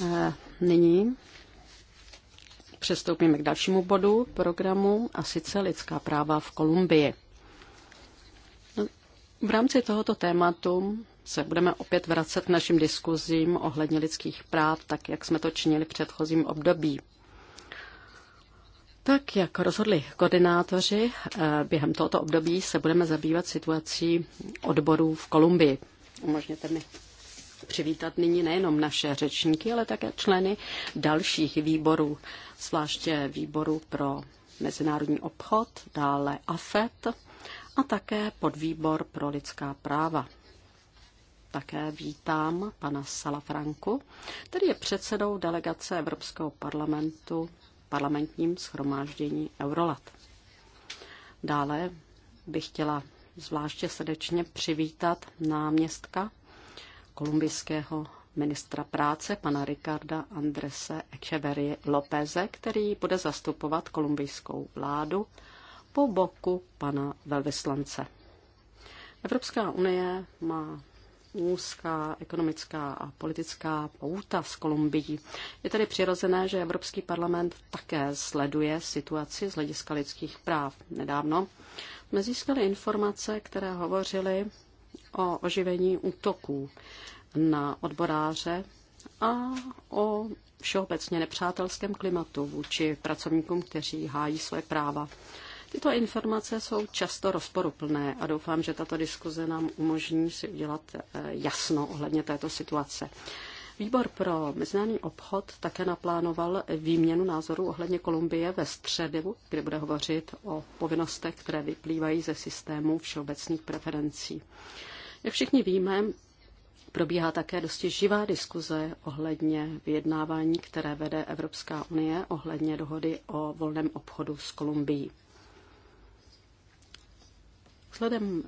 Eh, nyní přestoupíme k dalšímu bodu programu a sice lidská práva v Kolumbii. No, v rámci tohoto tématu se budeme opět vracet k našim diskuzím ohledně lidských práv, tak jak jsme to činili v předchozím období. Tak, jak rozhodli koordinátoři, eh, během tohoto období se budeme zabývat situací odborů v Kolumbii. Umožněte mi přivítat nyní nejenom naše řečníky, ale také členy dalších výborů, zvláště výboru pro mezinárodní obchod, dále AFET a také podvýbor pro lidská práva. Také vítám pana Salafranku, který je předsedou delegace Evropského parlamentu parlamentním schromáždění Eurolat. Dále bych chtěla zvláště srdečně přivítat náměstka kolumbijského ministra práce, pana Ricarda Andrese Echeverie Lópeze, který bude zastupovat kolumbijskou vládu po boku pana velvyslance. Evropská unie má úzká ekonomická a politická pouta s Kolumbií. Je tedy přirozené, že Evropský parlament také sleduje situaci z hlediska lidských práv. Nedávno jsme získali informace, které hovořily o oživení útoků na odboráře a o všeobecně nepřátelském klimatu vůči pracovníkům, kteří hájí své práva. Tyto informace jsou často rozporuplné a doufám, že tato diskuze nám umožní si udělat eh, jasno ohledně této situace. Výbor pro mezinárodní obchod také naplánoval výměnu názorů ohledně Kolumbie ve středu, kde bude hovořit o povinnostech, které vyplývají ze systému všeobecných preferencí. Jak všichni víme, probíhá také dosti živá diskuze ohledně vyjednávání, které vede Evropská unie ohledně dohody o volném obchodu s Kolumbií. Vzhledem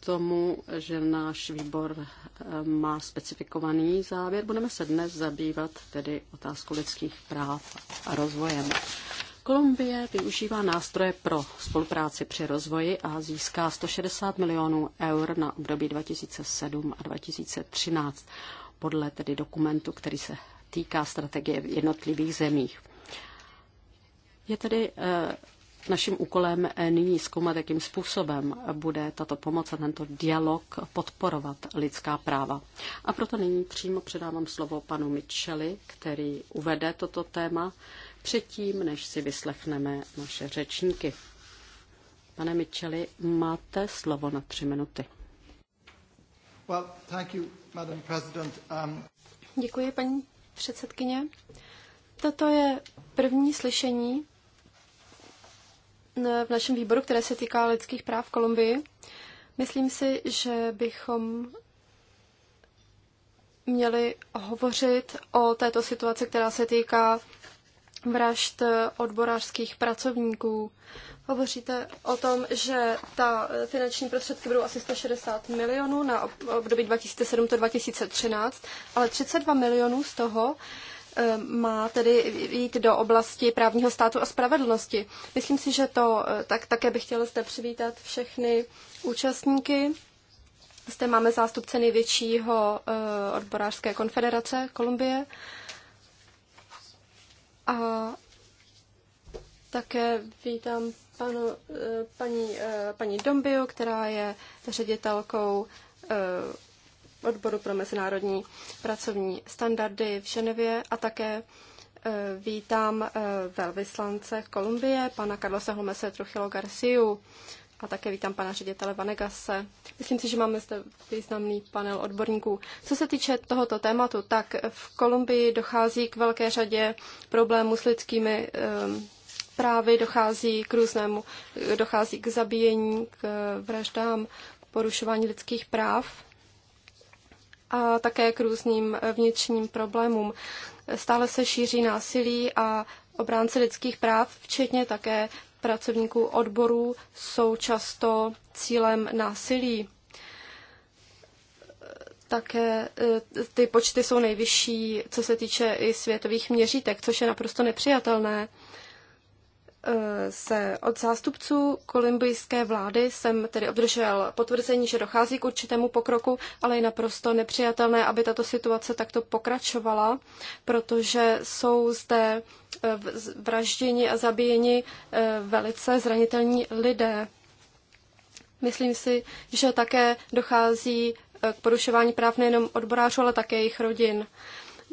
tomu, že náš výbor eh, má specifikovaný závěr. Budeme se dnes zabývat tedy otázkou lidských práv a rozvojem. Kolumbie využívá nástroje pro spolupráci při rozvoji a získá 160 milionů eur na období 2007 a 2013 podle tedy dokumentu, který se týká strategie v jednotlivých zemích. Je tedy eh, Naším úkolem eh, nyní zkoumat, jakým způsobem bude tato pomoc a tento dialog podporovat lidská práva. A proto nyní přímo předávám slovo panu Micheli, který uvede toto téma předtím, než si vyslechneme naše řečníky. Pane Micheli, máte slovo na tři minuty. Well, thank you, Madam President. Um... Děkuji, paní předsedkyně. Toto je první slyšení v našem výboru, které se týká lidských práv v Kolumbii. Myslím si, že bychom měli hovořit o této situaci, která se týká vražd odborářských pracovníků. Hovoříte o tom, že ta finanční prostředky budou asi 160 milionů na období 2007-2013, ale 32 milionů z toho Eh, má tedy jít do oblasti právního státu a spravedlnosti. Myslím si, že to eh, tak také bych chtěla zde přivítat všechny účastníky. Zde máme zástupce největšího eh, odborářské konfederace Kolumbie. A také vítám panu, paní, paní Dombio, která je ředitelkou odboru pro mezinárodní pracovní standardy v Ženevě a také e, vítám e, velvyslance Kolumbie, pana Carlosa Holmese Truchilo Garciu a také vítám pana ředitele Vanegase. Myslím si, že máme zde významný panel odborníků. Co se týče tohoto tématu, tak v Kolumbii dochází k velké řadě problémů s lidskými e, právy, dochází k různému, dochází k zabíjení, k vraždám, porušování lidských práv a také k různým vnitřním problémům. Stále se šíří násilí a obránci lidských práv, včetně také pracovníků odborů, jsou často cílem násilí. Také eh, ty počty jsou nejvyšší, co se týče i světových měřítek, což je naprosto nepřijatelné se od zástupců kolumbijské vlády jsem tedy obdržel potvrzení, že dochází k určitému pokroku, ale je naprosto nepřijatelné, aby tato situace takto pokračovala, protože jsou zde eh, vražděni a zabíjeni eh, velice zranitelní lidé. Myslím si, že také dochází eh, k porušování práv nejenom odborářů, ale také jejich rodin.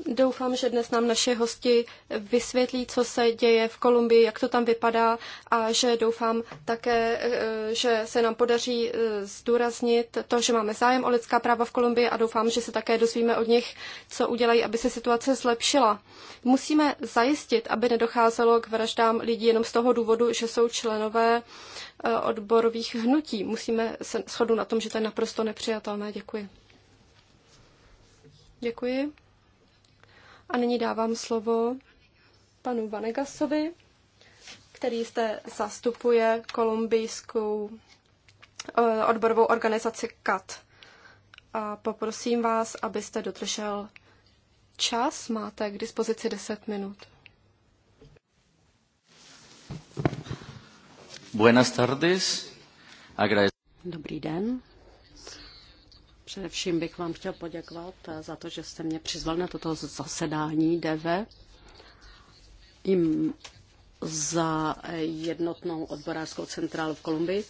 Doufám, že dnes nám naše hosti vysvětlí, co se děje v Kolumbii, jak to tam vypadá a že doufám také, eh, že se nám podaří eh, zdůraznit to, že máme zájem o lidská práva v Kolumbii a doufám, že se také dozvíme od nich, co udělají, aby se situace zlepšila. Musíme zajistit, aby nedocházelo k vraždám lidí jenom z toho důvodu, že jsou členové eh, odborových hnutí. Musíme se shodnout na tom, že to je naprosto nepřijatelné. Děkuji. Děkuji. A nyní dávám slovo panu Vanegasovi, který zde zastupuje kolumbijskou eh, odborovou organizaci CAT. A poprosím vás, abyste dodržel čas. Máte k dispozici 10 minut. Buenas tardes. Dobrý den. Především bych vám chtěl poděkovat za to, že jste mě přizval na toto zasedání DV. Jim za jednotnou odborářskou centrálu v Kolumbii,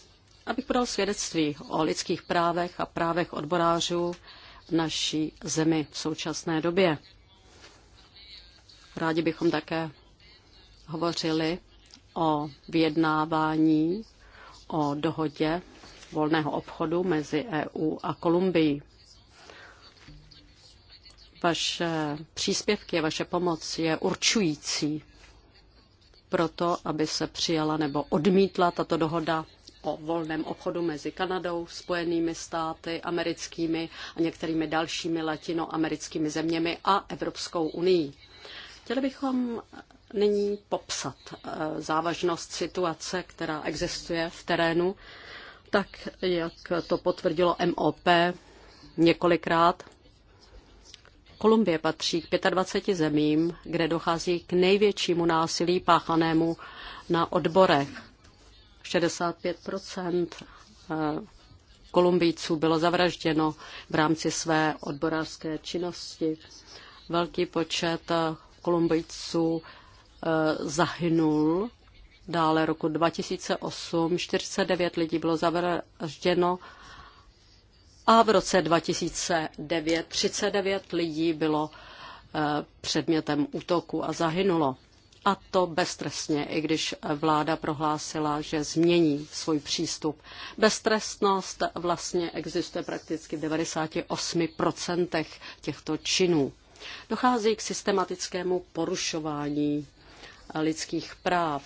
abych podal svědectví o lidských právech a právech odborářů v naší zemi v současné době. Rádi bychom také hovořili o vyjednávání o dohodě volného obchodu mezi EU a Kolumbií. Vaše příspěvky a vaše pomoc je určující pro to, aby se přijala nebo odmítla tato dohoda o volném obchodu mezi Kanadou, Spojenými státy americkými a některými dalšími latinoamerickými zeměmi a Evropskou unii. Chtěli bychom nyní popsat eh, závažnost situace, která existuje v terénu tak jak to potvrdilo MOP několikrát, Kolumbie patří k 25 zemím, kde dochází k největšímu násilí páchanému na odborech. 65 eh, Kolumbijců bylo zavražděno v rámci své odborářské činnosti. Velký počet eh, Kolumbijců eh, zahynul Dále roku 2008 49 lidí bylo zavražděno a v roce 2009 39 lidí bylo eh, předmětem útoku a zahynulo. A to beztrestně, i když vláda prohlásila, že změní svůj přístup. Beztrestnost vlastně existuje prakticky v 98% těchto činů. Dochází k systematickému porušování lidských práv.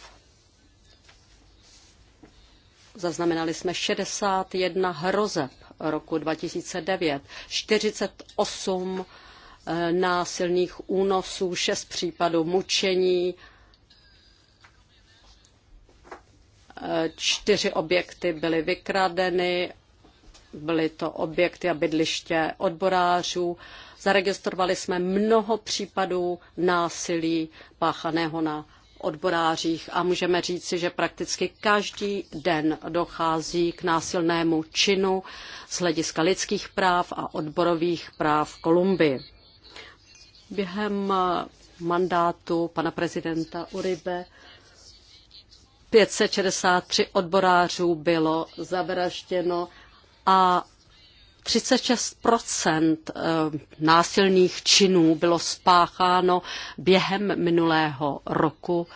Zaznamenali jsme 61 hrozeb roku 2009, 48 eh, násilných únosů, 6 případů mučení, eh, čtyři objekty byly vykradeny, byly to objekty a bydliště odborářů. Zaregistrovali jsme mnoho případů násilí páchaného na odborářích a můžeme říci, že prakticky každý den dochází k násilnému činu z hlediska lidských práv a odborových práv v Kolumbii. Během mandátu pana prezidenta Uribe 563 odborářů bylo zavražděno a 36 eh, násilných činů bylo spácháno během minulého roku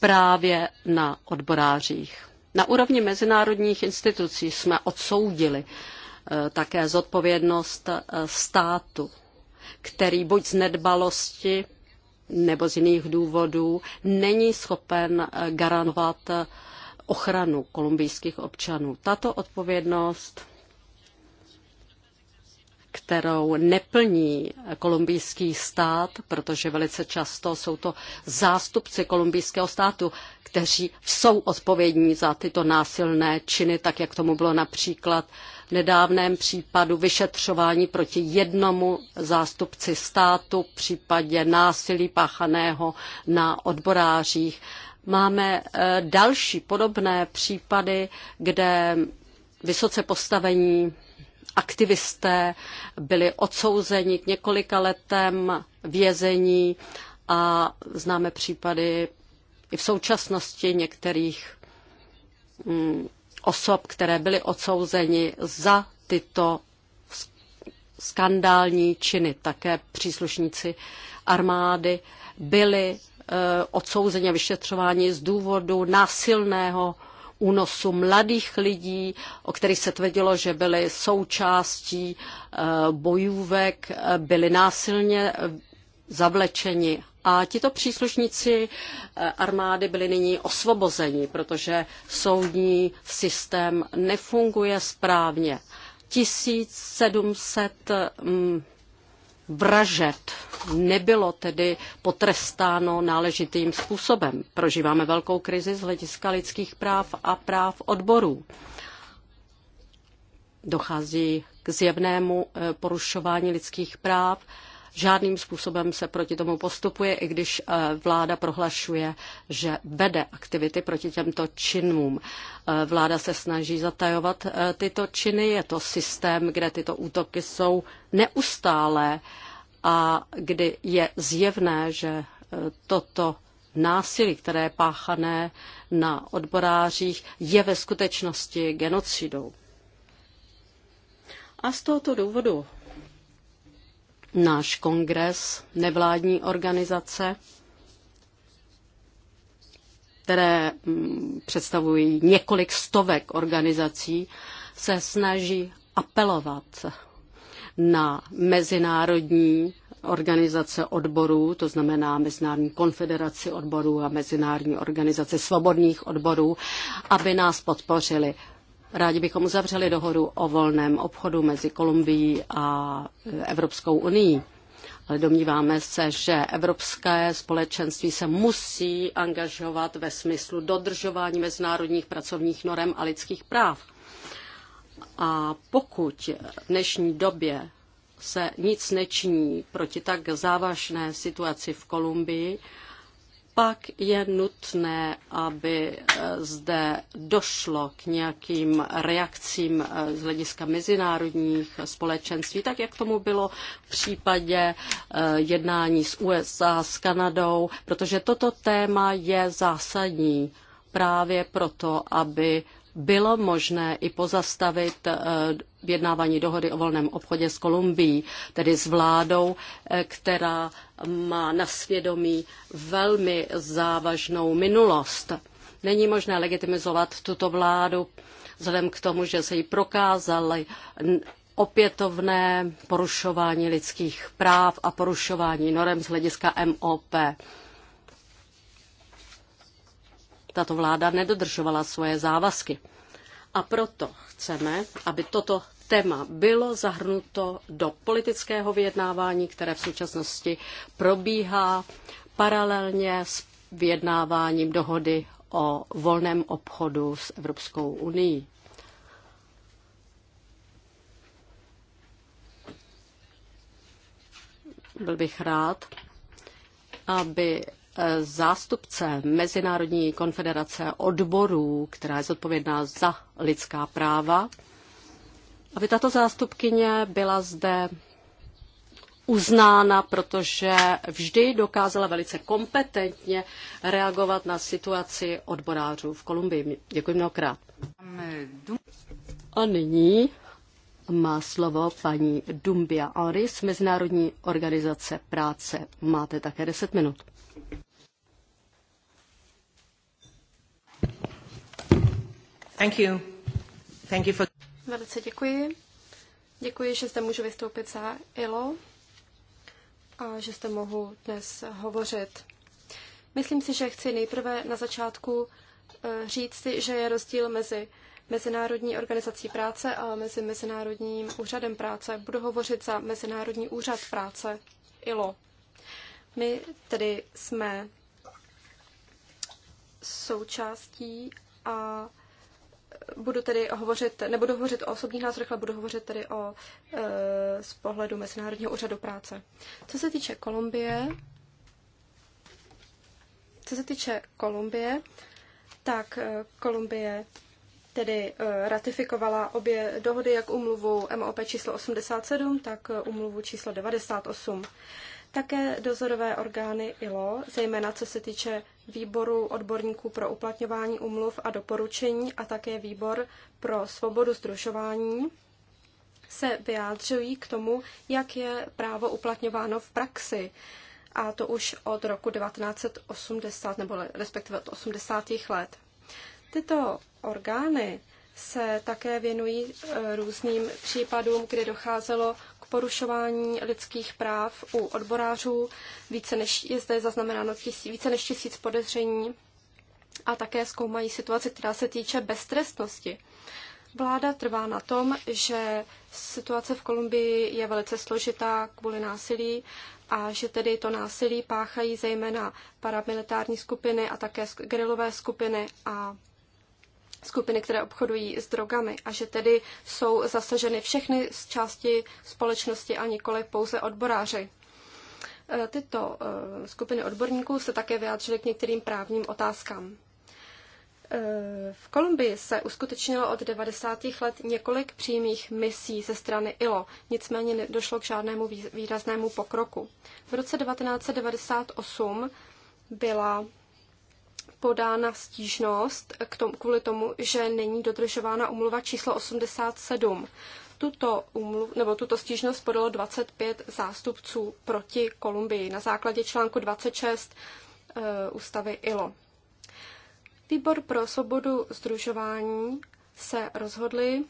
právě na odborářích. Na úrovni mezinárodních institucí jsme odsoudili eh, také zodpovědnost eh, státu, který buď z nedbalosti nebo z jiných důvodů není schopen garantovat ochranu kolumbijských občanů. Tato odpovědnost kterou neplní kolumbijský stát, protože velice často jsou to zástupci kolumbijského státu, kteří jsou odpovědní za tyto násilné činy, tak jak tomu bylo například v nedávném případu vyšetřování proti jednomu zástupci státu v případě násilí páchaného na odborářích. Máme eh, další podobné případy, kde vysoce postavení aktivisté byli odsouzeni k několika letem vězení a známe případy i v současnosti některých mm, osob, které byly odsouzeni za tyto skandální činy. Také příslušníci armády byli eh, odsouzeni a vyšetřováni z důvodu násilného únosu mladých lidí, o kterých se tvrdilo, že byli součástí eh, bojůvek, eh, byli násilně eh, zavlečeni. A tito příslušníci armády byli nyní osvobozeni, protože soudní systém nefunguje správně. 1700 vražet nebylo tedy potrestáno náležitým způsobem. Prožíváme velkou krizi z hlediska lidských práv a práv odborů. Dochází k zjevnému eh, porušování lidských práv Žádným způsobem se proti tomu postupuje, i když eh, vláda prohlašuje, že vede aktivity proti těmto činům. Eh, vláda se snaží zatajovat eh, tyto činy, je to systém, kde tyto útoky jsou neustálé a kdy je zjevné, že toto násilí, které je páchané na odborářích, je ve skutečnosti genocidou. A z tohoto důvodu náš kongres, nevládní organizace, které mm, představují několik stovek organizací, se snaží apelovat na mezinárodní organizace odborů, to znamená Mezinárodní konfederaci odborů a Mezinárodní organizace svobodných odborů, aby nás podpořili. Rádi bychom uzavřeli dohodu o volném obchodu mezi Kolumbií a e, Evropskou unii. Ale domníváme se, že evropské společenství se musí angažovat ve smyslu dodržování mezinárodních pracovních norem a lidských práv. A pokud v dnešní době se nic nečiní proti tak závažné situaci v Kolumbii, pak je nutné, aby eh, zde došlo k nějakým reakcím eh, z hlediska mezinárodních společenství, tak jak tomu bylo v případě eh, jednání s USA, s Kanadou, protože toto téma je zásadní právě proto, aby bylo možné i pozastavit eh, vyjednávání dohody o volném obchodě s Kolumbií, tedy s vládou, eh, která má na svědomí velmi závažnou minulost. Není možné legitimizovat tuto vládu vzhledem k tomu, že se jí prokázaly opětovné porušování lidských práv a porušování norem z hlediska MOP tato vláda nedodržovala svoje závazky. A proto chceme, aby toto téma bylo zahrnuto do politického vyjednávání, které v současnosti probíhá paralelně s vyjednáváním dohody o volném obchodu s Evropskou unii. Byl bych rád, aby zástupce Mezinárodní konfederace odborů, která je zodpovědná za lidská práva, aby tato zástupkyně byla zde uznána, protože vždy dokázala velice kompetentně reagovat na situaci odborářů v Kolumbii. Děkuji mnohokrát. A nyní má slovo paní Dumbia Henry z Mezinárodní organizace práce. Máte také 10 minut. Thank you. Thank you for... Velice děkuji. Děkuji, že zde můžu vystoupit za ILO a že zde mohu dnes hovořit. Myslím si, že chci nejprve na začátku eh, říct si, že je rozdíl mezi Mezinárodní organizací práce a mezi Mezinárodním úřadem práce. Budu hovořit za Mezinárodní úřad práce ILO. My tedy jsme součástí a budu tedy hovořit, nebudu hovořit o osobních názorech, ale budu hovořit tedy o, e, z pohledu Mezinárodního úřadu práce. Co se týče Kolumbie, co se týče Kolumbie, tak e, Kolumbie tedy e, ratifikovala obě dohody, jak umluvu MOP číslo 87, tak e, umluvu číslo 98. Také dozorové orgány ILO, zejména co se týče výboru odborníků pro uplatňování umluv a doporučení a také výbor pro svobodu združování, se vyjádřují k tomu, jak je právo uplatňováno v praxi. A to už od roku 1980, nebo respektive od 80. let. Tyto orgány se také věnují e, různým případům, kde docházelo porušování lidských práv u odborářů. Více než, je zde zaznamenáno tisí, více než tisíc podezření a také zkoumají situaci, která se týče beztrestnosti. Vláda trvá na tom, že situace v Kolumbii je velice složitá kvůli násilí a že tedy to násilí páchají zejména paramilitární skupiny a také gerilové skupiny a skupiny, které obchodují s drogami a že tedy jsou zasaženy všechny z části společnosti a nikoli pouze odboráři. E, tyto e, skupiny odborníků se také vyjádřily k některým právním otázkám. E, v Kolumbii se uskutečnilo od 90. let několik přímých misí ze strany ILO, nicméně nedošlo k žádnému výraznému pokroku. V roce 1998 byla podána stížnost k tomu, kvůli tomu, že není dodržována umluva číslo 87. Tuto, umluv, nebo tuto stížnost podalo 25 zástupců proti Kolumbii na základě článku 26 e, eh, ústavy ILO. Výbor pro svobodu združování se rozhodli,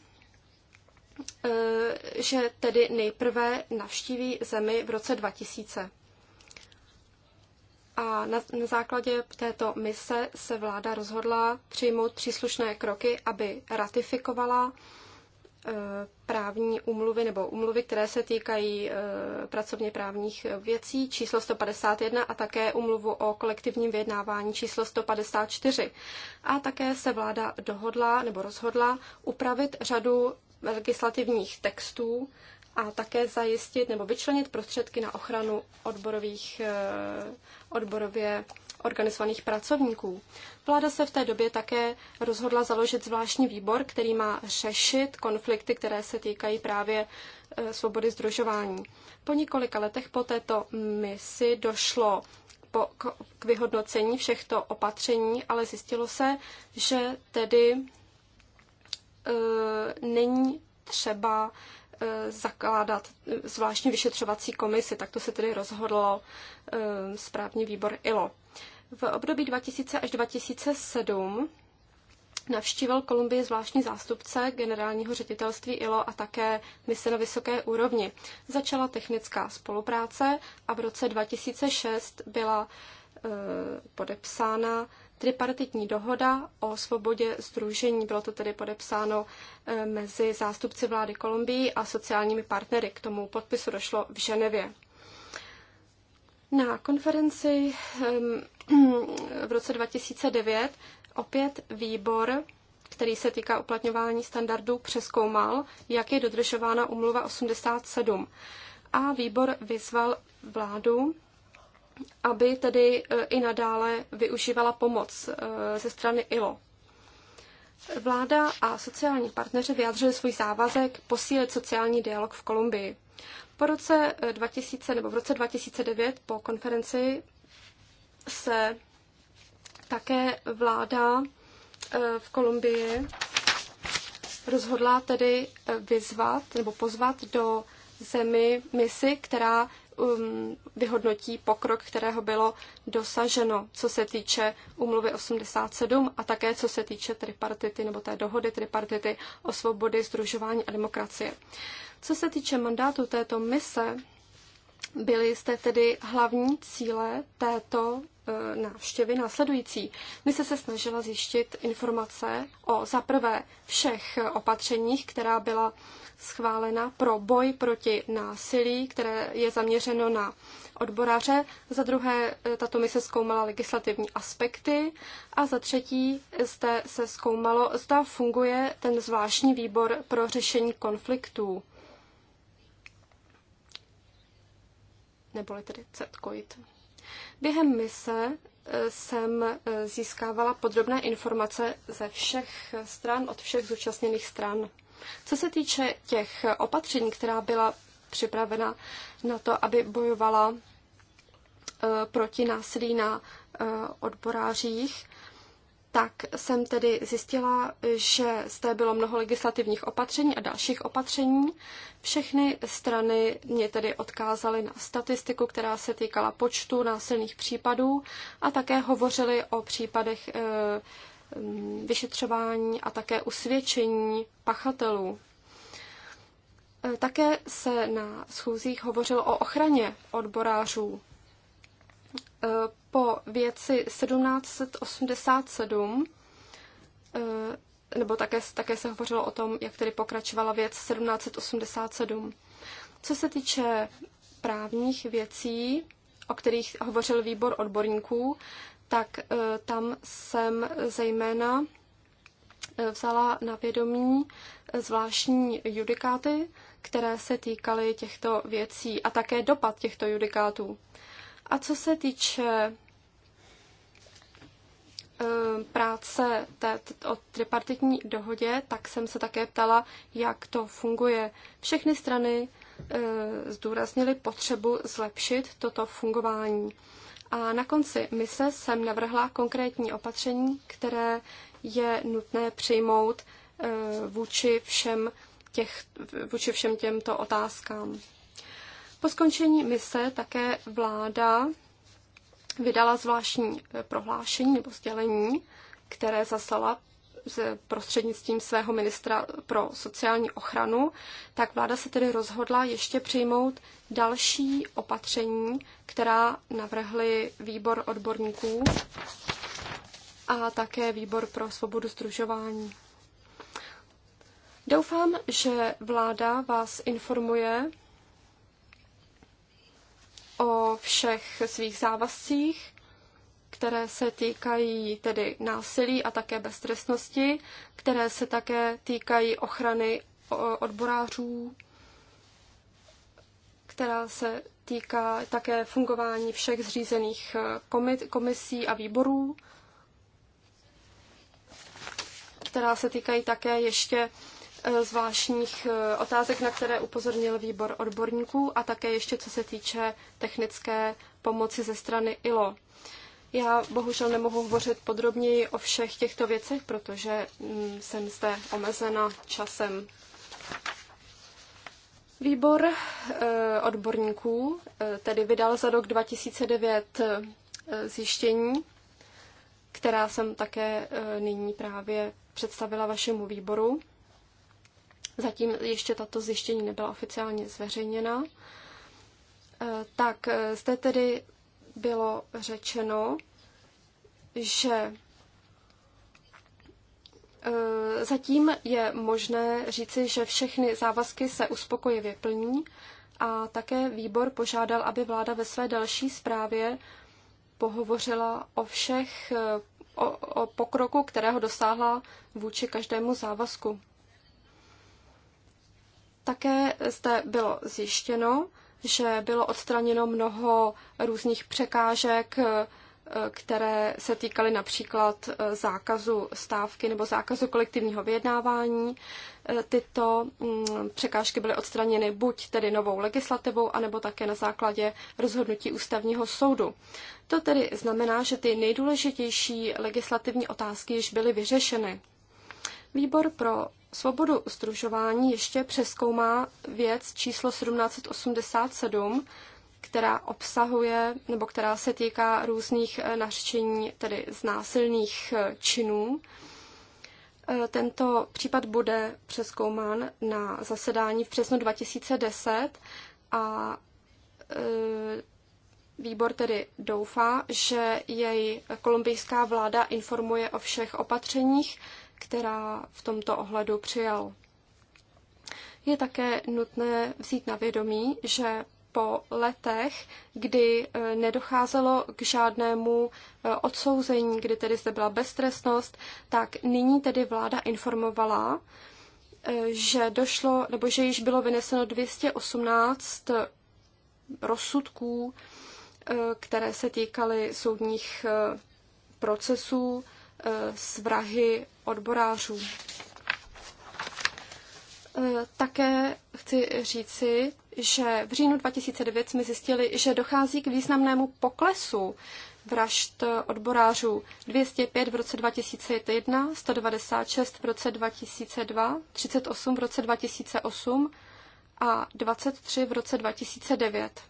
eh, že tedy nejprve navštíví zemi v roce 2000 a na, na základě této mise se vláda rozhodla přijmout příslušné kroky, aby ratifikovala e, právní umluvy nebo umluvy, které se týkají e, pracovně právních věcí číslo 151 a také umluvu o kolektivním vyjednávání číslo 154. A také se vláda dohodla nebo rozhodla upravit řadu legislativních textů, a také zajistit nebo vyčlenit prostředky na ochranu odborových, eh, odborově organizovaných pracovníků. Vláda se v té době také rozhodla založit zvláštní výbor, který má řešit konflikty, které se týkají právě eh, svobody združování. Po několika letech po této misi došlo po, k vyhodnocení všechto opatření, ale zjistilo se, že tedy e, není třeba Eh, zakládat eh, zvláštní vyšetřovací komisi. Tak to se tedy rozhodlo eh, správní výbor ILO. V období 2000 až 2007 navštívil Kolumbii zvláštní zástupce generálního ředitelství ILO a také mise na vysoké úrovni. Začala technická spolupráce a v roce 2006 byla podepsána tripartitní dohoda o svobodě združení. Bylo to tedy podepsáno eh, mezi zástupci vlády Kolumbii a sociálními partnery. K tomu podpisu došlo v Ženevě. Na konferenci ehm, v roce 2009 opět výbor, který se týká uplatňování standardů, přeskoumal, jak je dodržována umluva 87. A výbor vyzval vládu, aby tedy eh, i nadále využívala pomoc eh, ze strany ILO. Vláda a sociální partneři vyjádřili svůj závazek posílit sociální dialog v Kolumbii. Po roce 2000, eh, nebo v roce 2009 po konferenci se také vláda v Kolumbii rozhodla tedy vyzvat nebo pozvat do zemi misi, která um, vyhodnotí pokrok, kterého bylo dosaženo, co se týče umluvy 87 a také co se týče tripartity nebo té dohody tripartity o svobody, združování a demokracie. Co se týče mandátu této mise, Byly jste tedy hlavní cíle této eh, návštěvy následující. My se se snažila zjištit informace o zaprvé všech opatřeních, která byla schválena pro boj proti násilí, které je zaměřeno na odboraře. Za druhé, eh, tato mise zkoumala legislativní aspekty. A za třetí, zde se zkoumalo, zda funguje ten zvláštní výbor pro řešení konfliktů. neboli tedy CETCOIT. Během mise eh, jsem eh, získávala podrobné informace ze všech eh, stran, od všech zúčastněných stran. Co se týče těch opatření, která byla připravena na to, aby bojovala proti násilí na odborářích, tak jsem tedy zjistila, že zde bylo mnoho legislativních opatření a dalších opatření. Všechny strany mě tedy odkázaly na statistiku, která se týkala počtu násilných případů a také hovořili o případech eh, vyšetřování a také usvědčení pachatelů. Eh, také se na schůzích hovořilo o ochraně odborářů Eh, po věci 1787, eh, nebo také, také se hovořilo o tom, jak tedy pokračovala věc 1787. Co se týče právních věcí, o kterých hovořil výbor odborníků, tak eh, tam jsem zejména vzala na vědomí zvláštní judikáty, které se týkaly těchto věcí a také dopad těchto judikátů. A co se týče eh, práce té, o tripartitní dohodě, tak jsem se také ptala, jak to funguje. Všechny strany eh, zdůraznili potřebu zlepšit toto fungování. A na konci mise jsem navrhla konkrétní opatření, které je nutné přijmout eh, vůči všem, těch, vůči všem těmto otázkám. Po skončení mise také vláda vydala zvláštní eh, prohlášení nebo sdělení, které zaslala s prostřednictvím svého ministra pro sociální ochranu, tak vláda se tedy rozhodla ještě přijmout další opatření, která navrhli výbor odborníků a také výbor pro svobodu združování. Doufám, že vláda vás informuje o všech svých závazcích, které se týkají tedy násilí a také beztrestnosti, které se také týkají ochrany odborářů, která se týká také fungování všech zřízených eh, komisí a výborů, která se týkají také ještě Eh, zvláštních eh, otázek, na které upozornil výbor odborníků a také ještě co se týče technické pomoci ze strany ILO. Já bohužel nemohu hovořit podrobněji o všech těchto věcech, protože mm, jsem zde omezena časem. Výbor eh, odborníků tedy vydal za rok 2009 zjištění, která jsem také nyní právě představila vašemu výboru. Zatím ještě tato zjištění nebyla oficiálně zveřejněna. Eh, tak eh, zde tedy bylo řečeno, že eh, zatím je možné říci, že všechny závazky se uspokojivě plní a také výbor požádal, aby vláda ve své další zprávě pohovořila o všech, o, o pokroku, kterého dosáhla vůči každému závazku. Také zde bylo zjištěno, že bylo odstraněno mnoho různých překážek, eh, které se týkaly například eh, zákazu stávky nebo zákazu kolektivního vyjednávání. Eh, tyto mm, překážky byly odstraněny buď tedy novou legislativou, anebo také na základě rozhodnutí ústavního soudu. To tedy znamená, že ty nejdůležitější legislativní otázky již byly vyřešeny. Výbor pro svobodu stružování ještě přeskoumá věc číslo 1787, která obsahuje nebo která se týká různých eh, nařčení, tedy znásilných eh, činů. Eh, tento případ bude přeskoumán na zasedání v březnu 2010 a výbor tedy doufá, že jej kolumbijská vláda informuje o všech opatřeních, která v tomto ohledu přijal. Je také nutné vzít na vědomí, že po letech, kdy e, nedocházelo k žádnému e, odsouzení, kdy tedy zde byla beztrestnost, tak nyní tedy vláda informovala, e, že došlo, nebo že již bylo vyneseno 218 rozsudků, které se týkaly soudních procesů Eh, s vrahy odborářů. Eh, také chci říci, že v říjnu 2009 jsme zjistili, že dochází k významnému poklesu vražd odborářů 205 v roce 2001, 196 v roce 2002, 38 v roce 2008 a 23 v roce 2009.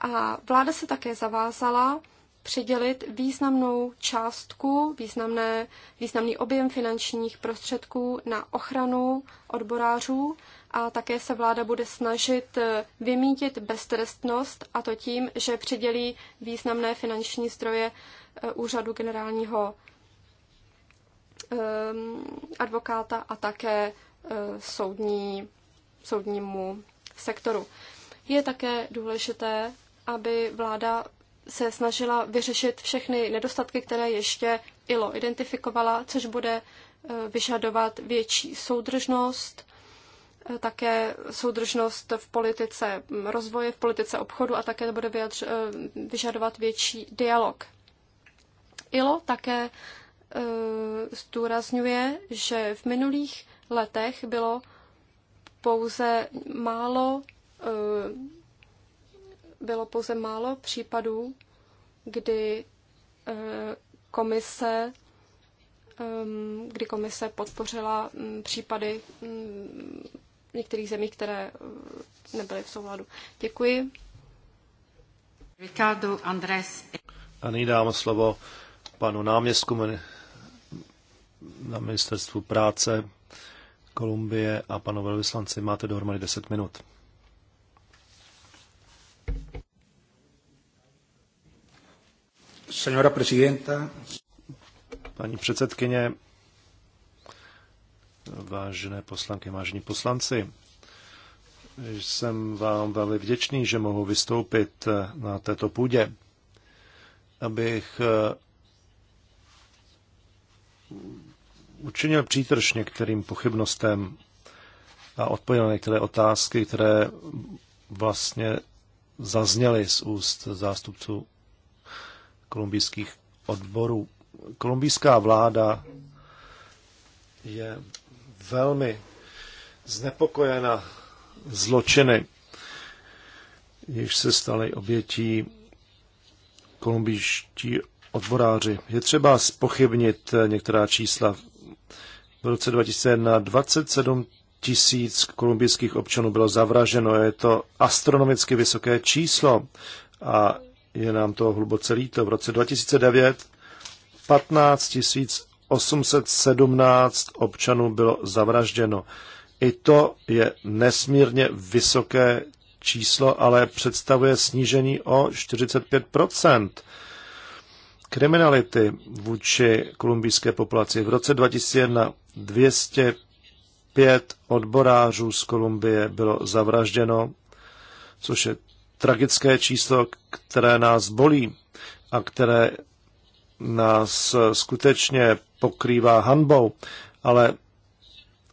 A vláda se také zavázala přidělit významnou částku, významné, významný objem finančních prostředků na ochranu odborářů a také se vláda bude snažit eh, vymítit beztrestnost a to tím, že přidělí významné finanční zdroje eh, úřadu generálního ehm, advokáta a také eh, soudní, soudnímu sektoru. Je také důležité, aby vláda se snažila vyřešit všechny nedostatky, které ještě ILO identifikovala, což bude e, vyžadovat větší soudržnost, e, také soudržnost v politice rozvoje, v politice obchodu a také to bude vyjadř, e, vyžadovat větší dialog. ILO také zdůrazňuje, že v minulých letech bylo pouze málo bylo pouze málo případů, kdy eh, komise ehm, kdy komise podpořila mm, případy mm, některých zemí, které eh, nebyly v souladu. Děkuji. Ricardo Andres. A nyní dám slovo panu náměstku na ministerstvu práce Kolumbie a panu velvyslanci. Máte dohromady 10 minut. Senora Paní předsedkyně, vážené poslanky, vážení poslanci, jsem vám velmi vděčný, že mohu vystoupit na této půdě, abych eh, učinil přítrž některým pochybnostem a odpověděl na některé otázky, které vlastně zazněly z úst zástupců kolumbijských odborů. Kolumbijská vláda je velmi znepokojena zločiny, již se staly obětí kolumbijští odboráři. Je třeba spochybnit některá čísla. V roce 2001 27 tisíc kolumbijských občanů bylo zavraženo. Je to astronomicky vysoké číslo a je nám to hluboce líto. V roce 2009 15 817 občanů bylo zavražděno. I to je nesmírně vysoké číslo, ale představuje snížení o 45 kriminality vůči kolumbijské populaci. V roce 2001 205 odborářů z Kolumbie bylo zavražděno, což je tragické číslo, které nás bolí a které nás skutečně pokrývá hanbou, ale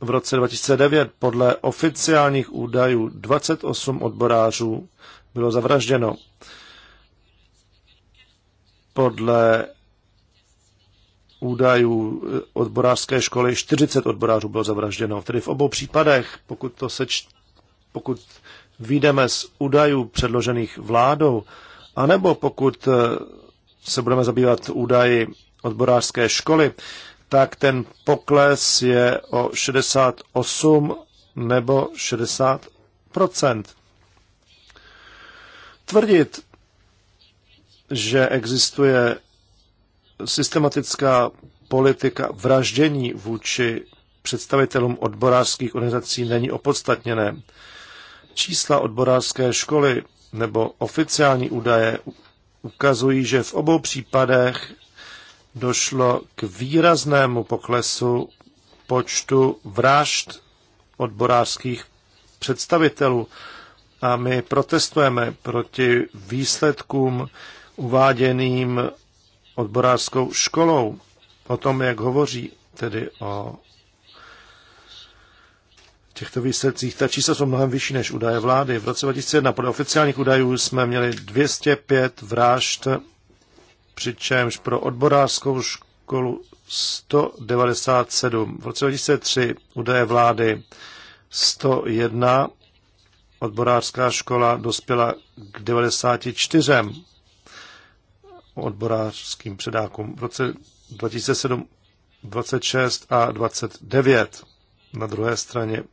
v roce 2009 podle oficiálních údajů 28 odborářů bylo zavražděno. Podle údajů odborářské školy 40 odborářů bylo zavražděno. Tedy v obou případech, pokud to se pokud výjdeme z údajů předložených vládou, anebo pokud eh, se budeme zabývat údaji odborářské školy, tak ten pokles je o 68 nebo 60 Tvrdit, že existuje systematická politika vraždění vůči představitelům odborářských organizací není opodstatněné. Čísla odborářské školy nebo oficiální údaje ukazují, že v obou případech došlo k výraznému poklesu počtu vražd odborářských představitelů. A my protestujeme proti výsledkům uváděným odborářskou školou o tom, jak hovoří tedy o těchto výsledcích. Ta čísla jsou mnohem vyšší než údaje vlády. V roce 2001 podle oficiálních údajů jsme měli 205 vražd, přičemž pro odborářskou školu 197. V roce 2003 údaje vlády 101. Odborářská škola dospěla k 94 odborářským předákům. V roce 2007 26 a 29 na druhé straně.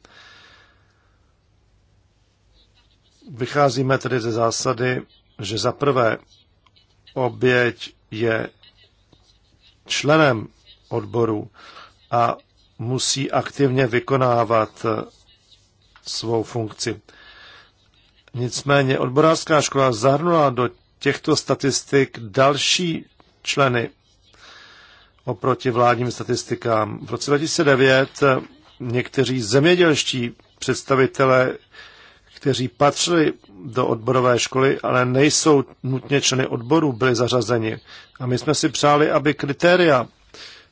Vycházíme tedy ze zásady, že za prvé oběť je členem odboru a musí aktivně vykonávat svou funkci. Nicméně odborářská škola zahrnula do těchto statistik další členy oproti vládním statistikám. V roce 2009 někteří zemědělští představitelé, kteří patřili do odborové školy, ale nejsou nutně členy odboru, byli zařazeni. A my jsme si přáli, aby kritéria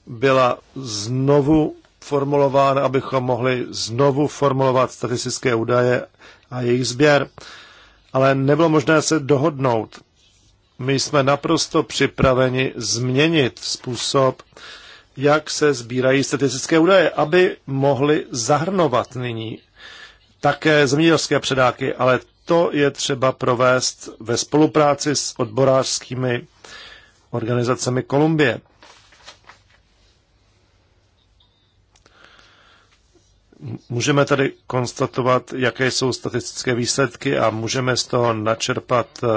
byla znovu formulována, abychom mohli znovu formulovat statistické údaje a jejich sběr. Ale nebylo možné se dohodnout. My jsme naprosto připraveni změnit způsob, jak se sbírají statistické údaje, aby mohly zahrnovat nyní také zemědělské předáky, ale to je třeba provést ve spolupráci s odborářskými organizacemi Kolumbie. Můžeme tady konstatovat, jaké jsou statistické výsledky a můžeme z toho načerpat eh,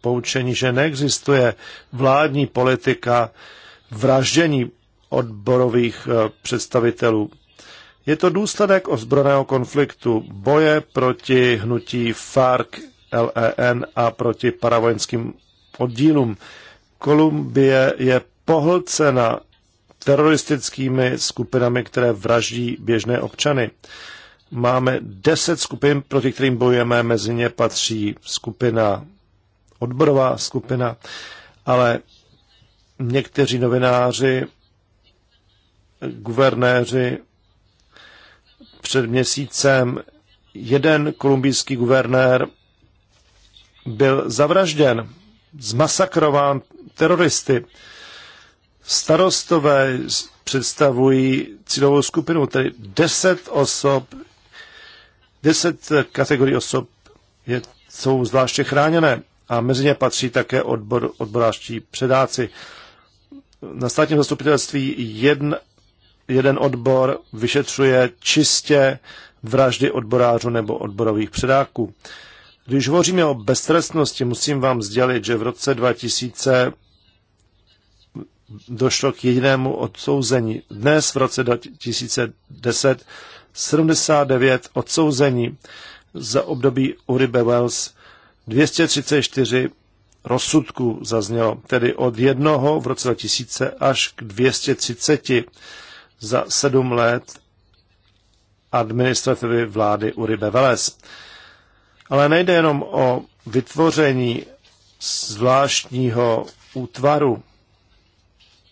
poučení, že neexistuje vládní politika vraždění odborových eh, představitelů. Je to důsledek ozbrojeného konfliktu, boje proti hnutí FARC, LEN a proti paravojenským oddílům. Kolumbie je pohlcena teroristickými skupinami, které vraždí běžné občany. Máme deset skupin, proti kterým bojujeme, mezi ně patří skupina, odborová skupina, ale někteří novináři guvernéři před měsícem jeden kolumbijský guvernér byl zavražděn, zmasakrován teroristy. Starostové představují cílovou skupinu, tedy 10 osob, 10 kategorií osob je, jsou zvláště chráněné a mezi ně patří také odbor, odboráští předáci. Na státním zastupitelství jedna jeden odbor vyšetřuje čistě vraždy odborářů nebo odborových předáků. Když hovoříme o beztrestnosti, musím vám sdělit, že v roce 2000 došlo k jedinému odsouzení. Dnes v roce 2010 79 odsouzení za období Uribe Wells 234 rozsudků zaznělo, tedy od jednoho v roce 2000 až k 230 za sedm let administrativy vlády Uribe Veles. Ale nejde jenom o vytvoření zvláštního útvaru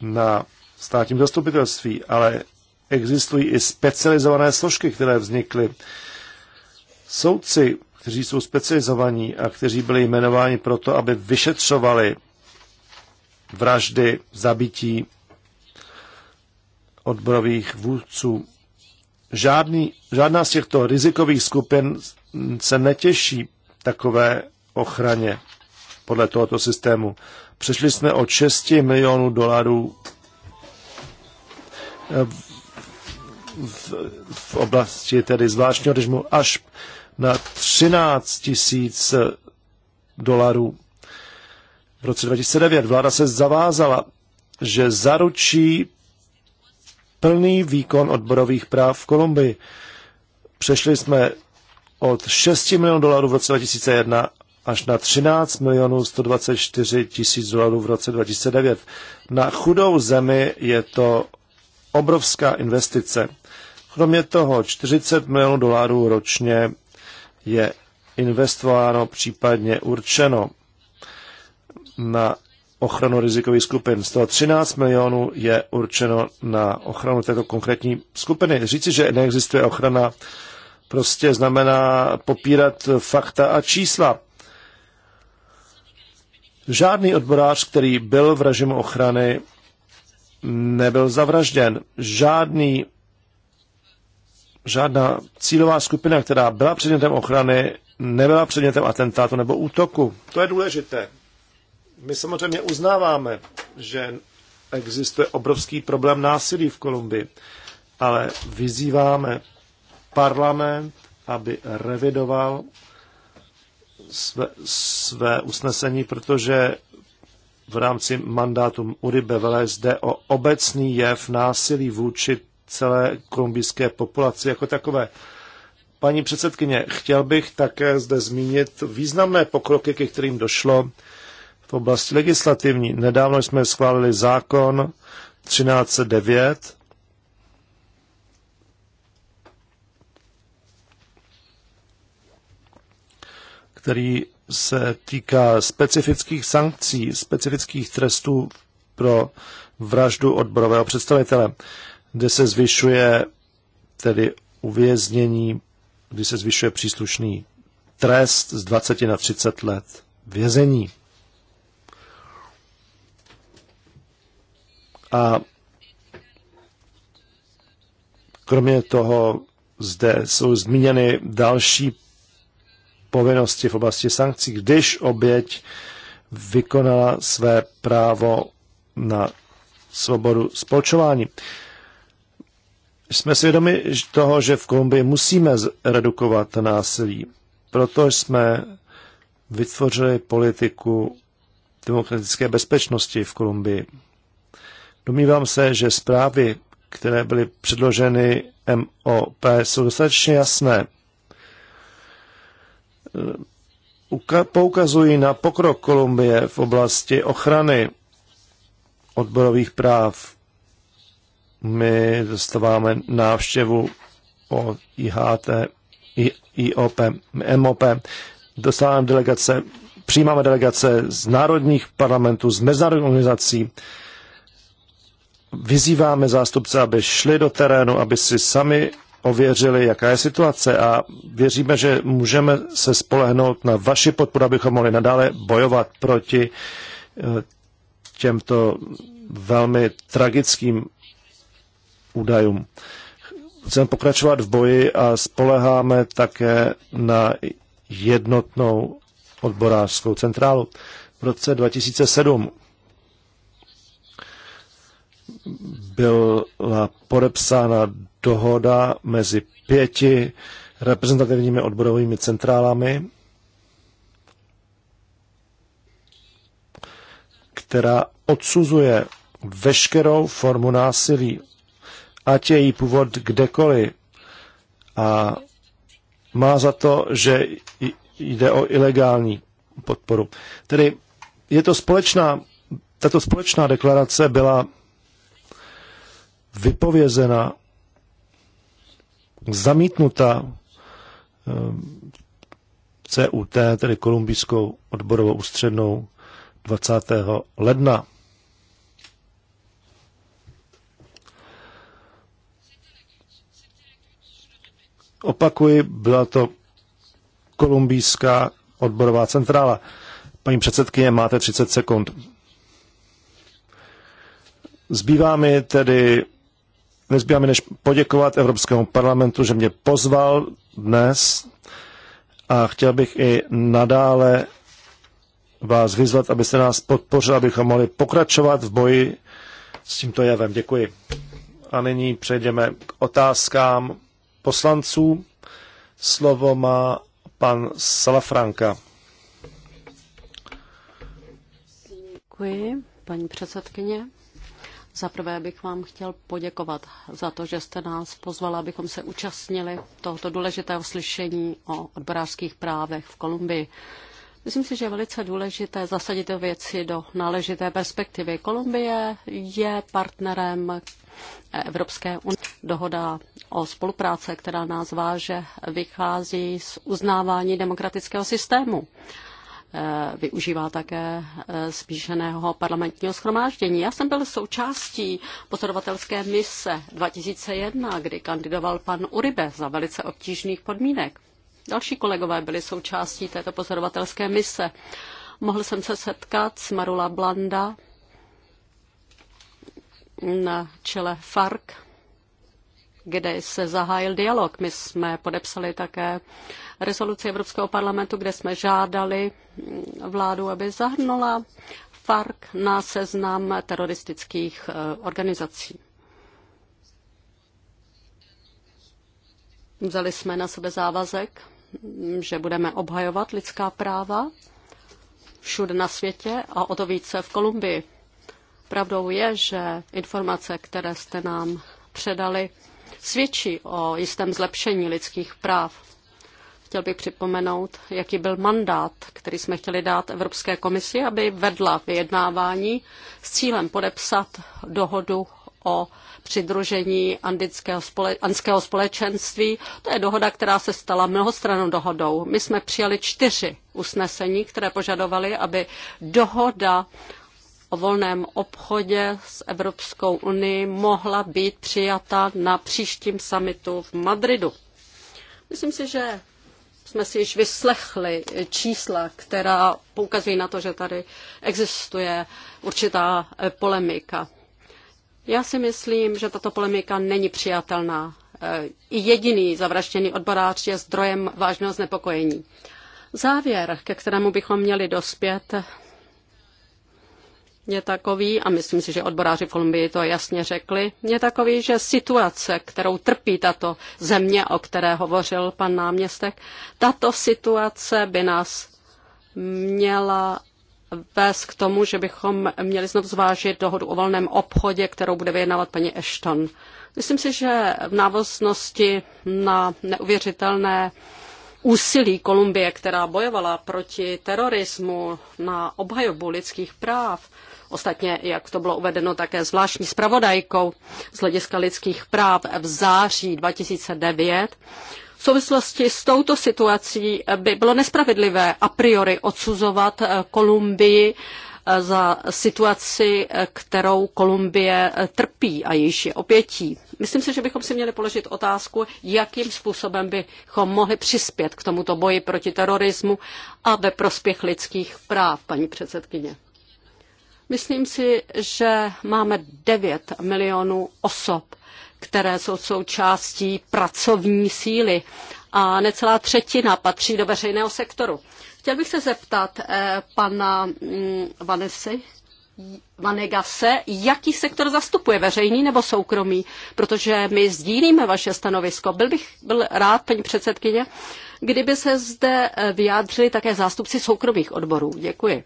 na státním zastupitelství, ale existují i specializované složky, které vznikly. Soudci, kteří jsou specializovaní a kteří byli jmenováni proto, aby vyšetřovali vraždy, zabití odborových vůdců. Žádný, žádná z těchto rizikových skupin se netěší takové ochraně podle tohoto systému. Přešli jsme od 6 milionů dolarů v, v oblasti tedy zvláštního režimu až na 13 tisíc dolarů. V roce 2009 vláda se zavázala, že zaručí plný výkon odborových práv v Kolumbii. Přešli jsme od 6 milionů dolarů v roce 2001 až na 13 milionů 124 tisíc dolarů v roce 2009. Na chudou zemi je to obrovská investice. Kromě toho 40 milionů dolarů ročně je investováno, případně určeno na ochranu rizikových skupin. Z toho 13 milionů je určeno na ochranu této konkrétní skupiny. Říci, že neexistuje ochrana, prostě znamená popírat fakta a čísla. Žádný odborář, který byl v režimu ochrany, nebyl zavražděn. Žádný, žádná cílová skupina, která byla předmětem ochrany, nebyla předmětem atentátu nebo útoku. To je důležité. My samozřejmě uznáváme, že existuje obrovský problém násilí v Kolumbii, ale vyzýváme parlament, aby revidoval své, své usnesení, protože v rámci mandátu Uribe Vélez jde o obecný jev násilí vůči celé kolumbijské populaci jako takové. Paní předsedkyně, chtěl bych také zde zmínit významné pokroky, ke kterým došlo v oblasti legislativní. Nedávno jsme schválili zákon 1309, který se týká specifických sankcí, specifických trestů pro vraždu odborového představitele, kde se zvyšuje tedy uvěznění, kdy se zvyšuje příslušný trest z 20 na 30 let vězení. A kromě toho zde jsou zmíněny další povinnosti v oblasti sankcí, když oběť vykonala své právo na svobodu spolčování. Jsme svědomi toho, že v Kolumbii musíme redukovat násilí. Proto jsme vytvořili politiku demokratické bezpečnosti v Kolumbii. Domnívám se, že zprávy, které byly předloženy MOP, jsou dostatečně jasné. E, poukazují na pokrok Kolumbie v oblasti ochrany odborových práv. My dostáváme návštěvu o IHT, IOP, MOP, dostáváme delegace, přijímáme delegace z národních parlamentů, z mezinárodních organizací, vyzýváme zástupce, aby šli do terénu, aby si sami ověřili, jaká je situace a věříme, že můžeme se spolehnout na vaši podporu, abychom mohli nadále bojovat proti eh, těmto velmi tragickým údajům. Chceme pokračovat v boji a spoleháme také na jednotnou odborářskou centrálu. V roce 2007 byla podepsána dohoda mezi pěti reprezentativními odborovými centrálami, která odsuzuje veškerou formu násilí, ať je její původ kdekoliv. A má za to, že jde o ilegální podporu. Tedy je to společná, tato společná deklarace byla vypovězena, zamítnuta eh, CUT, tedy Kolumbijskou odborovou ústřednou 20. ledna. Opakuji, byla to kolumbijská odborová centrála. Paní předsedkyně, máte 30 sekund. Zbývá mi tedy nezbývá mi než poděkovat Evropskému parlamentu, že mě pozval dnes a chtěl bych i nadále vás vyzvat, abyste nás podpořili, abychom mohli pokračovat v boji s tímto jevem. Děkuji. A nyní přejdeme k otázkám poslanců. Slovo má pan Salafranka. Děkuji, paní předsedkyně. Za prvé bych vám chtěl poděkovat za to, že jste nás pozvala, abychom se účastnili tohoto důležitého slyšení o odborářských právech v Kolumbii. Myslím si, že je velice důležité zasadit ty věci do náležité perspektivy. Kolumbie je partnerem Evropské unie. Dohoda o spolupráce, která nás váže, vychází z uznávání demokratického systému. Eh, využívá také eh, spíšeného parlamentního schromáždění. Já jsem byl součástí pozorovatelské mise 2001, kdy kandidoval pan Uribe za velice obtížných podmínek. Další kolegové byli součástí této pozorovatelské mise. Mohl jsem se setkat s Marula Blanda na čele FARC kde se zahájil dialog. My jsme podepsali také rezoluci Evropského parlamentu, kde jsme žádali vládu, aby zahrnula FARC na seznam teroristických eh, organizací. Vzali jsme na sebe závazek, že budeme obhajovat lidská práva všude na světě a o to více v Kolumbii. Pravdou je, že informace, které jste nám předali, svědčí o jistém zlepšení lidských práv. Chtěl bych připomenout, jaký byl mandát, který jsme chtěli dát Evropské komisi, aby vedla vyjednávání s cílem podepsat dohodu o přidružení andského společenství. To je dohoda, která se stala mnohostranou dohodou. My jsme přijali čtyři usnesení, které požadovaly, aby dohoda o volném obchodě s Evropskou unii mohla být přijata na příštím samitu v Madridu. Myslím si, že jsme si již vyslechli čísla, která poukazují na to, že tady existuje určitá eh, polemika. Já si myslím, že tato polemika není přijatelná. I eh, jediný zavražděný odborář je zdrojem vážného znepokojení. Závěr, ke kterému bychom měli dospět, je takový, a myslím si, že odboráři v Kolumbii to jasně řekli, je takový, že situace, kterou trpí tato země, o které hovořil pan náměstek, tato situace by nás měla vést k tomu, že bychom měli znovu zvážit dohodu o volném obchodě, kterou bude vyjednávat paní Ashton. Myslím si, že v návaznosti na neuvěřitelné úsilí Kolumbie, která bojovala proti terorismu na obhajobu lidských práv, Ostatně, jak to bylo uvedeno také zvláštní zpravodajkou z hlediska lidských práv v září 2009, v souvislosti s touto situací by bylo nespravedlivé a priori odsuzovat eh, Kolumbii eh, za situaci, eh, kterou Kolumbie trpí a již je opětí. Myslím si, že bychom si měli položit otázku, jakým způsobem bychom mohli přispět k tomuto boji proti terorismu a ve prospěch lidských práv, paní předsedkyně. Myslím si, že máme 9 milionů osob, které jsou součástí pracovní síly a necelá třetina patří do veřejného sektoru. Chtěl bych se zeptat eh, pana mm, Vanesy, Vanegase, jaký sektor zastupuje, veřejný nebo soukromý? Protože my sdílíme vaše stanovisko. Byl bych byl rád, paní předsedkyně, kdyby se zde eh, vyjádřili také zástupci soukromých odborů. Děkuji.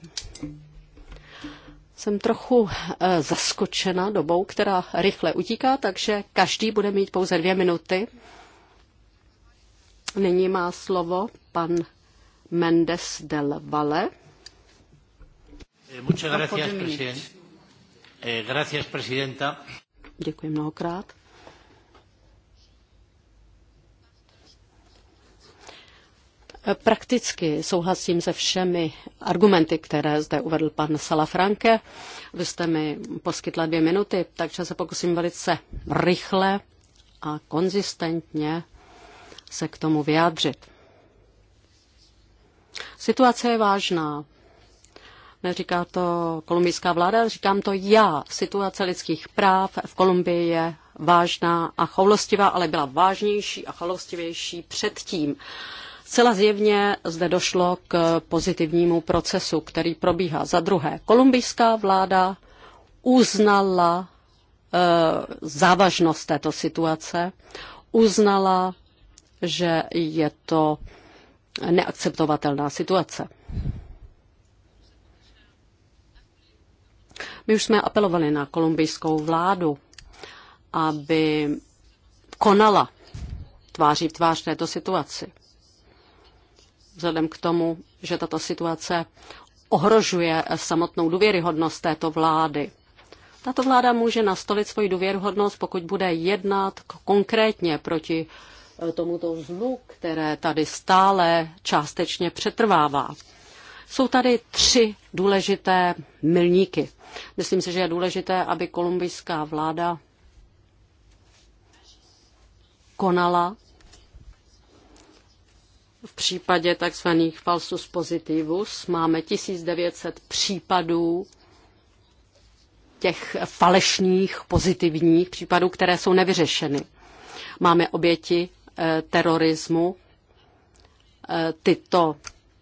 Jsem trochu eh, zaskočena dobou, která rychle utíká, takže každý bude mít pouze dvě minuty. Nyní má slovo pan Mendes del Valle. Eh, muchas eh, gracias, presidenta. Děkuji mnohokrát. Prakticky souhlasím se všemi argumenty, které zde uvedl pan Salafranke. Vy jste mi poskytla dvě minuty, takže se pokusím velice rychle a konzistentně se k tomu vyjádřit. Situace je vážná. Neříká to kolumbijská vláda, říkám to já. Situace lidských práv v Kolumbii je vážná a choulostivá, ale byla vážnější a choulostivější předtím. Zcela zjevně zde došlo k pozitivnímu procesu, který probíhá. Za druhé, kolumbijská vláda uznala e, závažnost této situace, uznala, že je to neakceptovatelná situace. My už jsme apelovali na kolumbijskou vládu, aby konala tváří v tvář této situaci vzhledem k tomu, že tato situace ohrožuje samotnou důvěryhodnost této vlády. Tato vláda může nastolit svoji důvěryhodnost, pokud bude jednat konkrétně proti eh, tomuto zlu, které tady stále částečně přetrvává. Jsou tady tři důležité milníky. Myslím si, že je důležité, aby kolumbijská vláda konala případě tzv. falsus positivus máme 1900 případů těch falešných pozitivních případů, které jsou nevyřešeny. Máme oběti eh, terorismu. Eh, tyto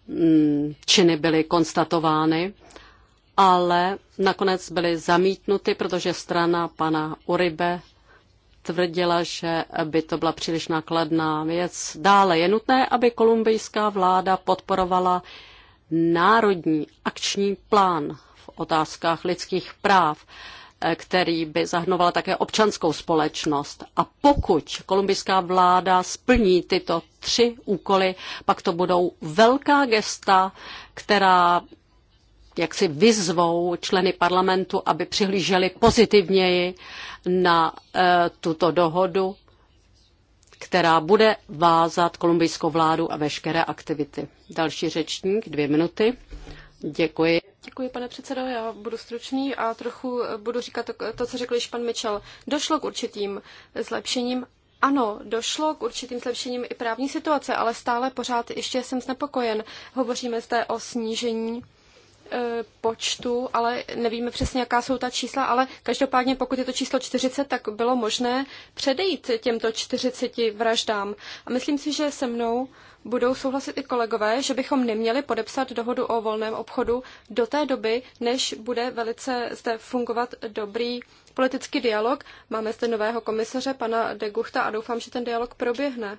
mm, činy byly konstatovány, ale nakonec byly zamítnuty, protože strana pana Uribe tvrdila, že by to byla příliš nákladná věc. Dále je nutné, aby kolumbijská vláda podporovala národní akční plán v otázkách lidských práv, eh, který by zahrnoval také občanskou společnost. A pokud kolumbijská vláda splní tyto tři úkoly, pak to budou velká gesta, která jak si vyzvou členy parlamentu, aby přihlíželi pozitivněji na eh, tuto dohodu, která bude vázat kolumbijskou vládu a veškeré aktivity. Další řečník, dvě minuty. Děkuji. Děkuji, pane předsedo. Já budu stručný a trochu budu říkat to, to co řekl již pan Mitchell. Došlo k určitým zlepšením. Ano, došlo k určitým zlepšením i právní situace, ale stále pořád ještě jsem znepokojen. Hovoříme zde o snížení E, počtu, ale nevíme přesně, jaká jsou ta čísla, ale každopádně pokud je to číslo 40, tak bylo možné předejít těmto 40 vraždám. A myslím si, že se mnou budou souhlasit i kolegové, že bychom neměli podepsat dohodu o volném obchodu do té doby, než bude velice zde fungovat dobrý politický dialog. Máme zde nového komisaře, pana Deguchta, a doufám, že ten dialog proběhne.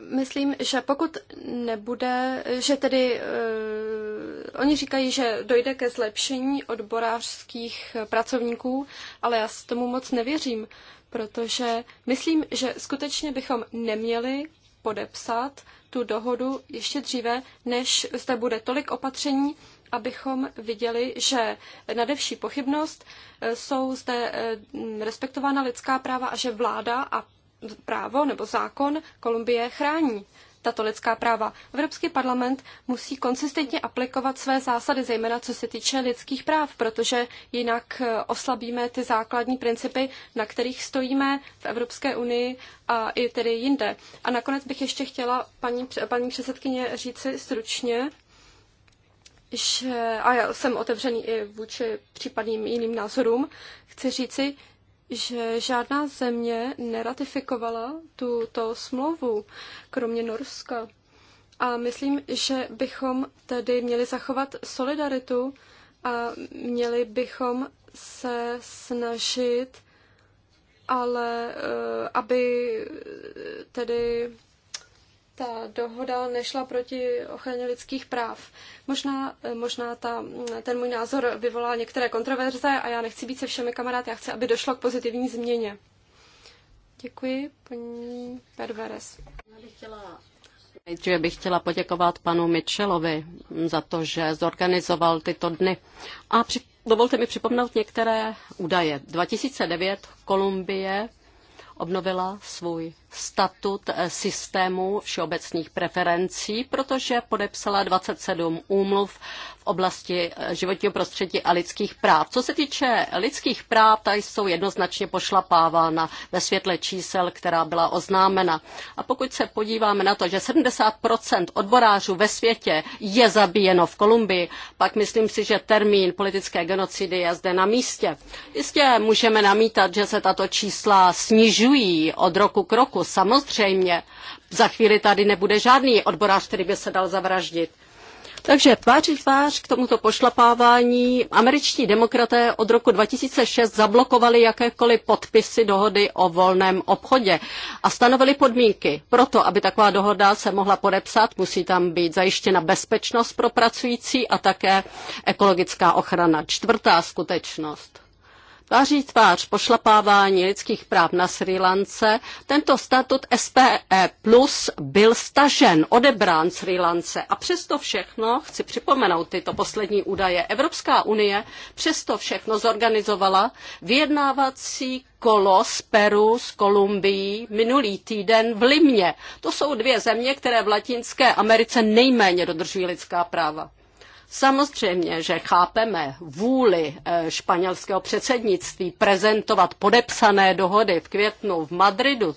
myslím, že pokud nebude, že tedy uh, oni říkají, že dojde ke zlepšení odborářských pracovníků, ale já s tomu moc nevěřím, protože myslím, že skutečně bychom neměli podepsat tu dohodu ještě dříve, než zde bude tolik opatření, abychom viděli, že nadevší pochybnost eh, jsou zde eh, respektována lidská práva a že vláda a právo nebo zákon Kolumbie chrání tato lidská práva. Evropský parlament musí konsistentně aplikovat své zásady, zejména co se týče lidských práv, protože jinak eh, oslabíme ty základní principy, na kterých stojíme v Evropské unii a i tedy jinde. A nakonec bych ještě chtěla paní, paní předsedkyně říci stručně, že, a já jsem otevřený i vůči případným jiným názorům, chci říci, že žádná země neratifikovala tuto smlouvu, kromě Norska. A myslím, že bychom tedy měli zachovat solidaritu a měli bychom se snažit, ale eh, aby tedy ta dohoda nešla proti ochraně lidských práv. Možná, možná ta, ten můj názor vyvolá některé kontroverze a já nechci být se všemi kamarád, já chci, aby došlo k pozitivní změně. Děkuji, paní Perveres. Já bych chtěla Nejdříve bych chtěla poděkovat panu Mitchellovi za to, že zorganizoval tyto dny. A při, dovolte mi připomenout některé údaje. 2009 Kolumbie obnovila svůj statut eh, systému všeobecných preferencí, protože podepsala 27 úmluv v oblasti eh, životního prostředí a lidských práv. Co se týče lidských práv, ta jsou jednoznačně pošlapávána ve světle čísel, která byla oznámena. A pokud se podíváme na to, že 70 odborářů ve světě je zabíjeno v Kolumbii, pak myslím si, že termín politické genocidy je zde na místě. Jistě můžeme namítat, že se tato čísla snižují od roku k roku, Samozřejmě, za chvíli tady nebude žádný odborář, který by se dal zavraždit. Takže tváří tvář k tomuto pošlapávání američtí demokraté od roku 2006 zablokovali jakékoliv podpisy dohody o volném obchodě a stanovili podmínky. Proto, aby taková dohoda se mohla podepsat, musí tam být zajištěna bezpečnost pro pracující a také ekologická ochrana. Čtvrtá skutečnost tváří tvář pošlapávání lidských práv na Sri Lance, tento statut SPE plus byl stažen, odebrán Sri Lance. A přesto všechno, chci připomenout tyto poslední údaje, Evropská unie přesto všechno zorganizovala vyjednávací kolo z Peru, z Kolumbií minulý týden v Limě. To jsou dvě země, které v Latinské Americe nejméně dodržují lidská práva. Samozřejmě, že chápeme vůli eh, španělského předsednictví prezentovat podepsané dohody v květnu v Madridu,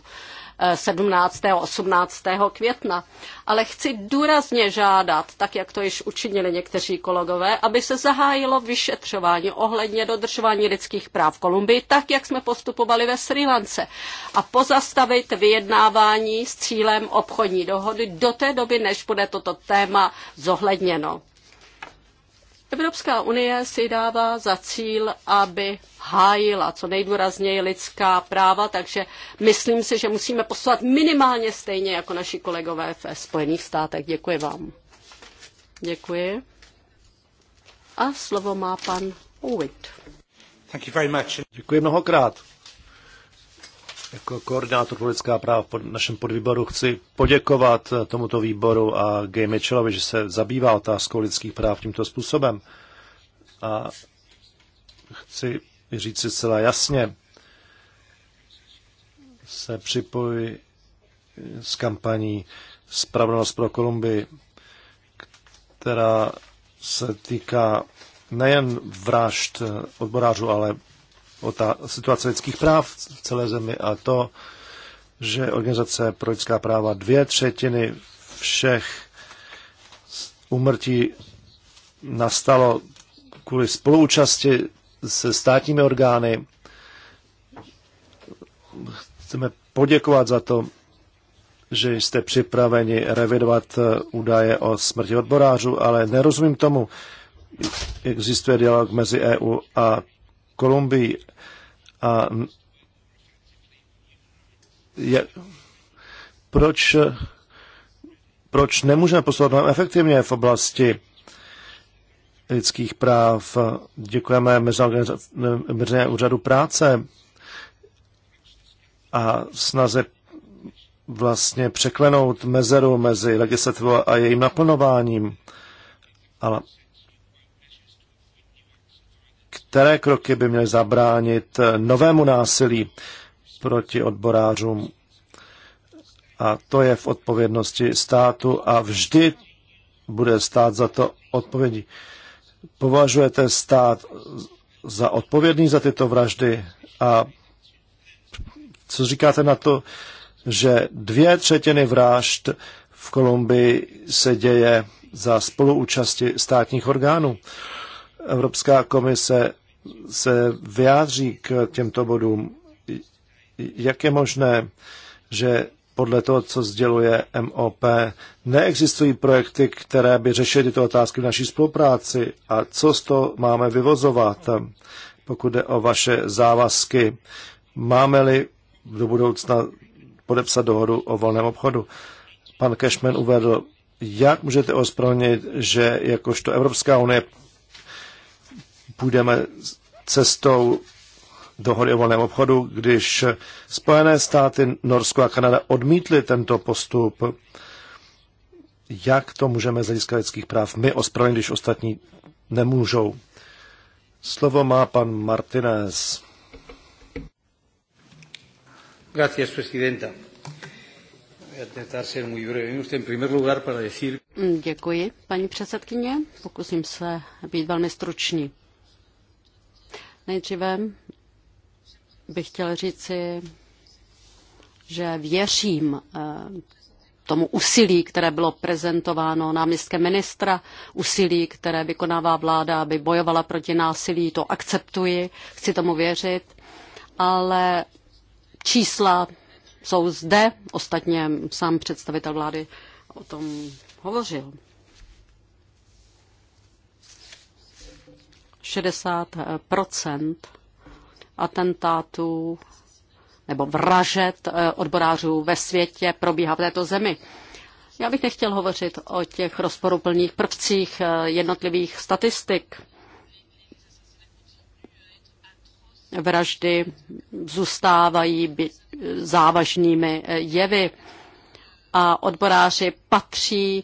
17. Eh, a 18. května. Ale chci důrazně žádat, tak jak to již učinili někteří kolegové, aby se zahájilo vyšetřování ohledně dodržování lidských práv v Kolumbii, tak jak jsme postupovali ve Sri Lance, a pozastavit vyjednávání s cílem obchodní dohody do té doby, než bude toto téma zohledněno. Evropská unie si dává za cíl, aby hájila co nejdůrazněji lidská práva, takže myslím si, že musíme poslat minimálně stejně jako naši kolegové ve Spojených státech. Děkuji vám. Děkuji. A slovo má pan Howitt. Děkuji mnohokrát. Jako koordinátor pro lidská práva v našem podvýboru chci poděkovat eh, tomuto výboru a Gay Mitchellovi, že se zabývá otázkou lidských práv tímto způsobem. A chci říct si celá jasně, se připojí s kampaní Spravedlnost pro Kolumbii, která se týká nejen vražd odborářů, ale ta situace lidských práv v celé zemi a to, že organizace pro lidská práva dvě třetiny všech úmrtí nastalo kvůli spoluúčasti se státními orgány. Chceme poděkovat za to, že jste připraveni revidovat údaje o smrti odborářů, ale nerozumím tomu, existuje dialog mezi EU a Kolumbii. A je, proč, proč nemůžeme postupovat efektivně v oblasti lidských práv? Děkujeme Mezinárodnímu úřadu práce a snaze vlastně překlenout mezeru mezi legislativou a jejím naplnováním. Ale které kroky by měly zabránit novému násilí proti odborářům. A to je v odpovědnosti státu a vždy bude stát za to odpovědí. Považujete stát za odpovědný za tyto vraždy a co říkáte na to, že dvě třetiny vražd v Kolumbii se děje za spoluúčasti státních orgánů. Evropská komise se vyjádří k těmto bodům. Jak je možné, že podle toho, co sděluje MOP, neexistují projekty, které by řešily tyto otázky v naší spolupráci a co z toho máme vyvozovat, pokud jde o vaše závazky. Máme-li do budoucna podepsat dohodu o volném obchodu? Pan Cashman uvedl, jak můžete ospravedlnit, že jakožto Evropská unie půjdeme cestou dohody o volném obchodu, když Spojené státy, Norsko a Kanada odmítly tento postup, jak to můžeme z hlediska lidských práv my ospravedlnit, když ostatní nemůžou. Slovo má pan Martinez. Gracias, presidenta. Děkuji, paní předsedkyně. Pokusím se být velmi stručný. Nejdříve bych chtěl říci, že věřím eh, tomu úsilí, které bylo prezentováno náměstkem ministra, úsilí, které vykonává vláda, aby bojovala proti násilí, to akceptuji, chci tomu věřit, ale čísla jsou zde, ostatně sám představitel vlády o tom hovořil. 60 atentátů nebo vražet eh, odborářů ve světě probíhá v této zemi. Já bych nechtěl hovořit o těch rozporuplných prvcích eh, jednotlivých statistik. Vraždy zůstávají eh, závažnými jevy a odboráři patří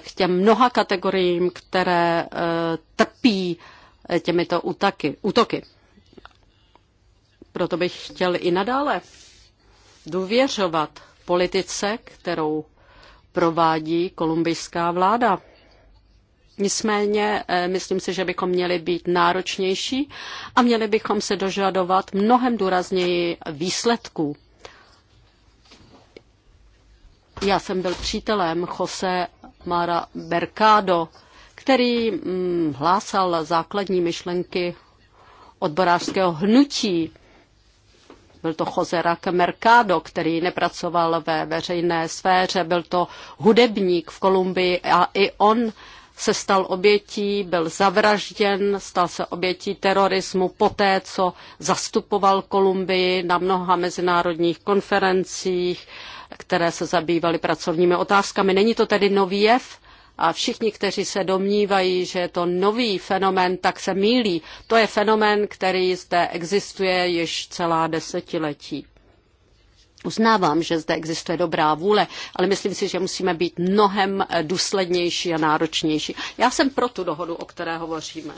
k těm mnoha kategoriím, které trpí Eh, těmito útaky, útoky. Proto bych chtěl i nadále důvěřovat politice, kterou provádí kolumbijská vláda. Nicméně eh, myslím si, že bychom měli být náročnější a měli bychom se dožadovat mnohem důrazněji výsledků. Já jsem byl přítelem Jose Mara Mercado, který mm, hlásal základní myšlenky odborářského hnutí. Byl to Chozerak Mercado, který nepracoval ve veřejné sféře, byl to hudebník v Kolumbii a i on se stal obětí, byl zavražděn, stal se obětí terorismu poté, co zastupoval Kolumbii na mnoha mezinárodních konferencích, které se zabývaly pracovními otázkami. Není to tedy nový jev? a všichni, kteří se domnívají, že je to nový fenomén, tak se mílí. To je fenomén, který zde existuje již celá desetiletí. Uznávám, že zde existuje dobrá vůle, ale myslím si, že musíme být mnohem důslednější a náročnější. Já jsem pro tu dohodu, o které hovoříme.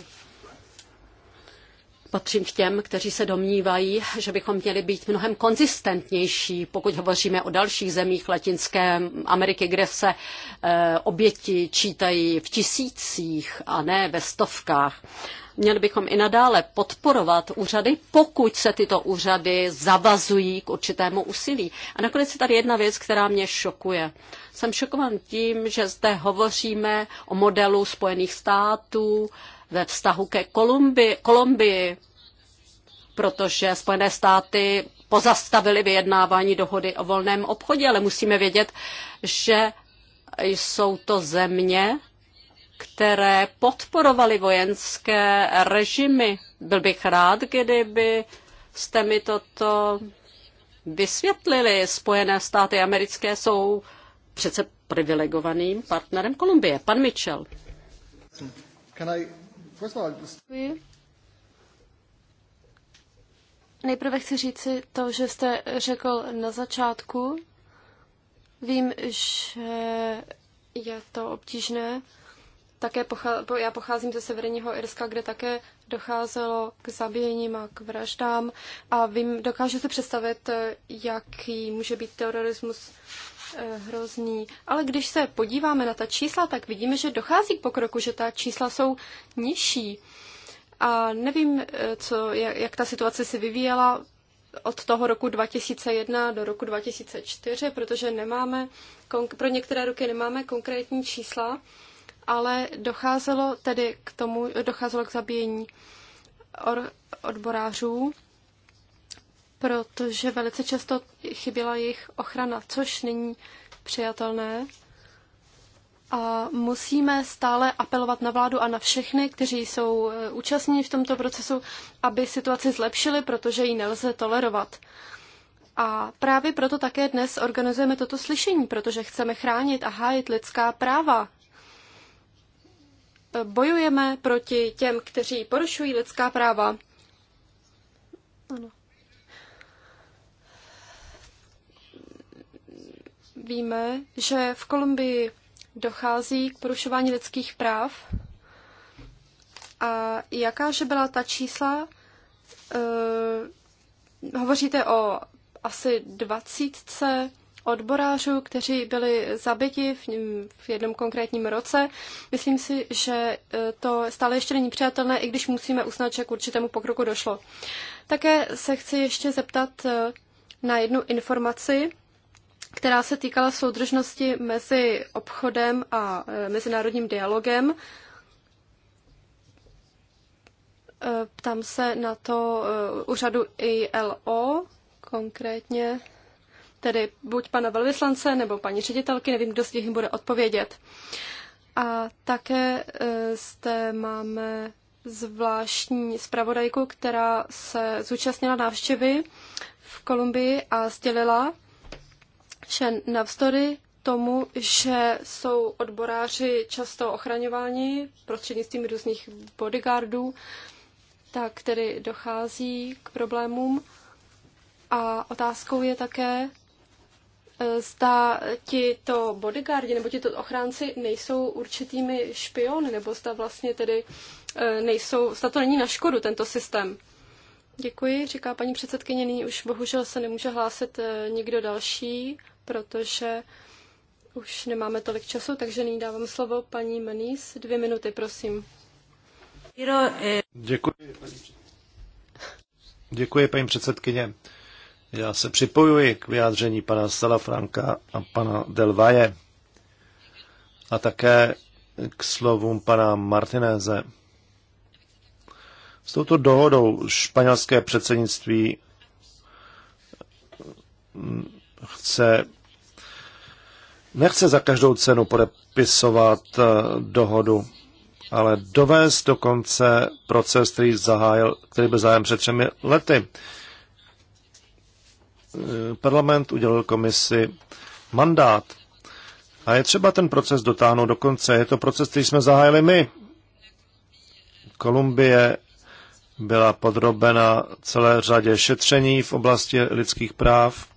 Patřím k těm, kteří se domnívají, že bychom měli být mnohem konzistentnější, pokud hovoříme o dalších zemích Latinské Ameriky, kde se eh, oběti čítají v tisících a ne ve stovkách. Měli bychom i nadále podporovat úřady, pokud se tyto úřady zavazují k určitému úsilí. A nakonec je tady jedna věc, která mě šokuje. Jsem šokovan tím, že zde hovoříme o modelu Spojených států, ve vztahu ke Kolumbii, Kolumbii protože Spojené státy pozastavili vyjednávání dohody o volném obchodě, ale musíme vědět, že jsou to země, které podporovaly vojenské režimy. Byl bych rád, kdyby jste mi toto vysvětlili. Spojené státy americké jsou přece privilegovaným partnerem Kolumbie. Pan Mitchell. Can I Nejprve chci říci to, že jste řekl na začátku. Vím, že je to obtížné. Také pochá, já pocházím ze severního Irska, kde také docházelo k zabíjením a k vraždám. A vím, dokážu si představit, jaký může být terorismus Eh, hrozný. Ale když se podíváme na ta čísla, tak vidíme, že dochází k pokroku, že ta čísla jsou nižší. A nevím, eh, co, jak, jak ta situace se vyvíjela od toho roku 2001 do roku 2004, protože nemáme, pro některé roky nemáme konkrétní čísla, ale docházelo tedy k tomu, docházelo k zabíjení or, odborářů protože velice často chyběla jejich ochrana, což není přijatelné. A musíme stále apelovat na vládu a na všechny, kteří jsou e, účastní v tomto procesu, aby situaci zlepšili, protože ji nelze tolerovat. A právě proto také dnes organizujeme toto slyšení, protože chceme chránit a hájit lidská práva. E, bojujeme proti těm, kteří porušují lidská práva. Ano. víme, že v Kolumbii dochází k porušování lidských práv. A jakáže byla ta čísla? Uh, hovoříte o asi dvacítce odborářů, kteří byli zabiti v, v jednom konkrétním roce. Myslím si, že eh, to stále ještě není přijatelné, i když musíme uznat, že k určitému pokroku došlo. Také se chci ještě zeptat eh, na jednu informaci která se týkala soudržnosti mezi obchodem a e, mezinárodním dialogem. Ptám e, se na to úřadu e, ILO konkrétně, tedy buď pana velvyslance nebo paní ředitelky, nevím, kdo z nich bude odpovědět. A také zde máme zvláštní zpravodajku, která se zúčastnila návštěvy v Kolumbii a sdělila, že navzdory tomu, že jsou odboráři často ochraňováni prostřednictvím různých bodyguardů, tak tedy dochází k problémům. A otázkou je také, e, zda ti to bodyguardi nebo ti to ochránci nejsou určitými špiony, nebo zda vlastně tedy e, nejsou, zda to není na škodu tento systém. Děkuji, říká paní předsedkyně. Nyní už bohužel se nemůže hlásit e, nikdo další protože už nemáme tolik času, takže nyní dávám slovo paní Mnís. Dvě minuty, prosím. Eh, Děkuji, paní, Děkuji, paní předsedkyně. Já se připojuji k vyjádření pana Salafranka a pana Delvaje a také k slovům pana Martineze. S touto dohodou španělské předsednictví chce nechce za každou cenu podepisovat eh, dohodu, ale dovést do konce proces, který, zahájil, který byl zájem před třemi lety. Eh, parlament udělil komisi mandát a je třeba ten proces dotáhnout do konce. Je to proces, který jsme zahájili my. Kolumbie byla podrobena celé řadě šetření v oblasti lidských práv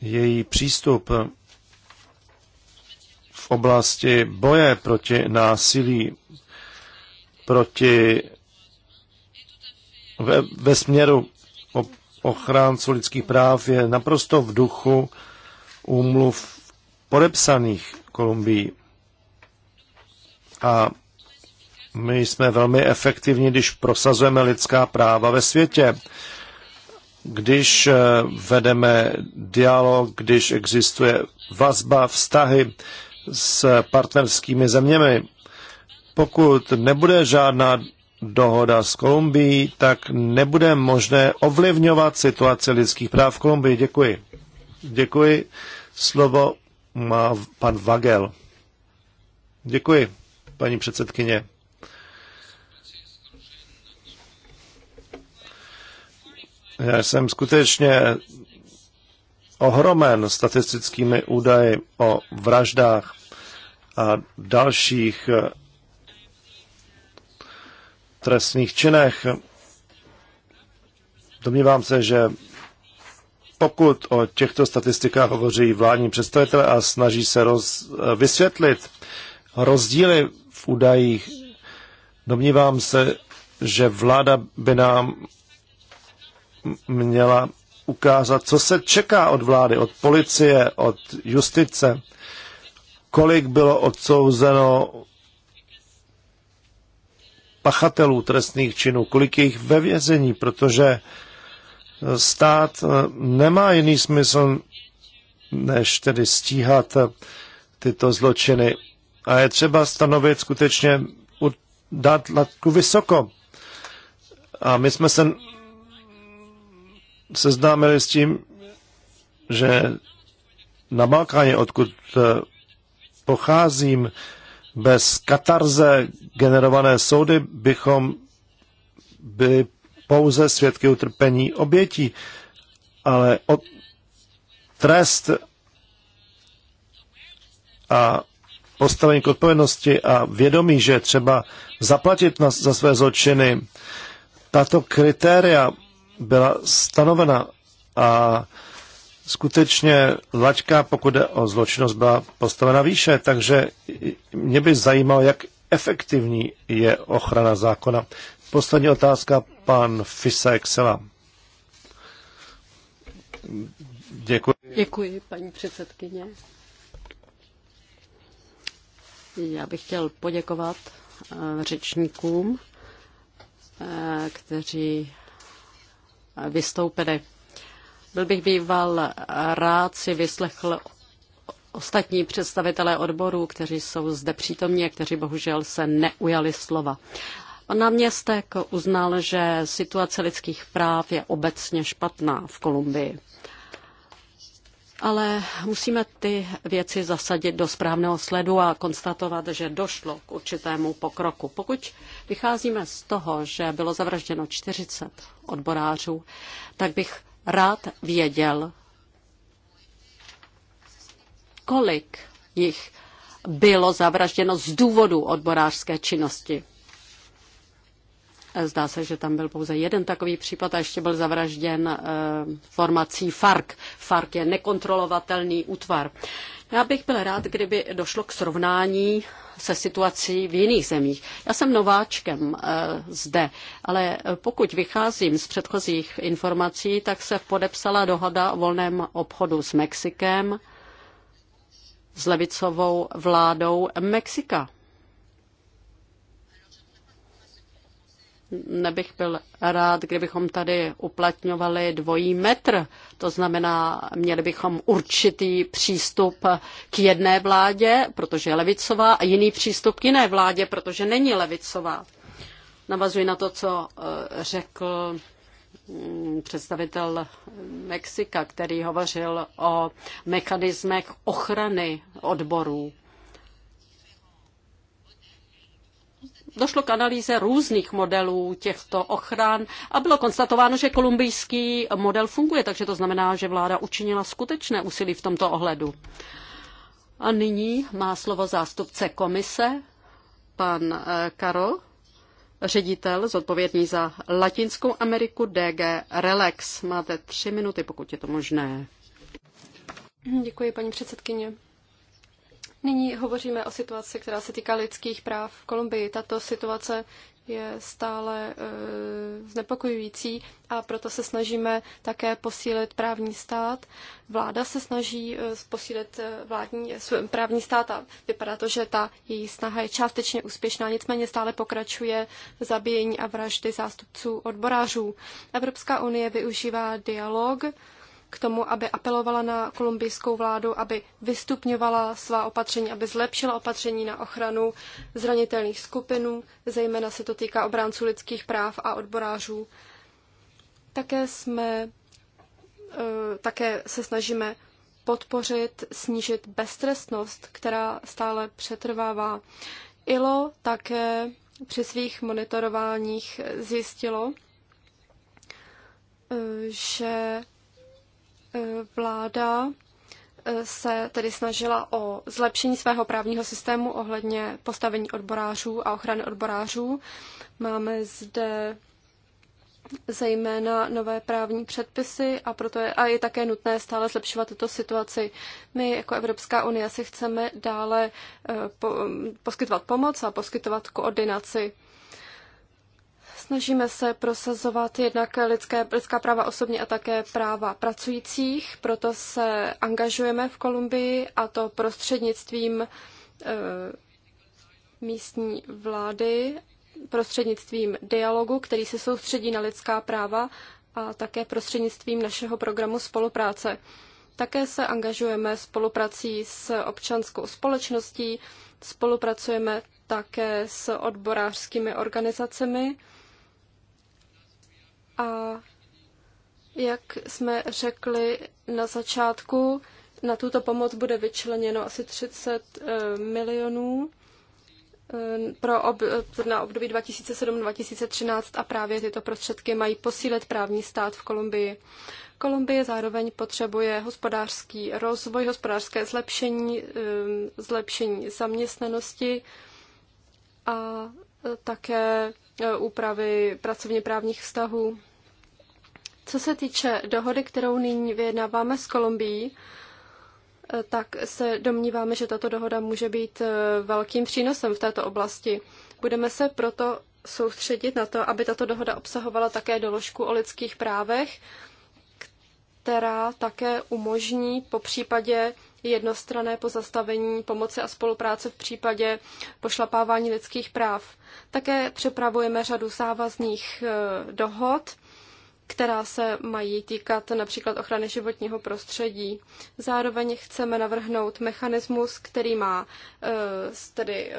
její přístup v oblasti boje proti násilí, proti ve, ve směru ochránců lidských práv je naprosto v duchu úmluv podepsaných Kolumbií. A my jsme velmi efektivní, když prosazujeme lidská práva ve světě když eh, vedeme dialog, když existuje vazba, vztahy s partnerskými zeměmi. Pokud nebude žádná dohoda s Kolumbií, tak nebude možné ovlivňovat situaci lidských práv v Kolumbii. Děkuji. Děkuji. Slovo má pan Vagel. Děkuji, paní předsedkyně. Já jsem skutečně ohromen statistickými údaji o vraždách a dalších eh, trestných činech. Domnívám se, že pokud o těchto statistikách hovoří vládní představitelé a snaží se roz, eh, vysvětlit rozdíly v údajích, domnívám se, že vláda by nám měla ukázat, co se čeká od vlády, od policie, od justice, kolik bylo odsouzeno pachatelů trestných činů, kolik je jich ve vězení, protože stát eh, nemá jiný smysl, než tedy stíhat eh, tyto zločiny. A je třeba stanovit skutečně, dát latku vysoko. A my jsme se seznámili s tím, že na Balkáně, odkud eh, pocházím, bez katarze generované soudy bychom byli pouze svědky utrpení obětí, ale od trest a postavení k odpovědnosti a vědomí, že třeba zaplatit na, za své zločiny, tato kritéria byla stanovena a skutečně laťka, pokud jde o zločinnost, byla postavena výše, takže mě by zajímalo, jak efektivní je ochrana zákona. Poslední otázka, pan Fisa Excela. Děkuji. Děkuji, paní předsedkyně. Já bych chtěl poděkovat eh, řečníkům, eh, kteří vystoupili. Byl bych býval rád si vyslechl ostatní představitelé odborů, kteří jsou zde přítomní a kteří bohužel se neujali slova. Pan náměstek uznal, že situace lidských práv je obecně špatná v Kolumbii ale musíme ty věci zasadit do správného sledu a konstatovat, že došlo k určitému pokroku. Pokud vycházíme z toho, že bylo zavražděno 40 odborářů, tak bych rád věděl, kolik jich bylo zavražděno z důvodu odborářské činnosti. Eh, zdá se, že tam byl pouze jeden takový případ a ještě byl zavražděn eh, formací FARC. FARC je nekontrolovatelný útvar. Já bych byl rád, kdyby došlo k srovnání se situací v jiných zemích. Já jsem nováčkem eh, zde, ale pokud vycházím z předchozích informací, tak se podepsala dohoda o volném obchodu s Mexikem, s levicovou vládou Mexika. nebych byl rád, kdybychom tady uplatňovali dvojí metr. To znamená, měli bychom určitý přístup k jedné vládě, protože je levicová, a jiný přístup k jiné vládě, protože není levicová. Navazuji na to, co eh, řekl mm, představitel Mexika, který hovořil o mechanismech ochrany odborů. došlo k analýze různých modelů těchto ochran a bylo konstatováno, že kolumbijský model funguje, takže to znamená, že vláda učinila skutečné úsilí v tomto ohledu. A nyní má slovo zástupce komise, pan eh, Karo, ředitel zodpovědný za Latinskou Ameriku DG Relax. Máte tři minuty, pokud je to možné. Děkuji, paní předsedkyně. Nyní hovoříme o situaci, která se týká lidských práv v Kolumbii. Tato situace je stále e, znepokojující a proto se snažíme také posílit právní stát. Vláda se snaží e, posílit e, vládní, e, právní stát a vypadá to, že ta její snaha je částečně úspěšná, nicméně stále pokračuje zabíjení a vraždy zástupců odborářů. Evropská unie využívá dialog k tomu, aby apelovala na kolumbijskou vládu, aby vystupňovala svá opatření, aby zlepšila opatření na ochranu zranitelných skupinů, zejména se to týká obránců lidských práv a odborářů. Také jsme, eh, také se snažíme podpořit, snížit beztrestnost, která stále přetrvává. ILO také při svých monitorováních zjistilo, eh, že Eh, vláda eh, se tedy snažila o zlepšení svého právního systému ohledně postavení odborářů a ochrany odborářů. Máme zde zejména nové právní předpisy a proto je, a je také nutné stále zlepšovat tuto situaci. My jako Evropská unie si chceme dále eh, po, mm, poskytovat pomoc a poskytovat koordinaci Snažíme se prosazovat jednak lidské, lidská práva osobně a také práva pracujících, proto se angažujeme v Kolumbii a to prostřednictvím e, místní vlády, prostřednictvím dialogu, který se soustředí na lidská práva a také prostřednictvím našeho programu spolupráce. Také se angažujeme spoluprací s občanskou společností, spolupracujeme také s odborářskými organizacemi a jak jsme řekli na začátku, na tuto pomoc bude vyčleněno asi 30 eh, milionů eh, pro ob, na období 2007-2013 a právě tyto prostředky mají posílit právní stát v Kolumbii. Kolumbie zároveň potřebuje hospodářský rozvoj, hospodářské zlepšení, eh, zlepšení zaměstnanosti a také úpravy pracovně právních vztahů. Co se týče dohody, kterou nyní vyjednáváme s Kolumbií, eh, tak se domníváme, že tato dohoda může být eh, velkým přínosem v této oblasti. Budeme se proto soustředit na to, aby tato dohoda obsahovala také doložku o lidských právech, která také umožní po případě jednostrané pozastavení pomoci a spolupráce v případě pošlapávání lidských práv. Také připravujeme řadu závazných eh, dohod, která se mají týkat například ochrany životního prostředí. Zároveň chceme navrhnout mechanismus, který má eh, tedy eh,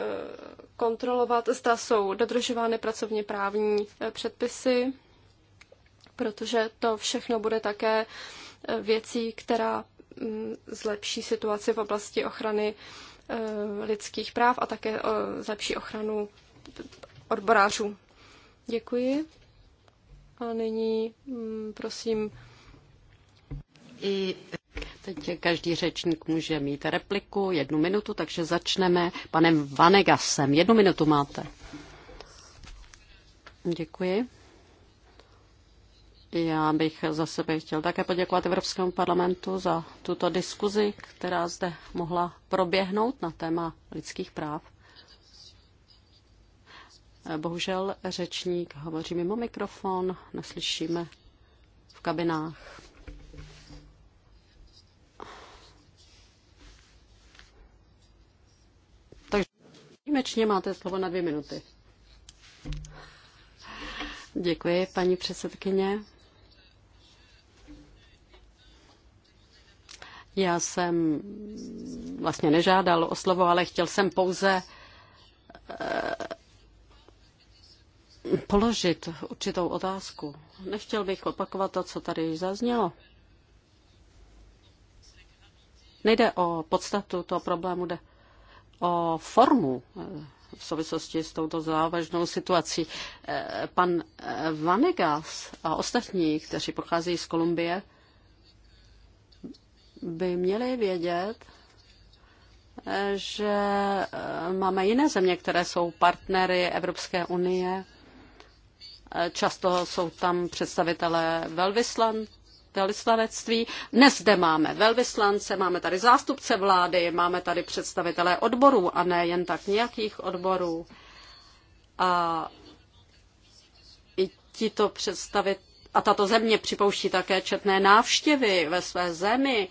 kontrolovat, zda jsou dodržovány pracovně právní eh, předpisy, protože to všechno bude také věcí, která mm, zlepší situaci v oblasti ochrany lidských práv a také zlepší ochranu odborářů. Děkuji. A nyní, mm, prosím. I teď každý řečník může mít repliku, jednu minutu, takže začneme panem Vanegasem. Jednu minutu máte. Děkuji. Já bych za sebe chtěl také poděkovat Evropskému parlamentu za tuto diskuzi, která zde mohla proběhnout na téma lidských práv. Bohužel řečník hovoří mimo mikrofon, neslyšíme v kabinách. Takže výjimečně máte slovo na dvě minuty. Děkuji, paní předsedkyně. Já jsem vlastně nežádal o slovo, ale chtěl jsem pouze položit určitou otázku. Nechtěl bych opakovat to, co tady již zaznělo. Nejde o podstatu toho problému, jde o formu eh, v souvislosti s touto závažnou situací. Eh, pan eh, Vanegas a ostatní, kteří pocházejí z Kolumbie, by měli vědět, že máme jiné země, které jsou partnery Evropské unie Často jsou tam představitelé velvyslan, velvyslanectví. Dnes zde máme velvyslance, máme tady zástupce vlády, máme tady představitelé odborů a ne jen tak nějakých odborů. A i tito představit a tato země připouští také četné návštěvy ve své zemi.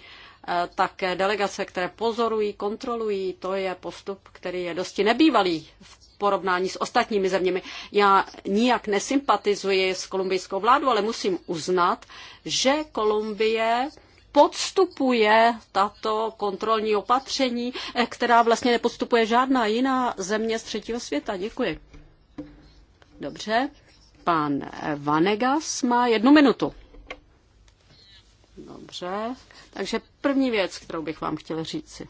Eh, také delegace, které pozorují, kontrolují. To je postup, který je dosti nebývalý v porovnání s ostatními zeměmi. Já nijak nesympatizuji s kolumbijskou vládou, ale musím uznat, že Kolumbie podstupuje tato kontrolní opatření, eh, která vlastně nepodstupuje žádná jiná země z třetího světa. Děkuji. Dobře. Pan Vanegas má jednu minutu. Dobře, takže první věc, kterou bych vám chtěla říci.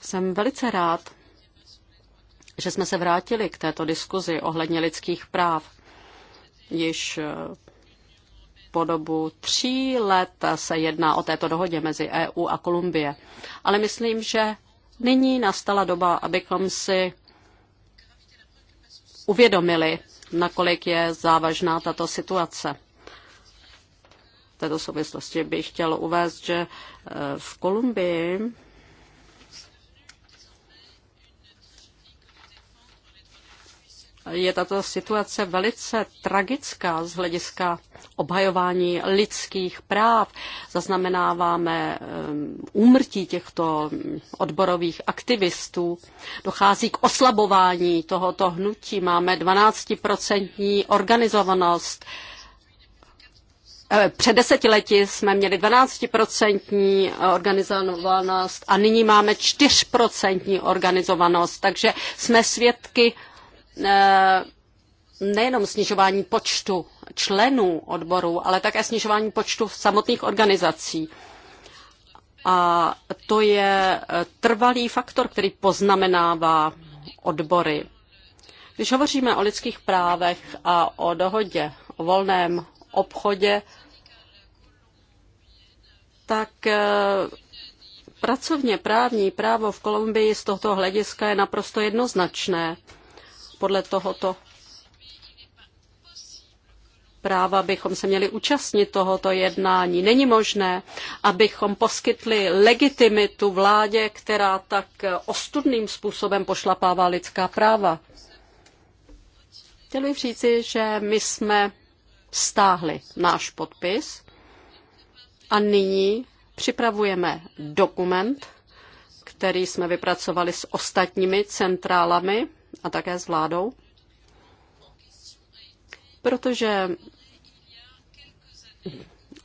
Jsem velice rád, že jsme se vrátili k této diskuzi ohledně lidských práv. Již eh, po dobu tří let se jedná o této dohodě mezi EU a Kolumbie. Ale myslím, že nyní nastala doba, abychom si uvědomili, nakolik je závažná tato situace. V této souvislosti bych chtěl uvést, že eh, v Kolumbii je tato situace velice tragická z hlediska obhajování lidských práv. Zaznamenáváme eh, úmrtí těchto odborových aktivistů. Dochází k oslabování tohoto hnutí. Máme 12% organizovanost Eh, před deseti lety jsme měli 12% eh, organizovanost a nyní máme 4% organizovanost, takže jsme svědky eh, nejenom snižování počtu členů odboru, ale také snižování počtu samotných organizací. A to je trvalý faktor, který poznamenává odbory. Když hovoříme o lidských právech a o dohodě o volném obchodě, tak eh, pracovně právní právo v Kolumbii z tohoto hlediska je naprosto jednoznačné. Podle tohoto práva bychom se měli účastnit tohoto jednání. Není možné, abychom poskytli legitimitu vládě, která tak eh, ostudným způsobem pošlapává lidská práva. Chtěl bych říci, že my jsme stáhli náš podpis a nyní připravujeme dokument, který jsme vypracovali s ostatními centrálami a také s vládou, protože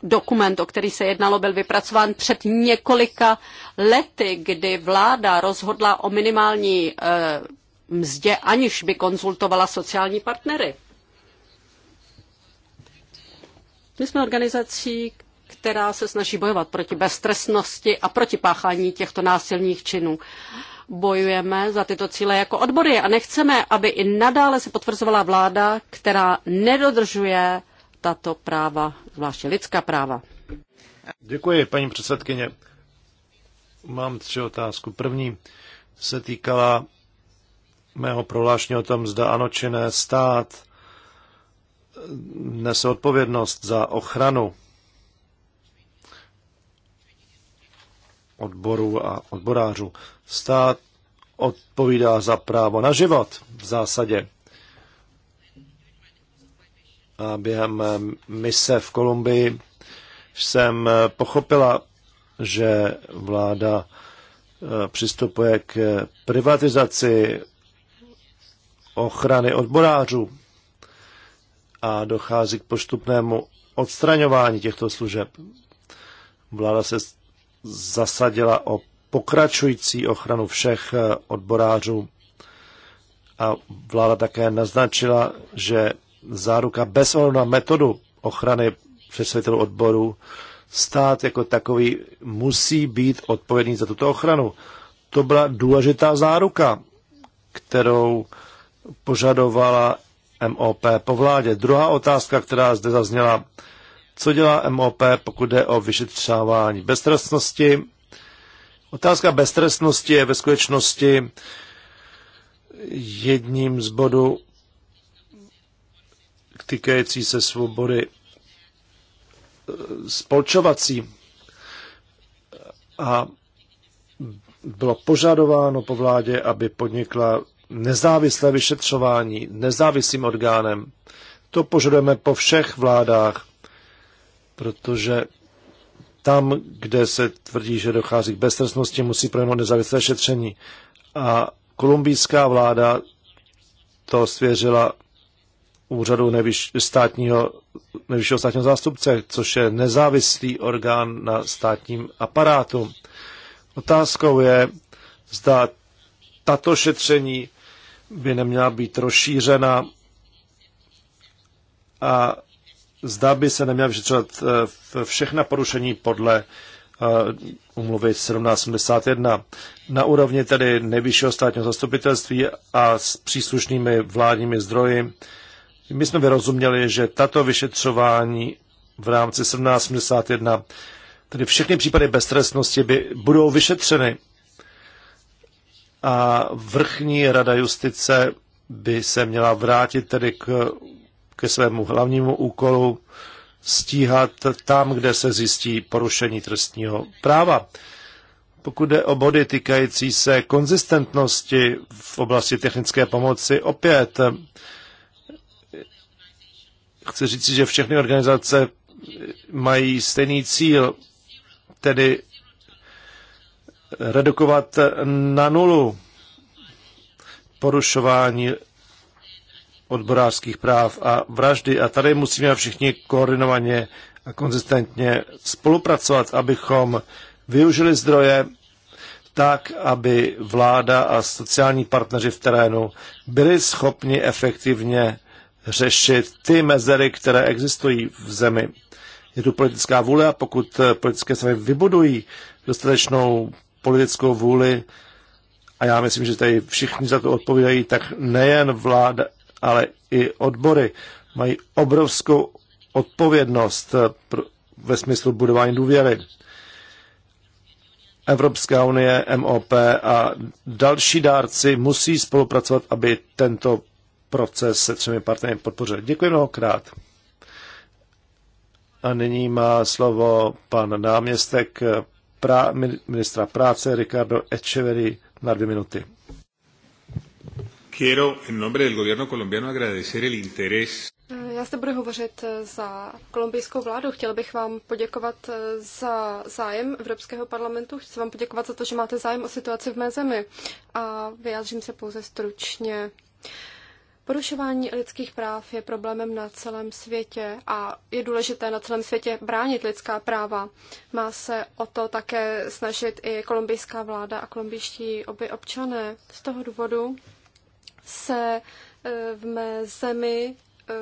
dokument, o který se jednalo, byl vypracován před několika lety, kdy vláda rozhodla o minimální eh, mzdě, aniž by konzultovala sociální partnery. My jsme organizací, která se snaží bojovat proti beztrestnosti a proti páchání těchto násilných činů. Bojujeme za tyto cíle jako odbory a nechceme, aby i nadále se potvrzovala vláda, která nedodržuje tato práva, zvláště lidská práva. Děkuji, paní předsedkyně. Mám tři otázku. První se týkala mého prohlášení o tom, zda ano či ne stát nese odpovědnost za ochranu odborů a odborářů. Stát odpovídá za právo na život v zásadě. A během mise v Kolumbii jsem pochopila, že vláda e, přistupuje k privatizaci ochrany odborářů a dochází k postupnému odstraňování těchto služeb. Vláda se zasadila o pokračující ochranu všech eh, odborářů a vláda také naznačila, že záruka bez ohledu na metodu ochrany představitelů odboru stát jako takový musí být odpovědný za tuto ochranu. To byla důležitá záruka, kterou požadovala MOP po vládě. Druhá otázka, která zde zazněla, co dělá MOP, pokud jde o vyšetřávání beztrestnosti? Otázka beztrestnosti je ve skutečnosti jedním z bodů týkající se svobody eh, spolčovací. A bylo požadováno po vládě, aby podnikla nezávislé vyšetřování nezávislým orgánem. To požadujeme po všech vládách protože tam, kde se tvrdí, že dochází k beztrestnosti, musí projmout nezávislé šetření. A kolumbijská vláda to svěřila úřadu nevyš, státního, nejvyššího státního zástupce, což je nezávislý orgán na státním aparátu. Otázkou je, zda tato šetření by neměla být rozšířena a zda by se neměla vyšetřovat eh, všechna porušení podle umluvy eh, 1771 na úrovni tedy nejvyššího státního zastupitelství a s příslušnými vládními zdroji. My jsme vyrozuměli, že tato vyšetřování v rámci 1771, tedy všechny případy beztrestnosti by, budou vyšetřeny a vrchní rada justice by se měla vrátit tedy k ke svému hlavnímu úkolu stíhat tam, kde se zjistí porušení trestního práva. Pokud jde o body týkající se konzistentnosti v oblasti technické pomoci, opět chci říct, že všechny organizace mají stejný cíl, tedy redukovat na nulu porušování odborářských práv a vraždy. A tady musíme všichni koordinovaně a konzistentně spolupracovat, abychom využili zdroje tak, aby vláda a sociální partneři v terénu byli schopni efektivně řešit ty mezery, které existují v zemi. Je tu politická vůle a pokud politické strany vybudují dostatečnou politickou vůli, a já myslím, že tady všichni za to odpovídají, tak nejen vláda, ale i odbory mají obrovskou odpovědnost eh, ve smyslu budování důvěry. Evropská unie, MOP a další dárci musí spolupracovat, aby tento proces se třemi partnery podpořil. Děkuji mnohokrát. A nyní má slovo pan náměstek eh, pra, ministra práce Ricardo Echeverry na dvě minuty. Quiero, en nombre del gobierno colombiano, agradecer el interés. Eh, já zde budu hovořit eh, za kolumbijskou vládu. Chtěl bych vám poděkovat eh, za zájem Evropského parlamentu. Chci vám poděkovat za to, že máte zájem o situaci v mé zemi. A vyjádřím se pouze stručně. Porušování lidských práv je problémem na celém světě a je důležité na celém světě bránit lidská práva. Má se o to také snažit i kolumbijská vláda a kolumbiští oby občané. Z toho důvodu se eh, v mé zemi eh,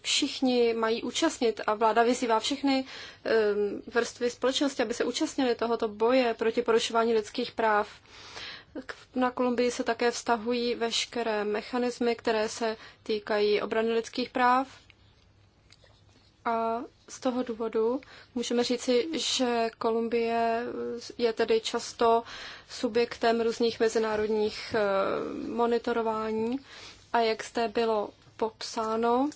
všichni mají účastnit a vláda vyzývá všechny eh, vrstvy společnosti, aby se účastnili tohoto boje proti porušování lidských práv. Na Kolumbii se také vztahují veškeré mechanismy, které se týkají obrany lidských práv a z toho důvodu můžeme říci, že Kolumbie je tedy často subjektem různých mezinárodních eh, monitorování a jak zde bylo popsáno,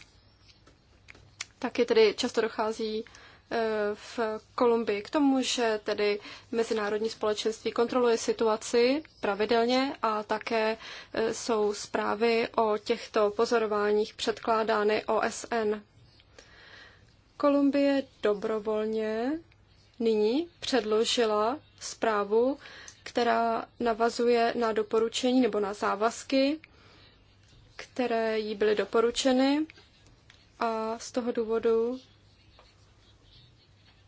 je tedy často dochází eh, v Kolumbii k tomu, že tedy mezinárodní společenství kontroluje situaci pravidelně a také eh, jsou zprávy o těchto pozorováních předkládány OSN. Kolumbie dobrovolně nyní předložila zprávu, která navazuje na doporučení nebo na závazky, které jí byly doporučeny a z toho důvodu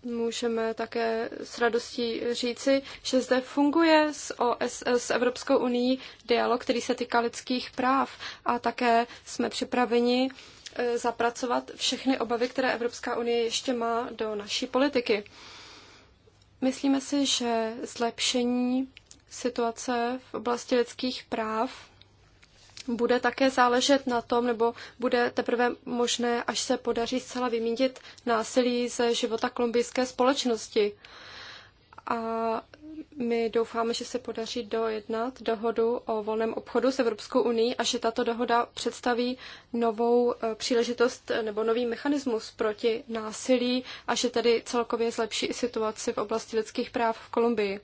můžeme také s radostí říci, že zde funguje s, OS, s Evropskou unii dialog, který se týká lidských práv a také jsme připraveni E, zapracovat všechny obavy, které Evropská unie ještě má do naší politiky. Myslíme si, že zlepšení situace v oblasti lidských práv bude také záležet na tom, nebo bude teprve možné, až se podaří zcela vymítit násilí ze života kolumbijské společnosti. A my doufáme, že se podaří dojednat dohodu o volném obchodu s Evropskou unii a že tato dohoda představí novou eh, příležitost eh, nebo nový mechanismus proti násilí a že tedy celkově zlepší i situaci v oblasti lidských práv v Kolumbii.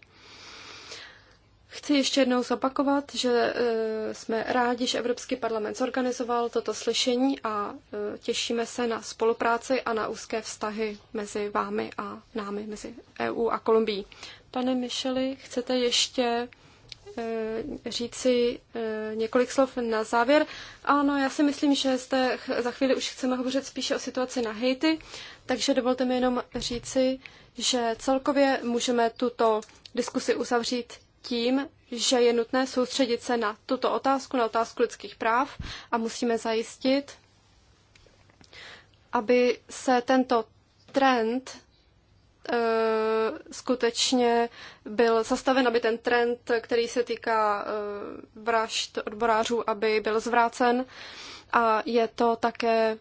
Chci ještě jednou zopakovat, že eh, jsme rádi, že Evropský parlament zorganizoval toto slyšení a těšíme se na spolupráci a na úzké vztahy mezi vámi a námi, mezi EU a Kolumbií. Pane Mišeli, chcete ještě eh, říci eh, několik slov na závěr. Ano, já si myslím, že jste, za chvíli už chceme hovořit spíše o situaci na Haiti, takže dovolte mi jenom říci, že celkově můžeme tuto diskusi uzavřít tím, že je nutné soustředit se na tuto otázku, na otázku lidských práv a musíme zajistit, aby se tento trend Eh, skutečně byl zastaven, aby ten trend, který se týká eh, vražd odborářů, aby byl zvrácen. A je to také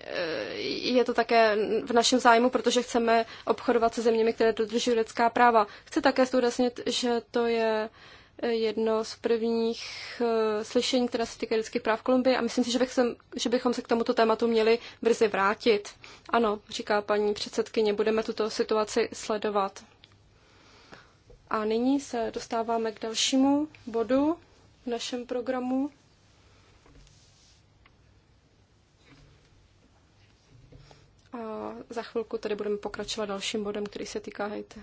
eh, je to také v našem zájmu, protože chceme obchodovat se zeměmi, které dodržují lidská práva. Chci také zdůraznit, že to je uh, jedno z prvních eh, slyšení, která se týká lidských práv v Kolumbii a myslím si, že, bych sem, že bychom se k tomuto tématu měli brzy vrátit. Ano, říká paní předsedkyně, budeme tuto situaci sledovat. A nyní se dostáváme k dalšímu bodu v našem programu. A za chvilku tady budeme pokračovat dalším bodem, který se týká Haiti.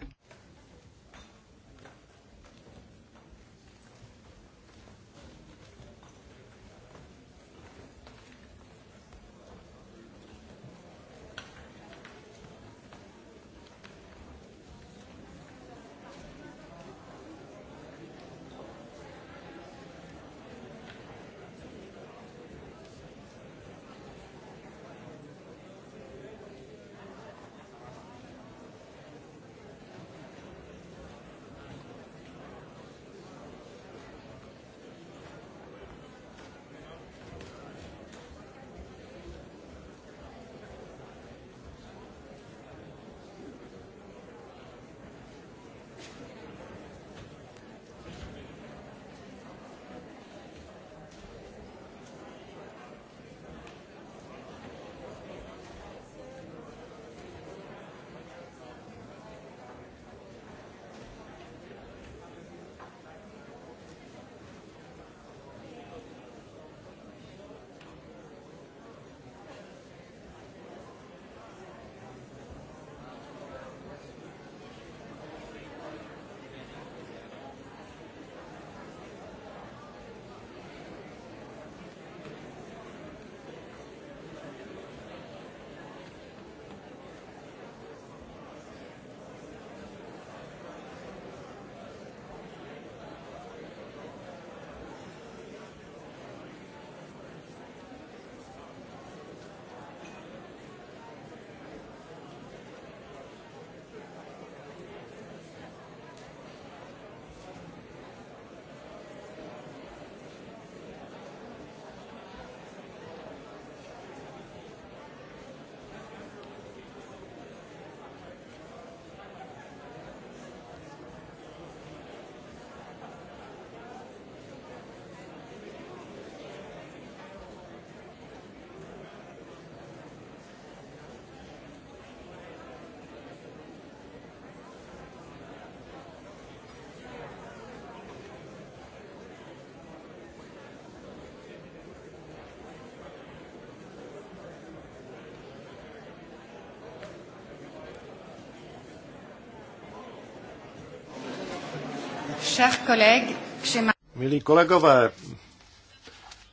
Milí kolegové,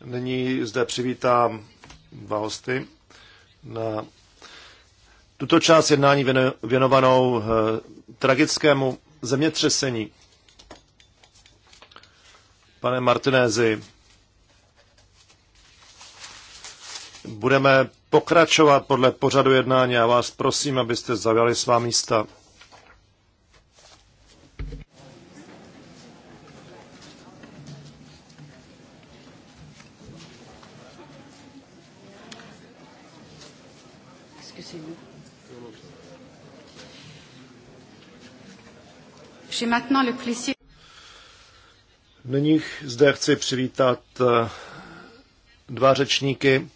nyní zde přivítám dva hosty na tuto část jednání věnovanou eh, tragickému zemětřesení. Pane Martinézi, budeme pokračovat podle pořadu jednání a vás prosím, abyste zavěli svá místa. Nyní zde chci přivítat eh, dva řečníky.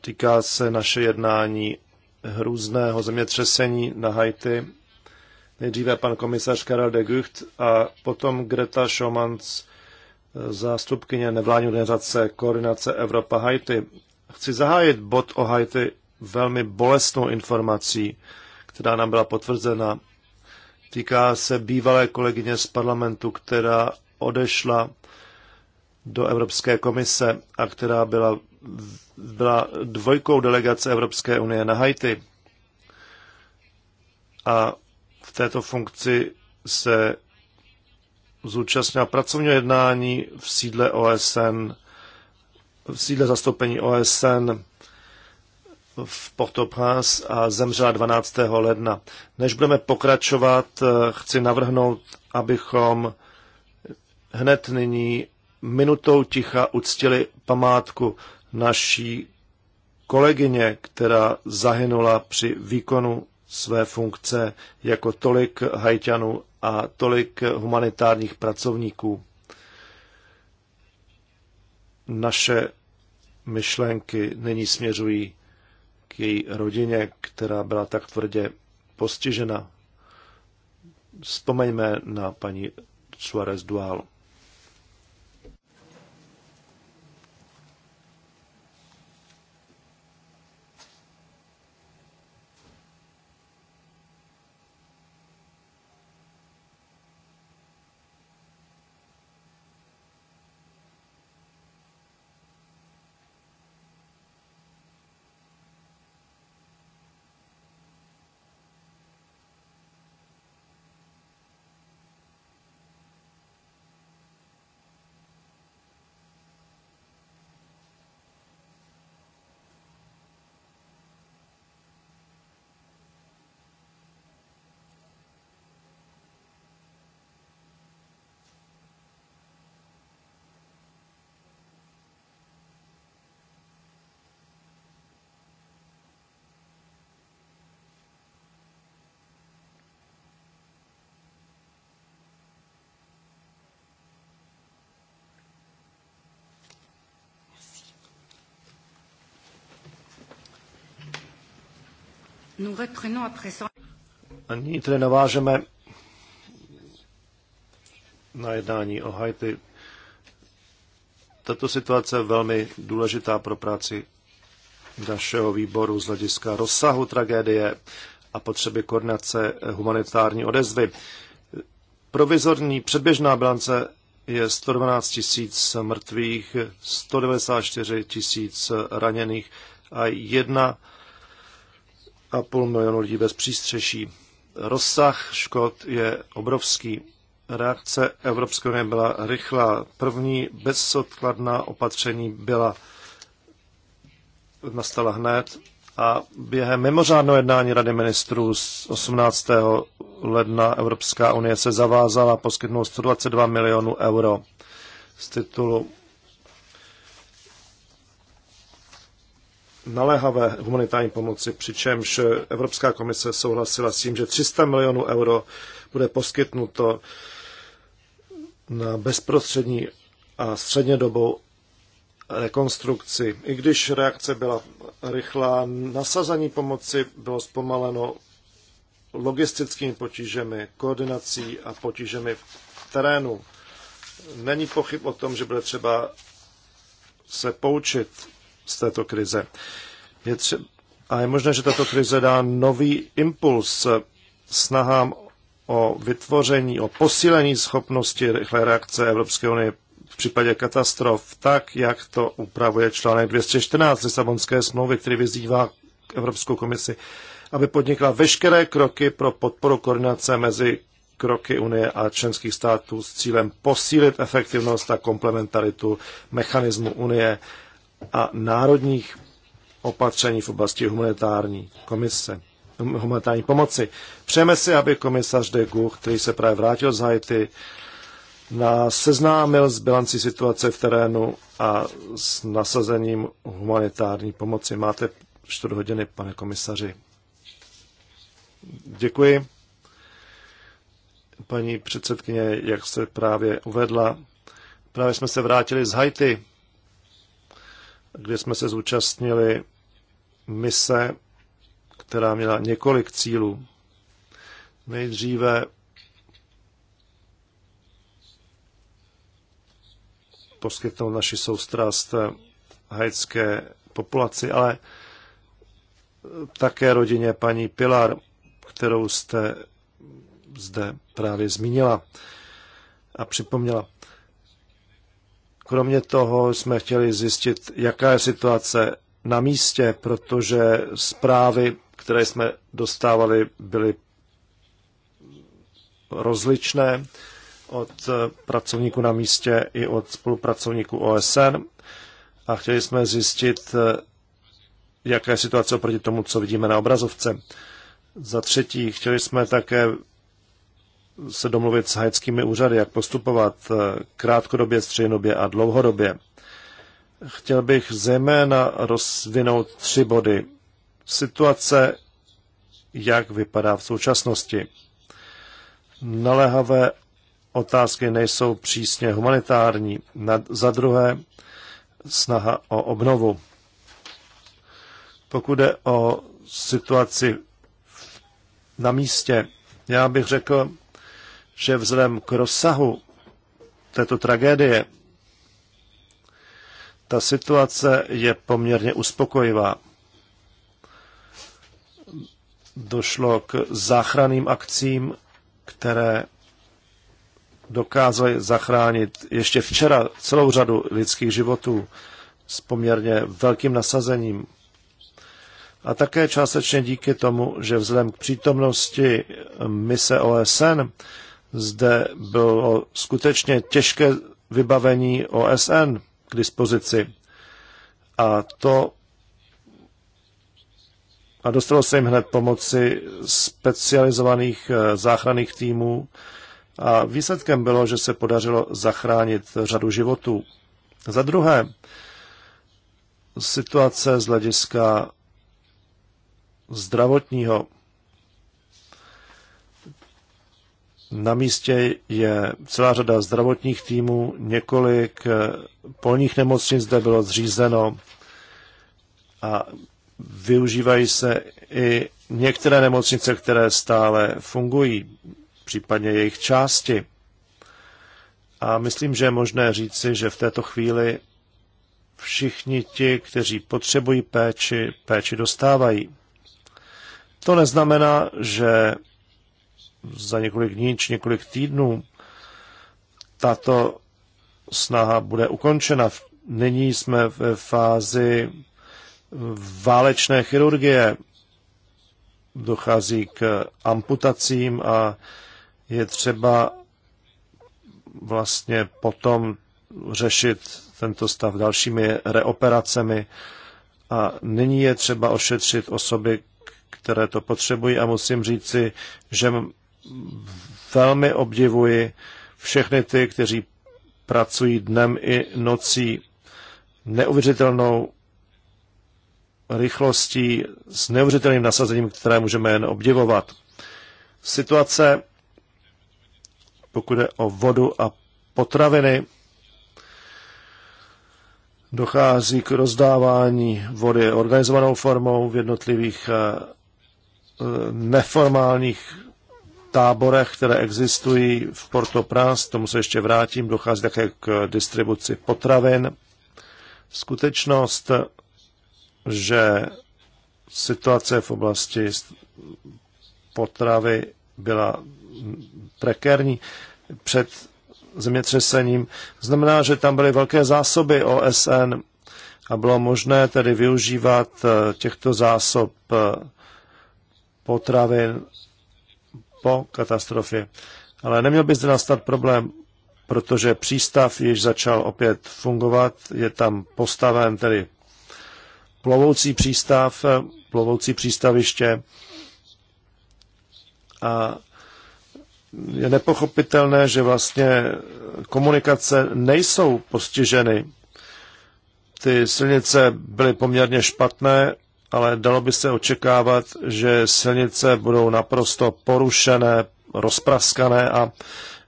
Týká se naše jednání hrůzného zemětřesení na Haiti. Nejdříve pan komisař Karel de Gucht a potom Greta Schomans, eh, zástupkyně nevládní organizace Koordinace Evropa Haiti. Chci zahájit bod o Haiti velmi bolestnou informací, která nám byla potvrzena Týká se bývalé kolegyně z parlamentu, která odešla do Evropské komise a která byla, byla dvojkou delegace Evropské unie na Haiti. A v této funkci se zúčastnila pracovního jednání v sídle OSN, v sídle zastoupení OSN v Port-au-Prince a zemřela 12. ledna. Než budeme pokračovat, eh, chci navrhnout, abychom hned nyní minutou ticha uctili památku naší kolegyně, která zahynula při výkonu své funkce jako tolik hajťanů a tolik humanitárních pracovníků. Naše myšlenky nyní směřují její rodině, která byla tak tvrdě postižena. Vzpomeňme na paní Suarez Dual. A nyní tedy navážeme na jednání o Haiti. Tato situace je velmi důležitá pro práci našeho výboru z hlediska rozsahu tragédie a potřeby koordinace humanitární odezvy. Provizorní předběžná bilance je 112 tisíc mrtvých, 194 tisíc raněných a jedna a půl milionu lidí bez přístřeší. Rozsah škod je obrovský. Reakce Evropské unie byla rychlá. První bezodkladná opatření byla nastala hned a během mimořádného jednání Rady ministrů z 18. ledna Evropská unie se zavázala poskytnout 122 milionů euro z titulu naléhavé humanitární pomoci, přičemž Evropská komise souhlasila s tím, že 300 milionů euro bude poskytnuto na bezprostřední a středně dobou rekonstrukci. I když reakce byla rychlá, nasazení pomoci bylo zpomaleno logistickými potížemi, koordinací a potížemi v terénu. Není pochyb o tom, že bude třeba se poučit z této krize. Je tře- a je možné, že tato krize dá nový impuls snahám o vytvoření, o posílení schopnosti rychlé reakce Evropské unie v případě katastrof, tak jak to upravuje článek 214 Lisabonské smlouvy, který vyzývá Evropskou komisi, aby podnikla veškeré kroky pro podporu koordinace mezi kroky Unie a členských států s cílem posílit efektivnost a komplementaritu mechanismu Unie a národních opatření v oblasti humanitární komise, humanitární pomoci. Přejeme si, aby komisař de Gucht, který se právě vrátil z Haiti, nás seznámil s bilancí situace v terénu a s nasazením humanitární pomoci. Máte čtvrt hodiny, pane komisaři. Děkuji. Paní předsedkyně, jak se právě uvedla, právě jsme se vrátili z Haiti kde jsme se zúčastnili mise, která měla několik cílů. Nejdříve poskytnout naši soustrast haitské populaci, ale také rodině paní Pilar, kterou jste zde právě zmínila a připomněla. Kromě toho jsme chtěli zjistit, jaká je situace na místě, protože zprávy, které jsme dostávali, byly rozličné od pracovníků na místě i od spolupracovníků OSN a chtěli jsme zjistit, jaká je situace oproti tomu, co vidíme na obrazovce. Za třetí, chtěli jsme také se domluvit s haitskými úřady, jak postupovat eh, krátkodobě, střednodobě a dlouhodobě. Chtěl bych zejména rozvinout tři body. Situace, jak vypadá v současnosti. Naléhavé otázky nejsou přísně humanitární. Nad, za druhé, snaha o obnovu. Pokud je o situaci na místě, já bych řekl, že vzhledem k rozsahu této tragédie ta situace je poměrně uspokojivá. Došlo k záchranným akcím, které dokázaly zachránit ještě včera celou řadu lidských životů s poměrně velkým nasazením. A také částečně díky tomu, že vzhledem k přítomnosti mise OSN zde bylo skutečně těžké vybavení OSN k dispozici. A to a dostalo se jim hned pomoci specializovaných eh, záchranných týmů a výsledkem bylo, že se podařilo zachránit řadu životů. Za druhé, situace z hlediska zdravotního Na místě je celá řada zdravotních týmů, několik eh, polních nemocnic zde bylo zřízeno a využívají se i některé nemocnice, které stále fungují, případně jejich části. A myslím, že je možné říci, že v této chvíli všichni ti, kteří potřebují péči, péči dostávají. To neznamená, že za několik dní či několik týdnů tato snaha bude ukončena. Nyní jsme ve fázi válečné chirurgie. Dochází k amputacím a je třeba vlastně potom řešit tento stav dalšími reoperacemi. A nyní je třeba ošetřit osoby, které to potřebují a musím říci, že velmi obdivuji všechny ty, kteří pracují dnem i nocí neuvěřitelnou rychlostí, s neuvěřitelným nasazením, které můžeme jen obdivovat. Situace, pokud je o vodu a potraviny, dochází k rozdávání vody organizovanou formou v jednotlivých eh, neformálních táborech, které existují v Porto Prás, tomu se ještě vrátím, dochází také k distribuci potravin. Skutečnost, že situace v oblasti potravy byla prekérní před zemětřesením, znamená, že tam byly velké zásoby OSN a bylo možné tedy využívat eh, těchto zásob eh, potravin po katastrofě. Ale neměl by zde nastat problém, protože přístav již začal opět fungovat, je tam postaven tedy plovoucí přístav, plovoucí přístaviště a je nepochopitelné, že vlastně komunikace nejsou postiženy. Ty silnice byly poměrně špatné ale dalo by se očekávat, že silnice budou naprosto porušené, rozpraskané a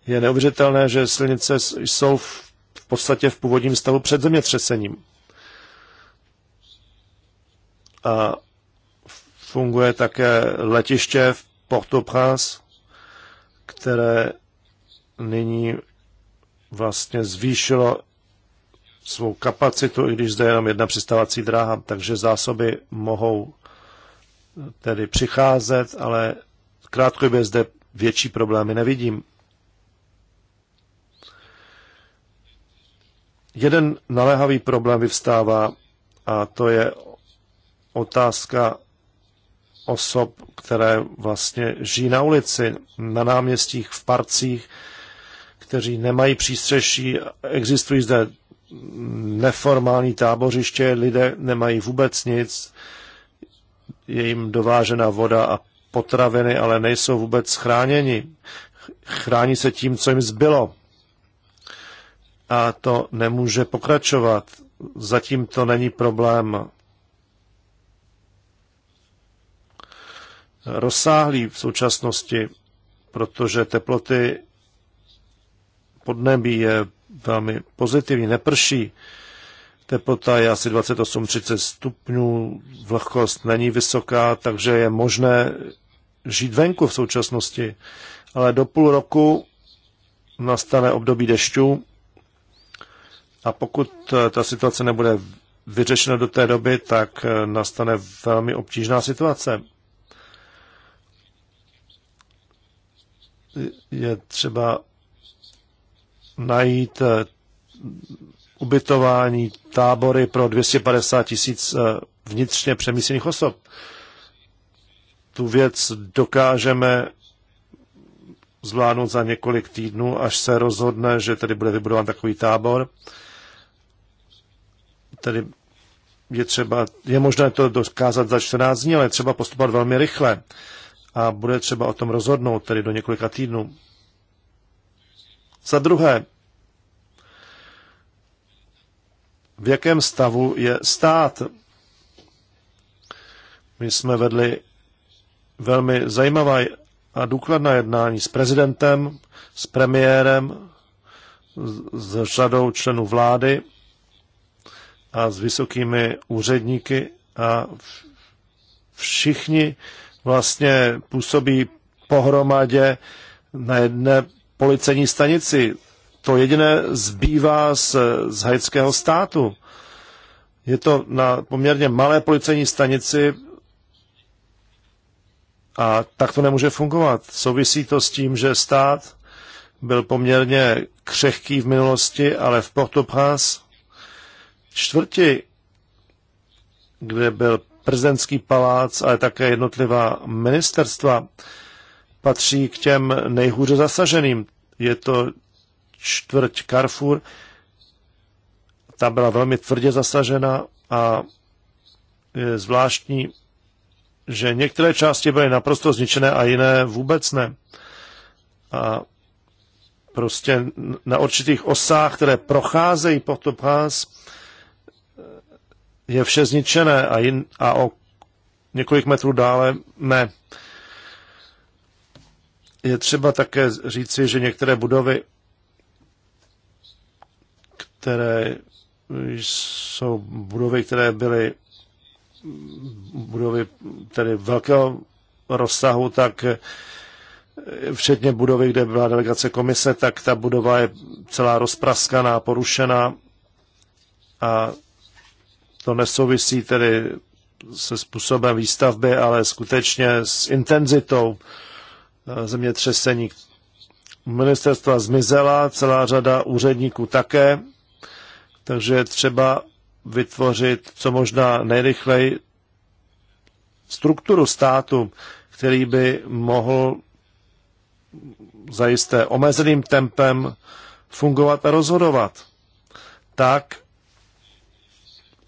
je neuvěřitelné, že silnice jsou v podstatě v původním stavu před zemětřesením. A funguje také letiště v Port-au-Prince, které nyní vlastně zvýšilo svou kapacitu, i když zde je jenom jedna přistávací dráha, takže zásoby mohou eh, tedy přicházet, ale krátkodobě zde větší problémy nevidím. Jeden naléhavý problém vyvstává a to je otázka osob, které vlastně žijí na ulici, na náměstích, v parcích, kteří nemají přístřeší. Existují zde neformální tábořiště, lidé nemají vůbec nic, je jim dovážena voda a potraviny, ale nejsou vůbec chráněni. Chrání se tím, co jim zbylo. A to nemůže pokračovat. Zatím to není problém rozsáhlý v současnosti, protože teploty podnebí je velmi pozitivní. Neprší, teplota je asi 28-30 stupňů, vlhkost není vysoká, takže je možné žít venku v současnosti. Ale do půl roku nastane období dešťů a pokud eh, ta situace nebude vyřešena do té doby, tak eh, nastane velmi obtížná situace. Je třeba najít eh, ubytování, tábory pro 250 tisíc eh, vnitřně přemístěných osob. Tu věc dokážeme zvládnout za několik týdnů, až se rozhodne, že tedy bude vybudován takový tábor. Tedy je třeba, je možné to dokázat za 14 dní, ale třeba postupovat velmi rychle a bude třeba o tom rozhodnout, tedy do několika týdnů. Za druhé, v jakém stavu je stát? My jsme vedli velmi zajímavá a důkladná jednání s prezidentem, s premiérem, s řadou členů vlády a s vysokými úředníky a všichni vlastně působí pohromadě na jedné policejní stanici. To jediné zbývá z, z haitského státu. Je to na poměrně malé policejní stanici a tak to nemůže fungovat. Souvisí to s tím, že stát byl poměrně křehký v minulosti, ale v Port-au-Prince čtvrti, kde byl prezidentský palác, ale také jednotlivá ministerstva, patří k těm nejhůře zasaženým. Je to čtvrť Carrefour, ta byla velmi tvrdě zasažena a je zvláštní, že některé části byly naprosto zničené a jiné vůbec ne. A prostě na určitých osách, které procházejí po to pás, je vše zničené a, jin, a o několik metrů dále ne. Je třeba také říci, že některé budovy, které jsou budovy, které byly budovy tedy velkého rozsahu, tak včetně budovy, kde byla delegace komise, tak ta budova je celá rozpraskaná, porušená a to nesouvisí tedy se způsobem výstavby, ale skutečně s intenzitou Eh, zemětřesení. Ministerstva zmizela, celá řada úředníků také, takže je třeba vytvořit co možná nejrychleji strukturu státu, který by mohl zajisté omezeným tempem fungovat a rozhodovat. Tak,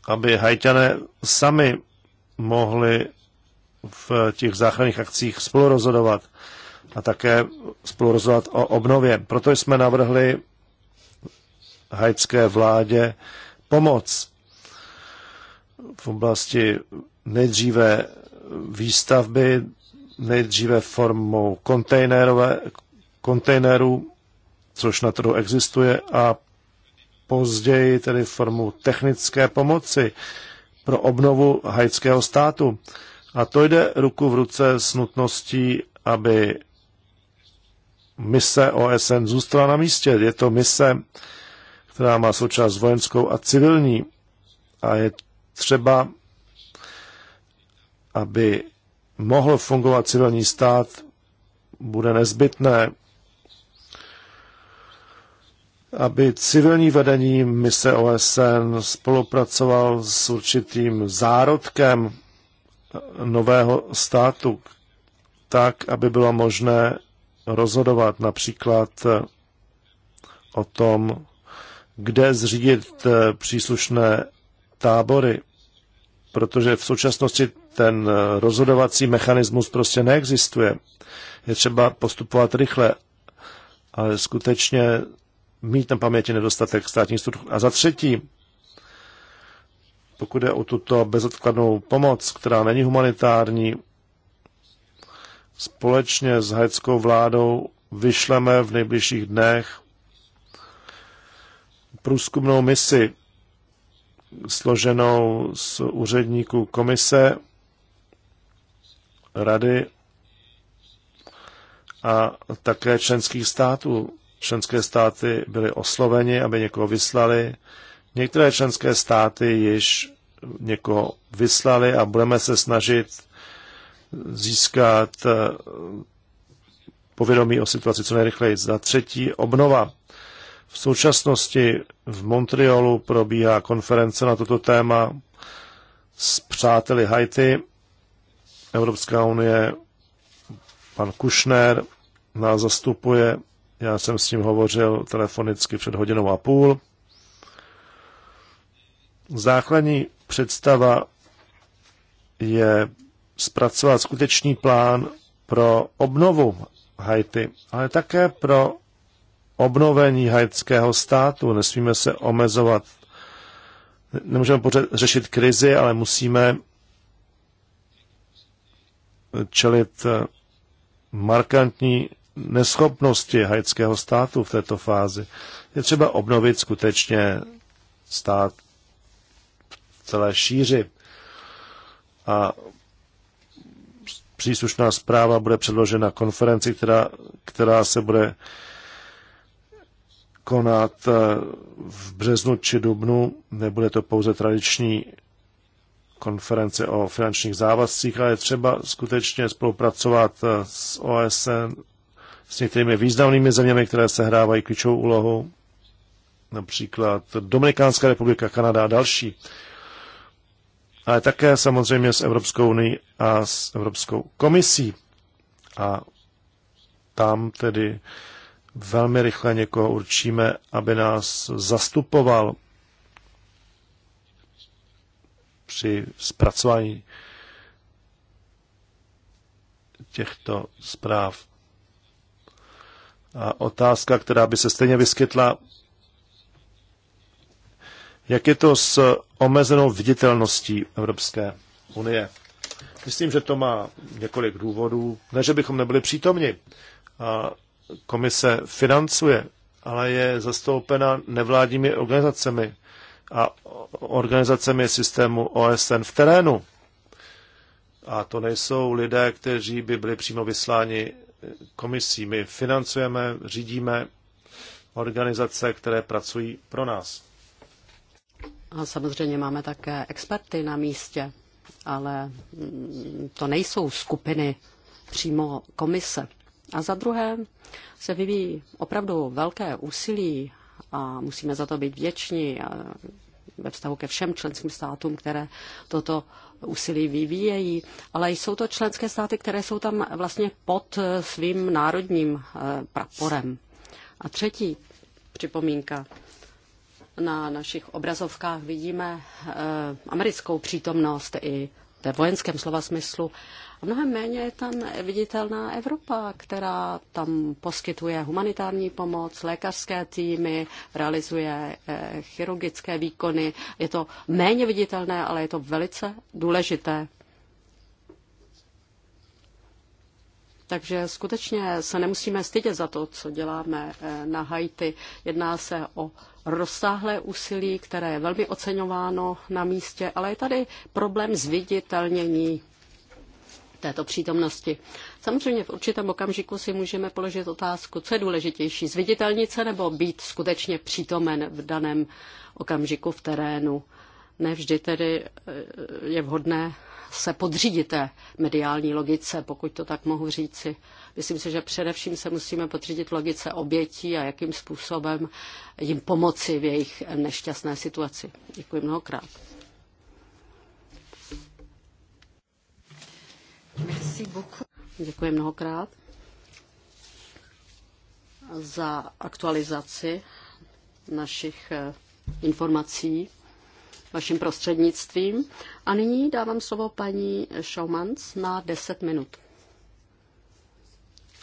aby hajťané sami mohli v těch záchranných akcích spolurozhodovat a také spolu rozhodovat o obnově. Proto jsme navrhli haitské vládě pomoc v oblasti nejdříve výstavby, nejdříve formou kontejnerů, což na trhu existuje, a později tedy formou technické pomoci pro obnovu haitského státu. A to jde ruku v ruce s nutností, aby mise OSN zůstala na místě. Je to mise, která má součást vojenskou a civilní a je třeba, aby mohl fungovat civilní stát, bude nezbytné, aby civilní vedení mise OSN spolupracoval s určitým zárodkem nového státu, tak, aby bylo možné rozhodovat například eh, o tom, kde zřídit eh, příslušné tábory, protože v současnosti ten eh, rozhodovací mechanismus prostě neexistuje. Je třeba postupovat rychle, ale skutečně mít na paměti nedostatek státních struktur. A za třetí, pokud je o tuto bezodkladnou pomoc, která není humanitární, společně s hajeckou vládou vyšleme v nejbližších dnech průzkumnou misi složenou z úředníků komise, rady a také členských států. Členské státy byly osloveni, aby někoho vyslali. Některé členské státy již někoho vyslali a budeme se snažit získat eh, povědomí o situaci co nejrychleji. Za třetí, obnova. V současnosti v Montrealu probíhá konference na toto téma s přáteli Haiti. Evropská unie, pan Kušner nás zastupuje. Já jsem s ním hovořil telefonicky před hodinou a půl. Základní představa je zpracovat skutečný plán pro obnovu Haiti, ale také pro obnovení haitského státu. Nesmíme se omezovat. Nemůžeme pořád řešit krizi, ale musíme čelit markantní neschopnosti haitského státu v této fázi. Je třeba obnovit skutečně stát v celé šíři. A Příslušná zpráva bude předložena konferenci, která, která se bude konat eh, v březnu či dubnu. Nebude to pouze tradiční konference o finančních závazcích, ale je třeba skutečně spolupracovat eh, s OSN, s některými významnými zeměmi, které se hrávají klíčovou úlohou, například Dominikánská republika, Kanada a další ale také samozřejmě s Evropskou unii a s Evropskou komisí. A tam tedy velmi rychle někoho určíme, aby nás zastupoval při zpracování těchto zpráv. A otázka, která by se stejně vyskytla jak je to s omezenou viditelností Evropské unie? Myslím, že to má několik důvodů. Ne, že bychom nebyli přítomni. A komise financuje, ale je zastoupena nevládními organizacemi a organizacemi systému OSN v terénu. A to nejsou lidé, kteří by byli přímo vysláni komisí. My financujeme, řídíme organizace, které pracují pro nás. A samozřejmě máme také experty na místě, ale mm, to nejsou skupiny přímo komise. A za druhé se vyvíjí opravdu velké úsilí a musíme za to být vděční ve vztahu ke všem členským státům, které toto úsilí vyvíjejí, ale jsou to členské státy, které jsou tam vlastně pod svým národním eh, praporem. A třetí připomínka na našich obrazovkách vidíme eh, americkou přítomnost i ve vojenském slova smyslu. A mnohem méně je tam viditelná Evropa, která tam poskytuje humanitární pomoc, lékařské týmy, realizuje eh, chirurgické výkony. Je to méně viditelné, ale je to velice důležité. Takže skutečně se nemusíme stydět za to, co děláme eh, na Haiti. Jedná se o rozsáhlé úsilí, které je velmi oceňováno na místě, ale je tady problém zviditelnění této přítomnosti. Samozřejmě v určitém okamžiku si můžeme položit otázku, co je důležitější, zviditelnit se nebo být skutečně přítomen v daném okamžiku v terénu. Nevždy tedy eh, je vhodné se podřídit té mediální logice, pokud to tak mohu říci. Myslím si, že především se musíme podřídit logice obětí a jakým způsobem jim pomoci v jejich nešťastné situaci. Děkuji mnohokrát. Děkuji mnohokrát za aktualizaci našich eh, informací vaším prostřednictvím. A nyní dávám slovo paní Šaumans na 10 minut.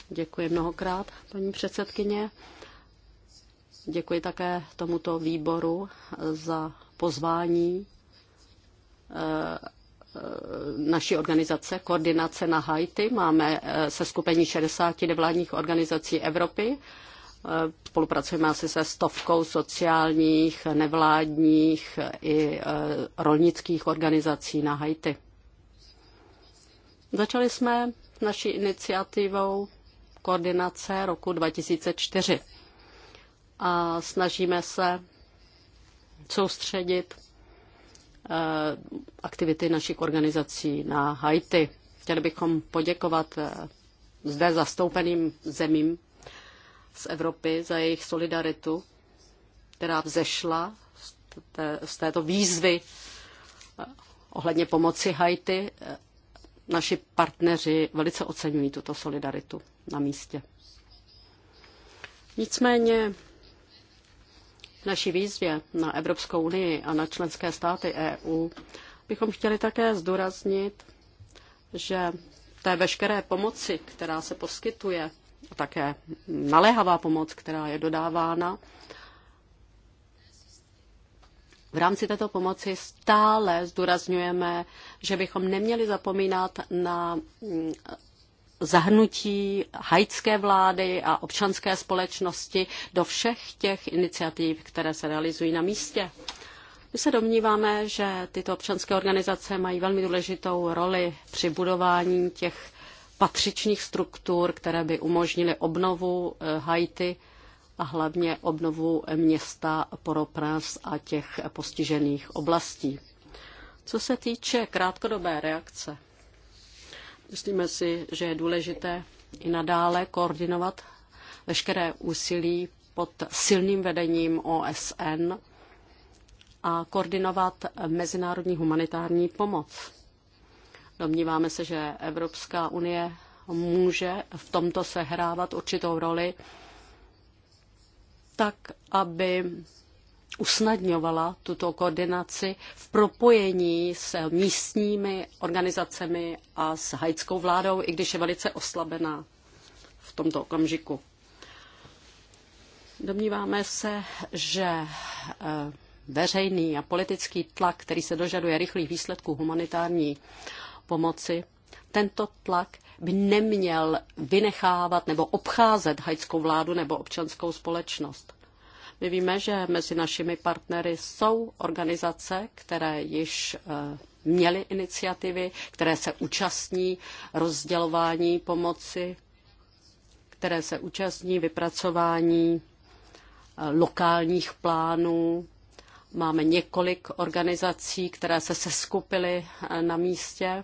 Děkuji mnohokrát, paní předsedkyně. Děkuji také tomuto výboru za pozvání eh, naší organizace Koordinace na Haiti. Máme eh, se skupení 60 nevládních organizací Evropy Eh, spolupracujeme asi se stovkou sociálních, nevládních i eh, rolnických organizací na Haiti. Začali jsme naší iniciativou koordinace roku 2004 a snažíme se soustředit eh, aktivity našich organizací na Haiti. Chtěli bychom poděkovat zde zastoupeným zemím z Evropy za jejich solidaritu, která vzešla z, té, z této výzvy eh, ohledně pomoci Haiti. Eh, naši partneři velice oceňují tuto solidaritu na místě. Nicméně naší výzvě na Evropskou unii a na členské státy EU bychom chtěli také zdůraznit, že té veškeré pomoci, která se poskytuje také naléhavá pomoc, která je dodávána. V rámci této pomoci stále zdůrazňujeme, že bychom neměli zapomínat na mm, zahrnutí haitské vlády a občanské společnosti do všech těch iniciativ, které se realizují na místě. My se domníváme, že tyto občanské organizace mají velmi důležitou roli při budování těch patřičných struktur, které by umožnily obnovu eh, Haiti a hlavně obnovu města Poroprás a těch postižených oblastí. Co se týče krátkodobé reakce, myslíme si, že je důležité i nadále koordinovat veškeré úsilí pod silným vedením OSN a koordinovat mezinárodní humanitární pomoc. Domníváme se, že Evropská unie může v tomto sehrávat určitou roli, tak aby usnadňovala tuto koordinaci v propojení s místními organizacemi a s haitskou vládou, i když je velice oslabená v tomto okamžiku. Domníváme se, že eh, veřejný a politický tlak, který se dožaduje rychlých výsledků humanitární pomoci. Tento tlak by neměl vynechávat nebo obcházet haitskou vládu nebo občanskou společnost. My víme, že mezi našimi partnery jsou organizace, které již eh, měly iniciativy, které se účastní rozdělování pomoci, které se účastní vypracování eh, lokálních plánů. Máme několik organizací, které se seskupily eh, na místě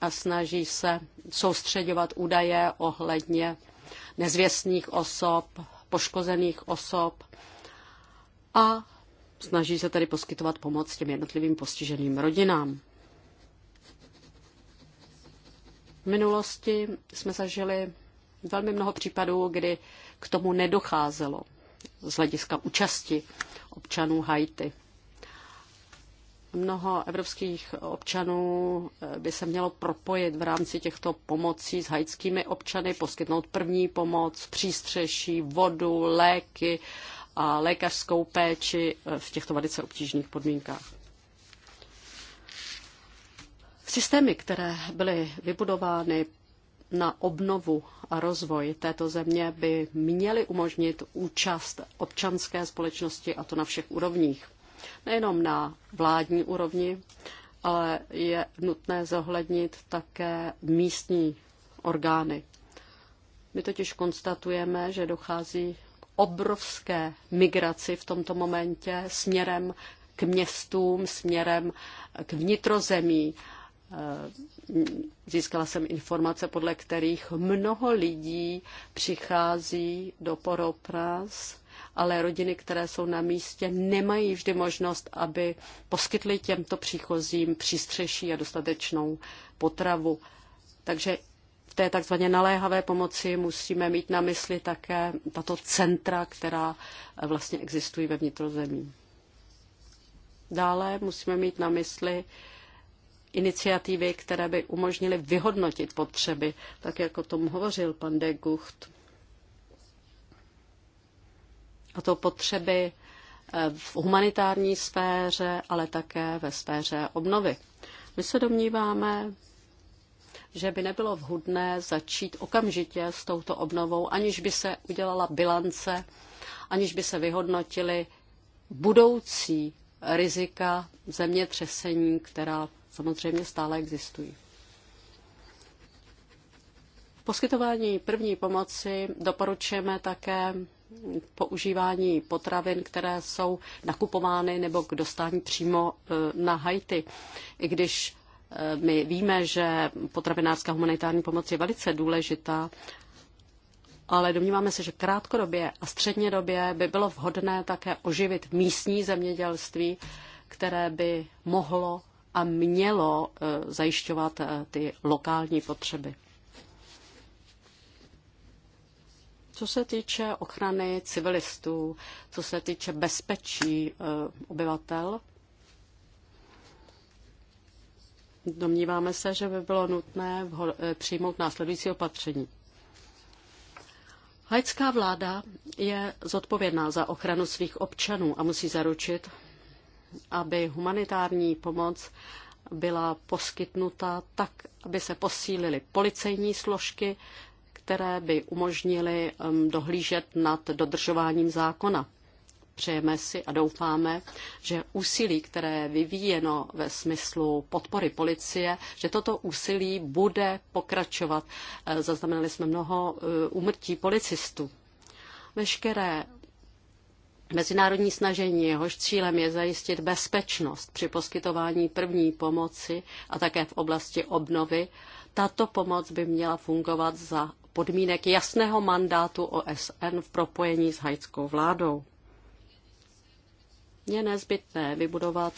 a snaží se soustředovat údaje ohledně nezvěstných osob, poškozených osob a snaží se tedy poskytovat pomoc těm jednotlivým postiženým rodinám. V minulosti jsme zažili velmi mnoho případů, kdy k tomu nedocházelo z hlediska účasti občanů Haiti mnoho evropských občanů eh, by se mělo propojit v rámci těchto pomocí s haitskými občany, poskytnout první pomoc, přístřeší, vodu, léky a lékařskou péči eh, v těchto velice obtížných podmínkách. Systémy, které byly vybudovány na obnovu a rozvoj této země, by měly umožnit účast občanské společnosti a to na všech úrovních nejenom na vládní úrovni, ale je nutné zohlednit také místní orgány. My totiž konstatujeme, že dochází k obrovské migraci v tomto momentě směrem k městům, směrem k vnitrozemí. Eh, získala jsem informace, podle kterých mnoho lidí přichází do Poroprás ale rodiny, které jsou na místě, nemají vždy možnost, aby poskytly těmto příchozím přístřeší a dostatečnou potravu. Takže v té takzvaně naléhavé pomoci musíme mít na mysli také tato centra, která vlastně existují ve vnitrozemí. Dále musíme mít na mysli iniciativy, které by umožnily vyhodnotit potřeby, tak jako o tom hovořil pan de Gucht a to potřeby eh, v humanitární sféře, ale také ve sféře obnovy. My se domníváme, že by nebylo vhodné začít okamžitě s touto obnovou, aniž by se udělala bilance, aniž by se vyhodnotily budoucí rizika zemětřesení, která samozřejmě stále existují. Poskytování první pomoci doporučujeme také používání potravin, které jsou nakupovány nebo k dostání přímo e, na Haiti. I když e, my víme, že potravinářská humanitární pomoc je velice důležitá, ale domníváme se, že krátkodobě a střednědobě by bylo vhodné také oživit místní zemědělství, které by mohlo a mělo e, zajišťovat ty lokální potřeby. Co se týče ochrany civilistů, co se týče bezpečí eh, obyvatel, domníváme se, že by bylo nutné eh, přijmout následující opatření. Haitská vláda je zodpovědná za ochranu svých občanů a musí zaručit, aby humanitární pomoc byla poskytnuta tak, aby se posílily policejní složky, které by umožnily um, dohlížet nad dodržováním zákona. Přejeme si a doufáme, že úsilí, které je vyvíjeno ve smyslu podpory policie, že toto úsilí bude pokračovat. Eh, zaznamenali jsme mnoho eh, úmrtí policistů. Veškeré Mezinárodní snažení, jehož cílem je zajistit bezpečnost při poskytování první pomoci a také v oblasti obnovy, tato pomoc by měla fungovat za podmínek jasného mandátu OSN v propojení s haitskou vládou. Je nezbytné vybudovat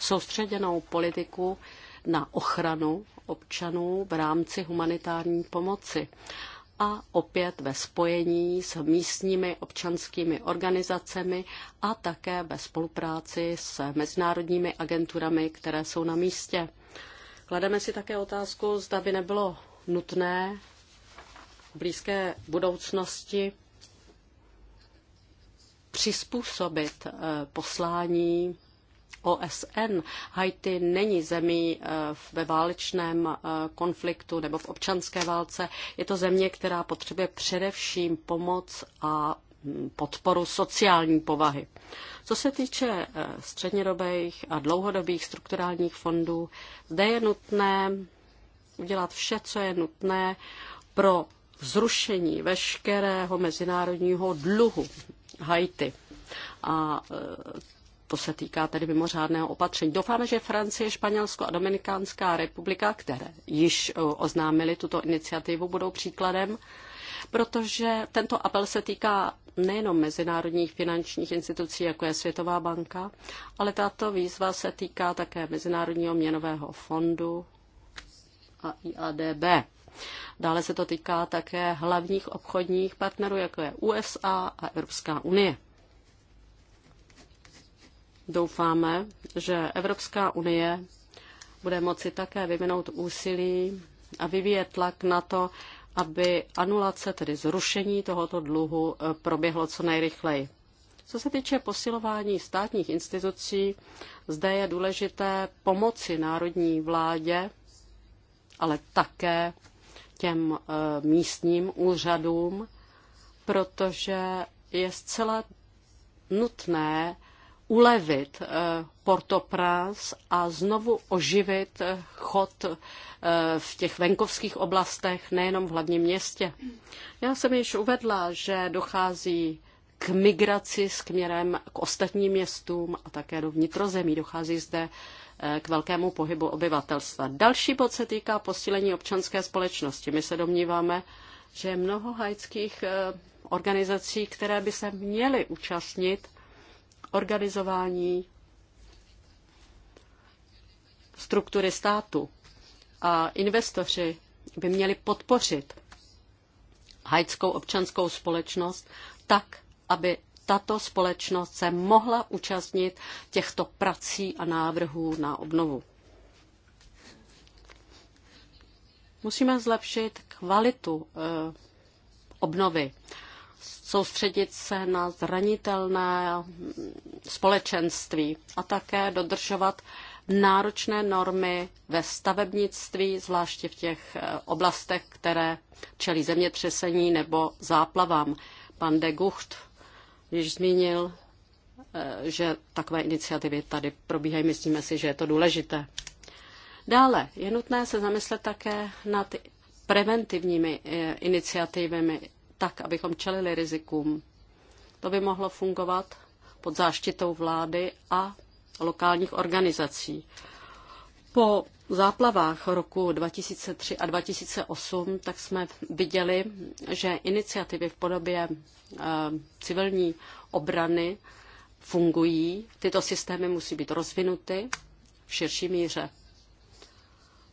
soustředěnou politiku na ochranu občanů v rámci humanitární pomoci a opět ve spojení s místními občanskými organizacemi a také ve spolupráci s mezinárodními agenturami, které jsou na místě. Klademe si také otázku, zda by nebylo nutné blízké budoucnosti přizpůsobit eh, poslání OSN. Haiti není zemí eh, ve válečném eh, konfliktu nebo v občanské válce. Je to země, která potřebuje především pomoc a mm, podporu sociální povahy. Co se týče střednědobých a dlouhodobých strukturálních fondů, zde je nutné udělat vše, co je nutné pro zrušení veškerého mezinárodního dluhu Haiti. A e, to se týká tedy mimořádného opatření. Doufáme, že Francie, Španělsko a Dominikánská republika, které již e, oznámili tuto iniciativu, budou příkladem, protože tento apel se týká nejenom mezinárodních finančních institucí, jako je Světová banka, ale tato výzva se týká také Mezinárodního měnového fondu a IADB. Dále se to týká také hlavních obchodních partnerů, jako je USA a Evropská unie. Doufáme, že Evropská unie bude moci také vyvinout úsilí a vyvíjet tlak na to, aby anulace, tedy zrušení tohoto dluhu, eh, proběhlo co nejrychleji. Co se týče posilování státních institucí, zde je důležité pomoci národní vládě, ale také těm eh, místním úřadům, protože je zcela nutné ulevit eh, Port-au-Prince a znovu oživit eh, chod v těch venkovských oblastech, nejenom v hlavním městě. Já jsem již uvedla, že dochází k migraci směrem k ostatním městům a také do vnitrozemí. Dochází zde eh, k velkému pohybu obyvatelstva. Další bod se týká posílení občanské společnosti. My se domníváme, že je mnoho hajckých eh, organizací, které by se měly účastnit organizování struktury státu. A investoři by měli podpořit hajckou občanskou společnost tak, aby tato společnost se mohla účastnit těchto prací a návrhů na obnovu. Musíme zlepšit kvalitu eh, obnovy, soustředit se na zranitelné společenství a také dodržovat náročné normy ve stavebnictví, zvláště v těch eh, oblastech, které čelí zemětřesení nebo záplavám. Pan de Gucht již zmínil, eh, že takové iniciativy tady probíhají. Myslíme si, že je to důležité. Dále je nutné se zamyslet také nad preventivními eh, iniciativami, tak, abychom čelili rizikům. To by mohlo fungovat pod záštitou vlády a lokálních organizací. Po záplavách roku 2003 a 2008 tak jsme viděli, že iniciativy v podobě eh, civilní obrany fungují. Tyto systémy musí být rozvinuty v širší míře.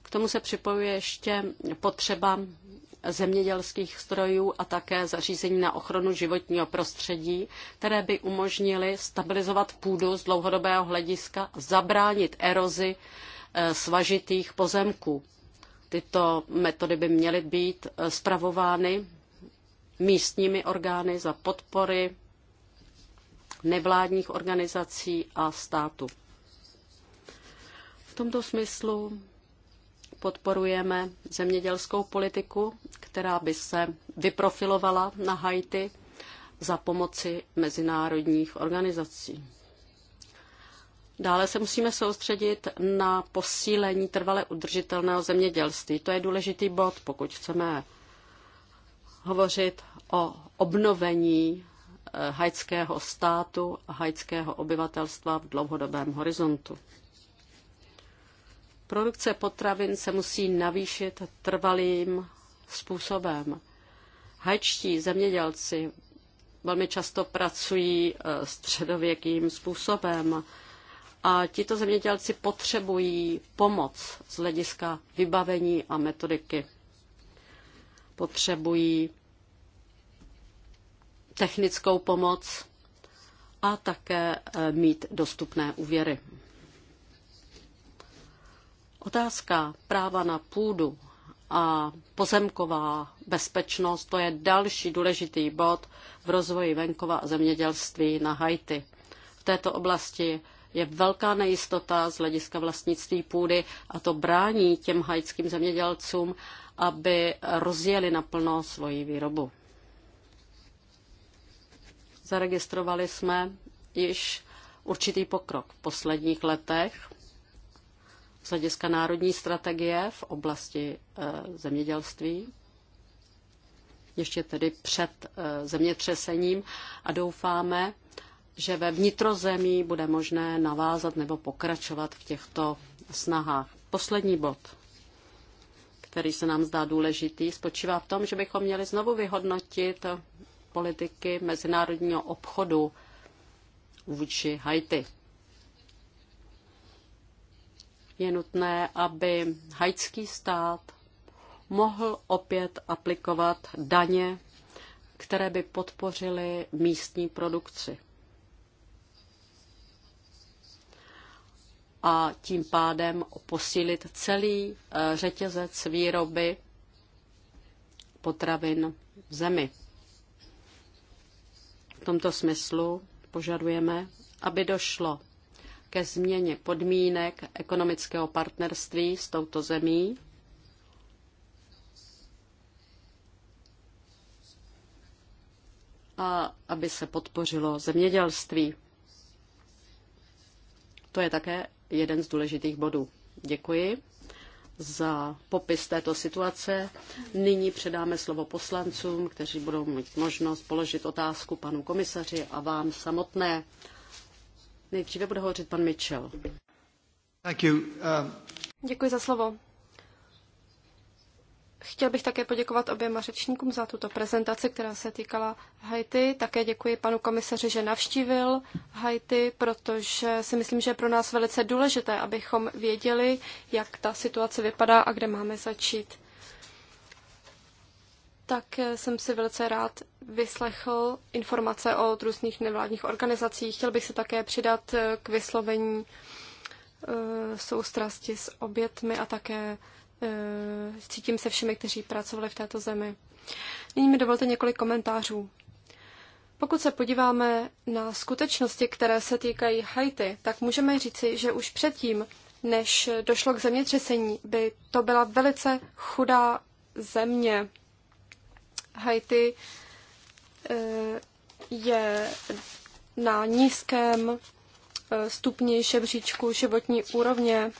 K tomu se připojuje ještě potřeba zemědělských strojů a také zařízení na ochranu životního prostředí, které by umožnily stabilizovat půdu z dlouhodobého hlediska, zabránit erozi Eh, svažitých pozemků. Tyto metody by měly být eh, spravovány místními orgány za podpory nevládních organizací a státu. V tomto smyslu podporujeme zemědělskou politiku, která by se vyprofilovala na Haiti za pomoci mezinárodních organizací. Dále se musíme soustředit na posílení trvale udržitelného zemědělství. To je důležitý bod, pokud chceme hovořit o obnovení eh, haitského státu a haitského obyvatelstva v dlouhodobém horizontu. Produkce potravin se musí navýšit trvalým způsobem. Hajčtí zemědělci velmi často pracují eh, středověkým způsobem a tito zemědělci potřebují pomoc z hlediska vybavení a metodiky. Potřebují technickou pomoc a také eh, mít dostupné úvěry. Otázka práva na půdu a pozemková bezpečnost, to je další důležitý bod v rozvoji venkova a zemědělství na Haiti. V této oblasti je velká nejistota z hlediska vlastnictví půdy a to brání těm haitským zemědělcům, aby rozjeli naplno svoji výrobu. Zaregistrovali jsme již určitý pokrok v posledních letech z hlediska národní strategie v oblasti eh, zemědělství, ještě tedy před eh, zemětřesením a doufáme, že ve vnitrozemí bude možné navázat nebo pokračovat v těchto snahách. Poslední bod, který se nám zdá důležitý, spočívá v tom, že bychom měli znovu vyhodnotit politiky mezinárodního obchodu vůči Haiti. Je nutné, aby haitský stát mohl opět aplikovat daně, které by podpořily místní produkci. a tím pádem posílit celý eh, řetězec výroby potravin v zemi. V tomto smyslu požadujeme, aby došlo ke změně podmínek ekonomického partnerství s touto zemí. a aby se podpořilo zemědělství. To je také jeden z důležitých bodů. Děkuji za popis této situace. Nyní předáme slovo poslancům, kteří budou mít možnost položit otázku panu komisaři a vám samotné. Nejdříve bude hovořit pan Mitchell. Thank you. Um... Děkuji za slovo. Chtěl bych také poděkovat oběma řečníkům za tuto prezentaci, která se týkala Haiti. Také děkuji panu komisaři, že navštívil Haiti, protože si myslím, že je pro nás velice důležité, abychom věděli, jak ta situace vypadá a kde máme začít. Tak jsem si velice rád vyslechl informace o různých nevládních organizacích. Chtěl bych se také přidat k vyslovení eh, soustrasti s obětmi a také Eh, cítím se všemi, kteří pracovali v této zemi. Nyní mi dovolte několik komentářů. Pokud se podíváme na skutečnosti, které se týkají Haiti, tak můžeme říci, že už předtím, než došlo k zemětřesení, by to byla velice chudá země. Haiti eh, je na nízkém eh, stupni žebříčku životní úrovně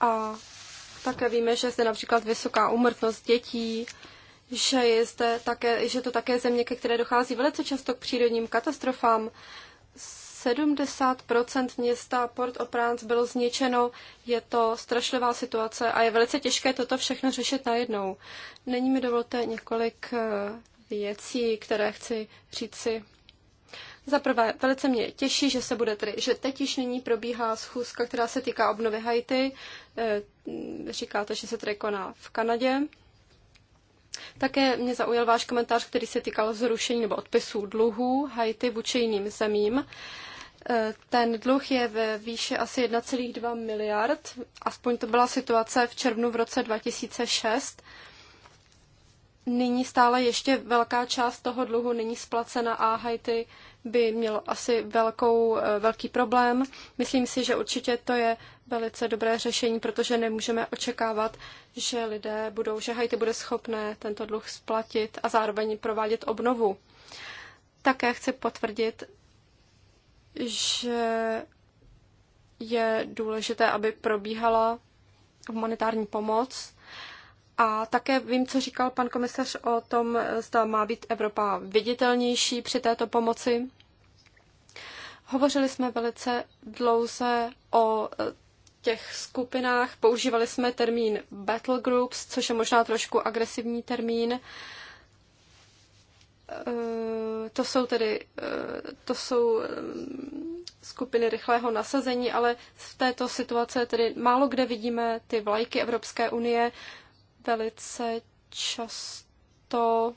a také víme, že zde například vysoká umrtnost dětí, že, je zde také, že to také země, ke které dochází velice často k přírodním katastrofám. 70 města Port-au-Prince bylo zničeno. Je to strašlivá situace a je velice těžké toto všechno řešit najednou. Není mi dovolte několik eh, věcí, které chci říci za prvé, velice mě těší, že se bude tedy, že teď již nyní probíhá schůzka, která se týká obnovy Haiti. Eh, říkáte, že se tedy koná v Kanadě. Také mě zaujal váš komentář, který se týkal zrušení nebo odpisů dluhů Haiti vůči jiným zemím. Eh, ten dluh je ve výši asi 1,2 miliard, aspoň to byla situace v červnu v roce 2006. Nyní stále ještě velká část toho dluhu není splacena a Haiti by mělo asi velkou, eh, velký problém. Myslím si, že určitě to je velice dobré řešení, protože nemůžeme očekávat, že lidé budou, že Haiti bude schopné tento dluh splatit a zároveň provádět obnovu. Také chci potvrdit, že je důležité, aby probíhala humanitární pomoc a také vím, co říkal pan komisař o tom, zda má být Evropa viditelnější při této pomoci. Hovořili jsme velice dlouze o e, těch skupinách, používali jsme termín battle groups, což je možná trošku agresivní termín. E, to jsou tedy e, to jsou skupiny rychlého nasazení, ale v této situace tedy málo kde vidíme ty vlajky Evropské unie. Velice často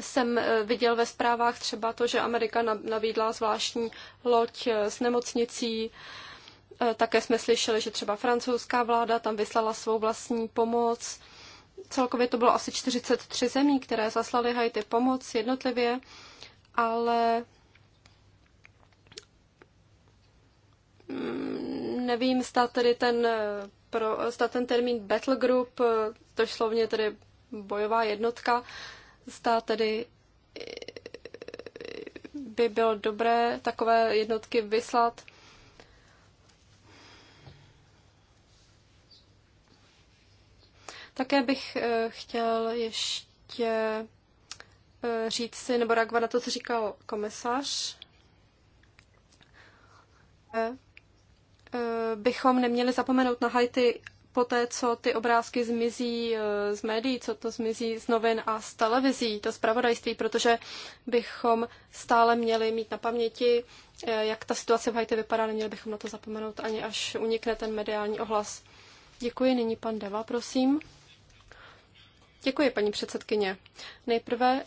jsem eh, viděl ve zprávách třeba to, že Amerika navídla zvláštní loď eh, s nemocnicí. Eh, také jsme slyšeli, že třeba francouzská vláda tam vyslala svou vlastní pomoc. Celkově to bylo asi 43 zemí, které zaslali Haiti pomoc jednotlivě, ale mm, nevím, zda tedy ten pro za ten termín battle group, eh, to slovně tedy bojová jednotka, zda tedy eh, by bylo dobré takové jednotky vyslat. Také bych eh, chtěl ještě říct si, nebo reagovat na to, co říkal komisař bychom neměli zapomenout na Haiti po té, co ty obrázky zmizí eh, z médií, co to zmizí z novin a z televizí, to zpravodajství, protože bychom stále měli mít na paměti, eh, jak ta situace v Haiti vypadá, neměli bychom na to zapomenout ani až unikne ten mediální ohlas. Děkuji, nyní pan Deva, prosím. Děkuji, paní předsedkyně. Nejprve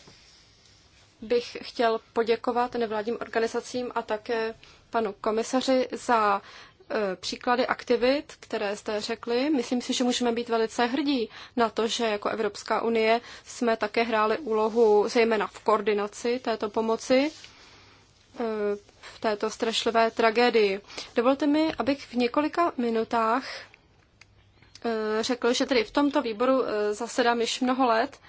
bych chtěl poděkovat nevládním organizacím a také panu komisaři za E, příklady aktivit, které jste řekli. Myslím si, že můžeme být velice hrdí na to, že jako Evropská unie jsme také hráli úlohu zejména v koordinaci této pomoci e, v této strašlivé tragédii. Dovolte mi, abych v několika minutách e, řekl, že tedy v tomto výboru zasedám již mnoho let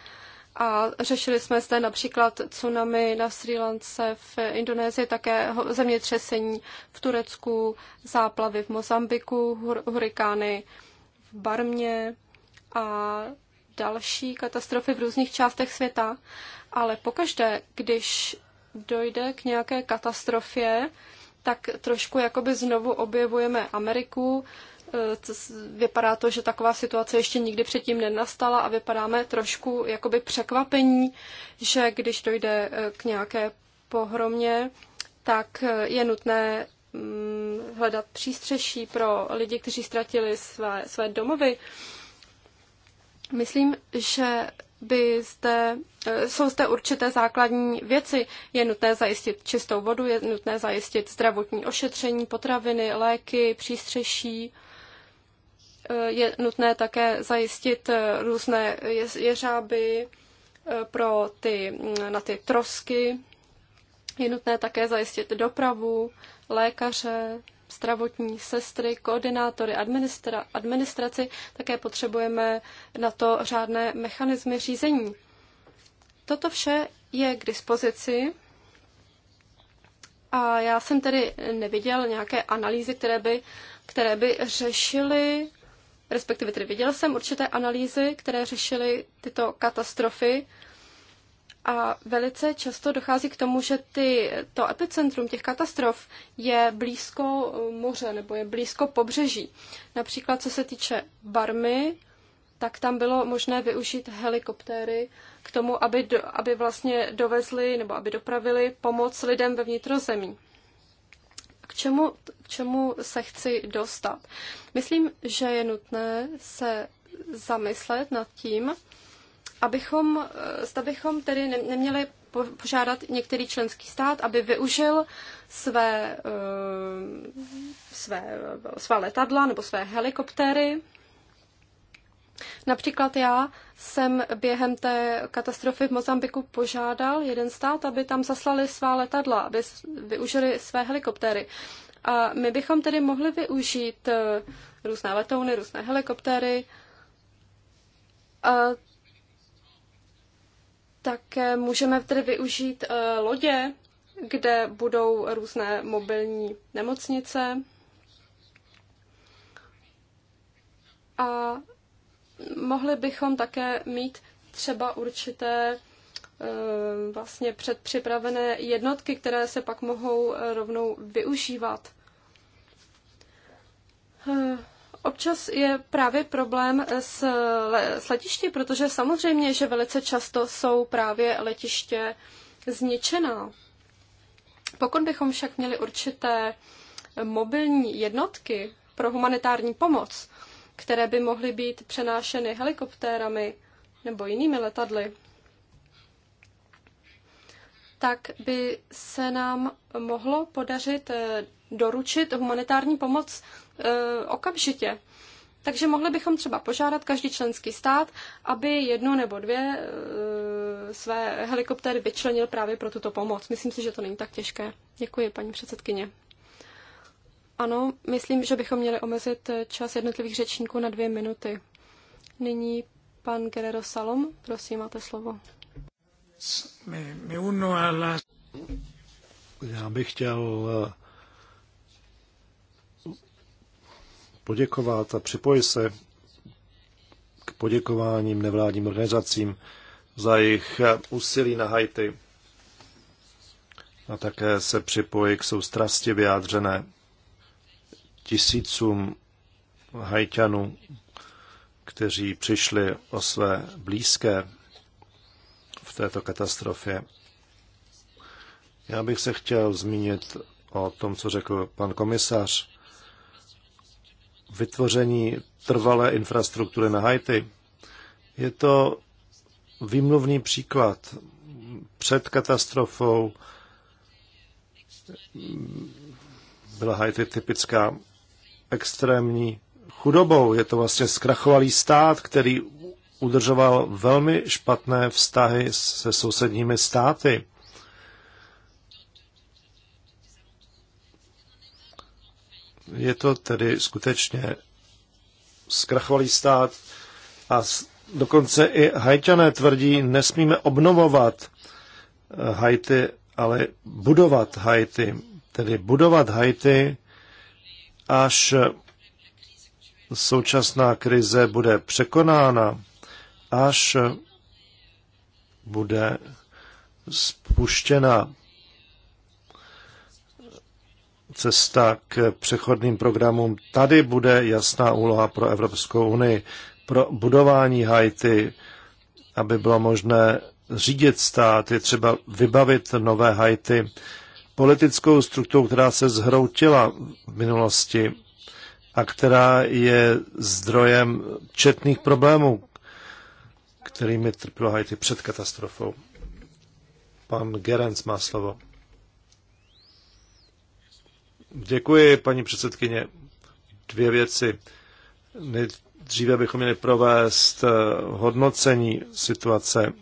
a řešili jsme zde například tsunami na Sri Lance, v Indonésii také zemětřesení v Turecku, záplavy v Mozambiku, hur- hurikány v Barmě a další katastrofy v různých částech světa. Ale pokaždé, když dojde k nějaké katastrofě, tak trošku jakoby znovu objevujeme Ameriku, Eh, vypadá to, že taková situace ještě nikdy předtím nenastala a vypadáme trošku jakoby překvapení, že když dojde eh, k nějaké pohromě, tak eh, je nutné mm, hledat přístřeší pro lidi, kteří ztratili své, své domovy. Myslím, že by zde, jsou zde určité základní věci. Je nutné zajistit čistou vodu, je nutné zajistit zdravotní ošetření, potraviny, léky, přístřeší je nutné také zajistit eh, různé jeřáby eh, pro ty, mm, na ty trosky. Je nutné také zajistit dopravu, lékaře, zdravotní sestry, koordinátory, administra, administraci. Také potřebujeme na to řádné mechanismy řízení. Toto vše je k dispozici. A já jsem tedy neviděl nějaké analýzy, které by, které by řešily respektive tedy viděl jsem určité analýzy, které řešily tyto katastrofy a velice často dochází k tomu, že ty, to epicentrum těch katastrof je blízko eh, moře nebo je blízko pobřeží. Například co se týče Barmy, tak tam bylo možné využít helikoptéry k tomu, aby, do, aby vlastně dovezli nebo aby dopravili pomoc lidem ve vnitrozemí. K čemu, k čemu se chci dostat? Myslím, že je nutné se zamyslet nad tím, abychom, zda bychom tedy neměli požádat některý členský stát, aby využil své, eh, své, své letadla nebo své helikoptéry Například já jsem během té katastrofy v Mozambiku požádal jeden stát, aby tam zaslali svá letadla, aby využili své helikoptéry. A my bychom tedy mohli využít eh, různé letouny, různé helikoptéry. A také můžeme tedy využít eh, lodě, kde budou různé mobilní nemocnice. A mohli bychom také mít třeba určité eh, vlastně předpřipravené jednotky, které se pak mohou eh, rovnou využívat. Eh, občas je právě problém s, le, s letišti, protože samozřejmě, že velice často jsou právě letiště zničená. Pokud bychom však měli určité mobilní jednotky pro humanitární pomoc, které by mohly být přenášeny helikoptérami nebo jinými letadly, tak by se nám mohlo podařit eh, doručit humanitární pomoc eh, okamžitě. Takže mohli bychom třeba požádat každý členský stát, aby jednu nebo dvě eh, své helikoptéry vyčlenil právě pro tuto pomoc. Myslím si, že to není tak těžké. Děkuji, paní předsedkyně. Ano, myslím, že bychom měli omezit eh, čas jednotlivých řečníků na dvě minuty. Nyní pan Guerrero Salom, prosím, máte slovo. Já bych chtěl eh, poděkovat a připojit se k poděkováním nevládním organizacím za jejich eh, úsilí na Haiti. A také se připojí k soustrasti vyjádřené tisícům hajťanů, kteří přišli o své blízké v této katastrofě. Já bych se chtěl zmínit o tom, co řekl pan komisař. Vytvoření trvalé infrastruktury na Haiti. Je to výmluvný příklad. Před katastrofou byla Haiti typická extrémní chudobou. Je to vlastně zkrachovalý stát, který udržoval velmi špatné vztahy se sousedními státy. Je to tedy skutečně zkrachovalý stát a dokonce i hajťané tvrdí, nesmíme obnovovat eh, Haiti, ale budovat Haiti. Tedy budovat Haiti až současná krize bude překonána, až bude spuštěna cesta k přechodným programům. Tady bude jasná úloha pro Evropskou unii, pro budování Haiti, aby bylo možné řídit stát, je třeba vybavit nové Haiti politickou strukturou, která se zhroutila v minulosti a která je zdrojem četných problémů, kterými trpělo Haiti před katastrofou. Pan Gerenc má slovo. Děkuji, paní předsedkyně. Dvě věci. Nejdříve bychom měli provést eh, hodnocení situace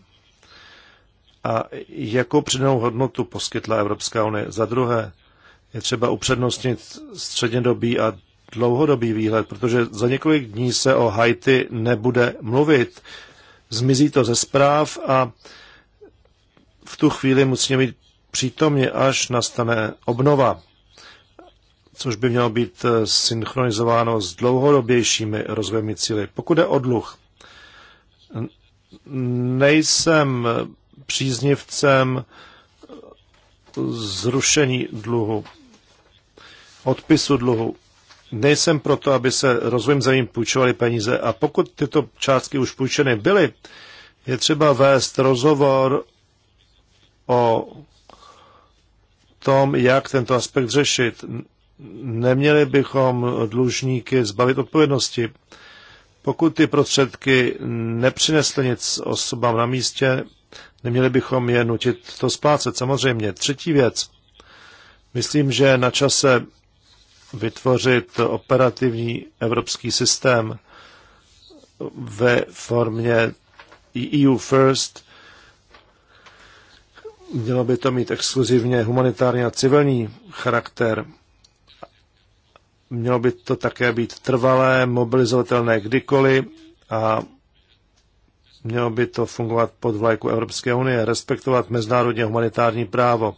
a jakou přidanou hodnotu poskytla Evropská unie. Za druhé, je třeba upřednostnit střednědobý a dlouhodobý výhled, protože za několik dní se o Haiti nebude mluvit. Zmizí to ze zpráv a v tu chvíli musíme být přítomně, až nastane obnova, což by mělo být eh, synchronizováno s dlouhodobějšími rozvojmi cíly. Pokud je o dluh, nejsem příznivcem zrušení dluhu, odpisu dluhu. Nejsem proto, aby se rozvojím zemím půjčovaly peníze a pokud tyto částky už půjčeny byly, je třeba vést rozhovor o tom, jak tento aspekt řešit. Neměli bychom dlužníky zbavit odpovědnosti. Pokud ty prostředky nepřinesly nic osobám na místě, Neměli bychom je nutit to splácet, samozřejmě. Třetí věc. Myslím, že na čase vytvořit operativní evropský systém ve formě EU First. Mělo by to mít exkluzivně humanitární a civilní charakter. Mělo by to také být trvalé, mobilizovatelné kdykoliv a Mělo by to fungovat pod vlajku Evropské unie, respektovat mezinárodní humanitární právo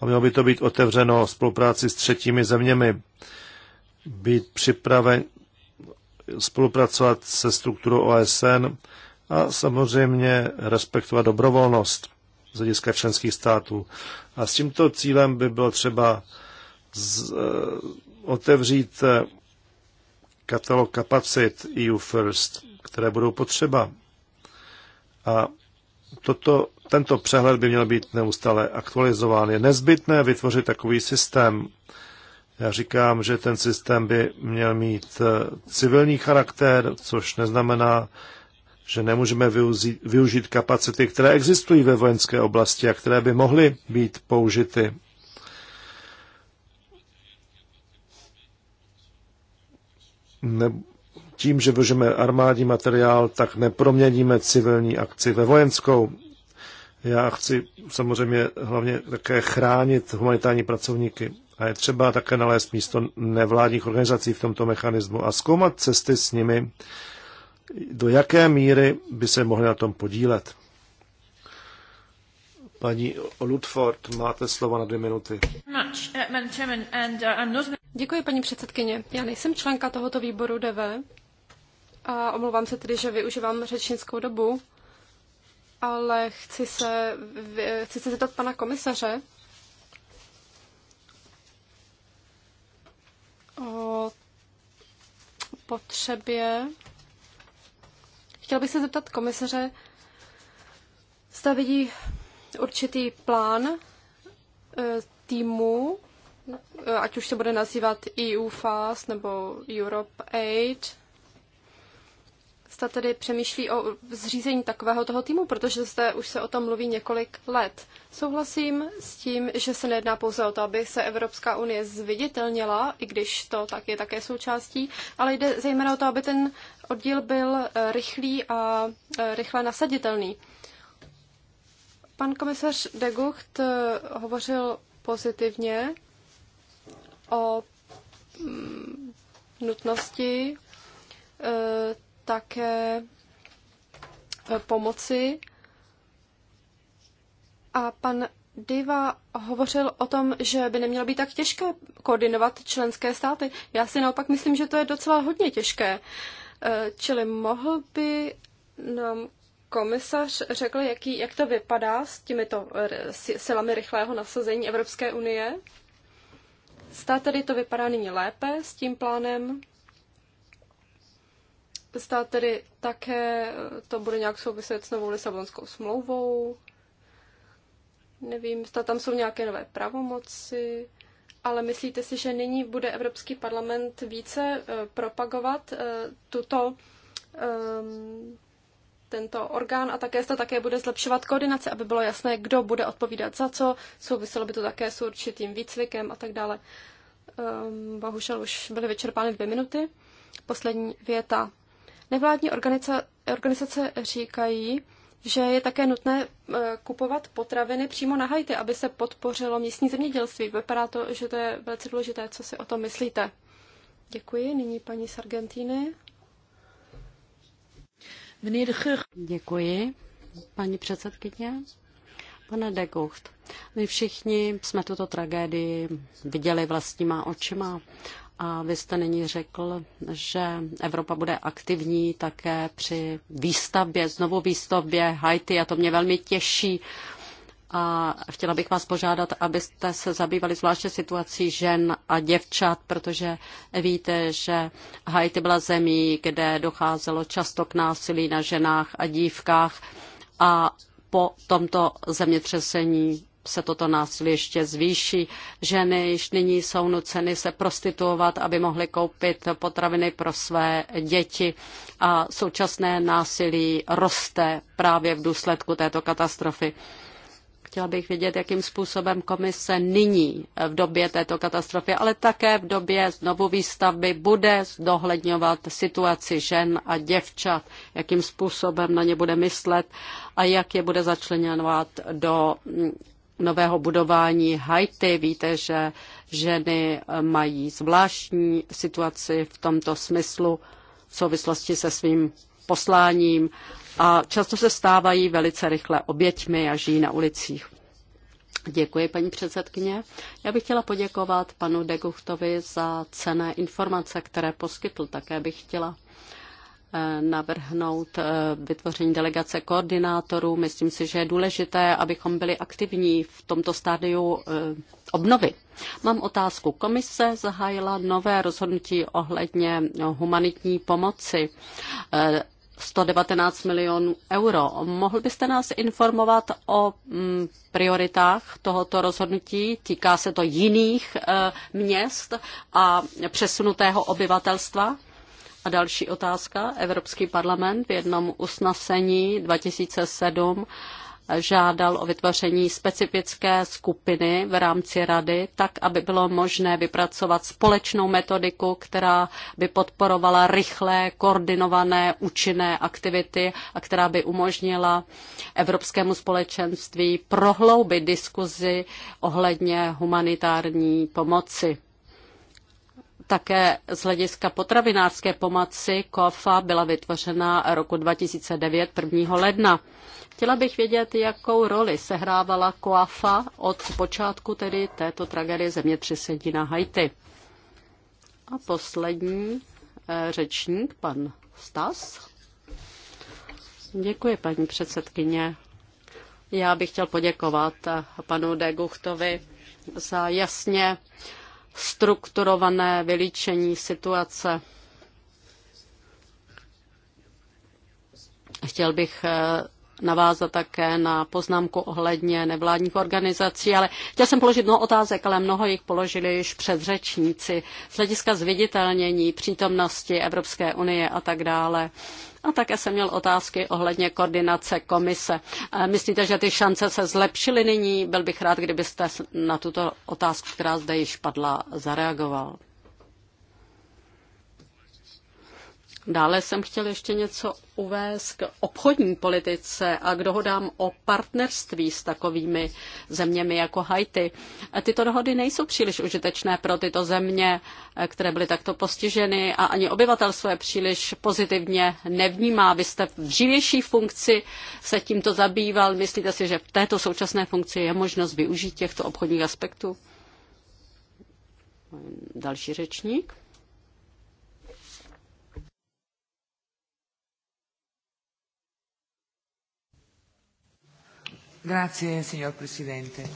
a mělo by to být otevřeno spolupráci s třetími zeměmi, být připraven spolupracovat se strukturou OSN a samozřejmě respektovat dobrovolnost z hlediska členských států. A s tímto cílem by bylo třeba z, eh, otevřít eh, katalog kapacit EU First, které budou potřeba a toto, tento přehled by měl být neustále aktualizován. Je nezbytné vytvořit takový systém. Já říkám, že ten systém by měl mít eh, civilní charakter, což neznamená, že nemůžeme využít, využít kapacity, které existují ve vojenské oblasti a které by mohly být použity. Ne, tím, že využijeme armádní materiál, tak neproměníme civilní akci ve vojenskou. Já chci samozřejmě hlavně také chránit humanitární pracovníky. A je třeba také nalézt místo nevládních organizací v tomto mechanismu a zkoumat cesty s nimi, do jaké míry by se mohli na tom podílet. Paní Ludford, máte slovo na dvě minuty. Děkuji, paní předsedkyně. Já nejsem členka tohoto výboru DV, a omlouvám se tedy, že využívám řečnickou dobu, ale chci se, chci se zeptat pana komisaře o potřebě. Chtěl bych se zeptat komisaře, zda vidí určitý plán eh, týmu, eh, ať už se bude nazývat EU Fast nebo Europe Aid, zda tedy přemýšlí o zřízení takového toho týmu, protože zde už se o tom mluví několik let. Souhlasím s tím, že se nejedná pouze o to, aby se Evropská unie zviditelnila, i když to tak je také součástí, ale jde zejména o to, aby ten oddíl byl eh, rychlý a eh, rychle nasaditelný. Pan komisař de Gucht eh, hovořil pozitivně o mm, nutnosti také eh, pomoci. A pan Diva hovořil o tom, že by nemělo být tak těžké koordinovat členské státy. Já si naopak myslím, že to je docela hodně těžké. Eh, čili mohl by nám komisař řekl, jaký, jak to vypadá s těmito eh, silami rychlého nasazení Evropské unie? Zda tedy to vypadá nyní lépe s tím plánem? stát tedy také eh, to bude nějak souviset s novou Lisabonskou smlouvou. Nevím, zda tam jsou nějaké nové pravomoci, ale myslíte si, že nyní bude Evropský parlament více eh, propagovat eh, tuto, ehm, tento orgán a také se také bude zlepšovat koordinace, aby bylo jasné, kdo bude odpovídat za co. Souviselo by to také s určitým výcvikem a tak dále. Ehm, bohužel už byly vyčerpány dvě minuty. Poslední věta. Nevládní organizace, organizace říkají, že je také nutné e, kupovat potraviny přímo na Haiti, aby se podpořilo místní zemědělství. Vypadá to, že to je velice důležité. Co si o tom myslíte? Děkuji. Nyní paní z Argentíny. Děkuji, paní předsedkyně. Pane de Gucht, my všichni jsme tuto tragédii viděli vlastníma očima a vy jste nyní řekl, že Evropa bude aktivní také při výstavbě, znovu výstavbě Haiti a to mě velmi těší. A chtěla bych vás požádat, abyste se zabývali zvláště situací žen a děvčat, protože víte, že Haiti byla zemí, kde docházelo často k násilí na ženách a dívkách. A po tomto zemětřesení se toto násilí ještě zvýší. Ženy již nyní jsou nuceny se prostituovat, aby mohly koupit potraviny pro své děti a současné násilí roste právě v důsledku této katastrofy. Chtěla bych vědět, jakým způsobem komise nyní v době této katastrofy, ale také v době znovu výstavby bude zdohledňovat situaci žen a děvčat, jakým způsobem na ně bude myslet a jak je bude začlenovat do nového budování Haiti. Víte, že ženy mají zvláštní situaci v tomto smyslu v souvislosti se svým posláním a často se stávají velice rychle oběťmi a žijí na ulicích. Děkuji, paní předsedkyně. Já bych chtěla poděkovat panu Deguchtovi za cené informace, které poskytl. Také bych chtěla Eh, navrhnout eh, vytvoření delegace koordinátorů. Myslím si, že je důležité, abychom byli aktivní v tomto stádiu eh, obnovy. Mám otázku. Komise zahájila nové rozhodnutí ohledně humanitní pomoci. 119 milionů euro. Mohl byste nás informovat o mm, prioritách tohoto rozhodnutí? Týká se to jiných e, měst a přesunutého obyvatelstva? A další otázka. Evropský parlament v jednom usnesení 2007 žádal o vytvoření specifické skupiny v rámci rady, tak aby bylo možné vypracovat společnou metodiku, která by podporovala rychlé, koordinované, účinné aktivity a která by umožnila Evropskému společenství prohloubit diskuzi ohledně humanitární pomoci. Také z hlediska potravinářské pomoci KOFA byla vytvořena roku 2009 1. ledna. Chtěla bych vědět, jakou roli sehrávala KOAFA od počátku tedy této tragédie zemětřesení na Haiti. A poslední eh, řečník, pan Stas. Děkuji, paní předsedkyně. Já bych chtěl poděkovat panu Deguchtovi za jasně strukturované vylíčení situace. Chtěl bych eh, navázat také na poznámku ohledně nevládních organizací, ale chtěl jsem položit mnoho otázek, ale mnoho jich položili již předřečníci z hlediska zviditelnění, přítomnosti Evropské unie a tak dále. A také jsem měl otázky ohledně koordinace komise. Myslíte, že ty šance se zlepšily nyní? Byl bych rád, kdybyste na tuto otázku, která zde již padla, zareagoval. Dále jsem chtěl ještě něco uvést k obchodní politice a k dohodám o partnerství s takovými zeměmi jako Haiti. Tyto dohody nejsou příliš užitečné pro tyto země, které byly takto postiženy a ani obyvatelstvo je příliš pozitivně nevnímá. Vy jste v dřívější funkci se tímto zabýval. Myslíte si, že v této současné funkci je možnost využít těchto obchodních aspektů? Další řečník. Grazie, signor Presidente.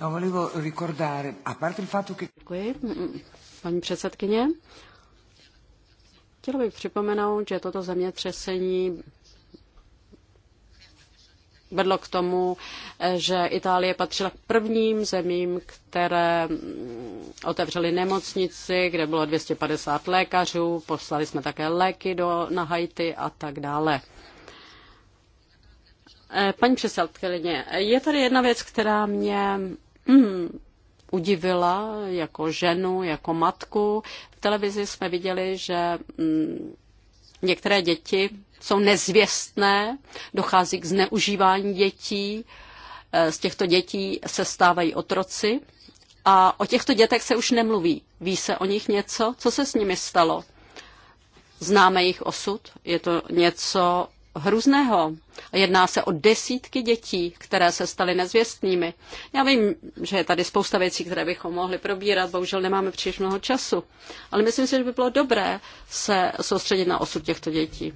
No, volevo ricordare, a parte il fatto che... Děkuji, paní předsedkyně. Chtěla bych připomenout, že toto zemětřesení vedlo k tomu, že Itálie patřila k prvním zemím, které mm, otevřely nemocnici, kde bylo 250 lékařů, poslali jsme také léky do, na Haiti a tak dále. Eh, paní předsedkyně, je tady jedna věc, která mě mm, udivila jako ženu, jako matku. V televizi jsme viděli, že mm, některé děti jsou nezvěstné, dochází k zneužívání dětí, eh, z těchto dětí se stávají otroci a o těchto dětech se už nemluví. Ví se o nich něco? Co se s nimi stalo? Známe jejich osud? Je to něco, hrůzného. Jedná se o desítky dětí, které se staly nezvěstnými. Já vím, že je tady spousta věcí, které bychom mohli probírat, bohužel nemáme příliš mnoho času, ale myslím si, že by bylo dobré se soustředit na osud těchto dětí.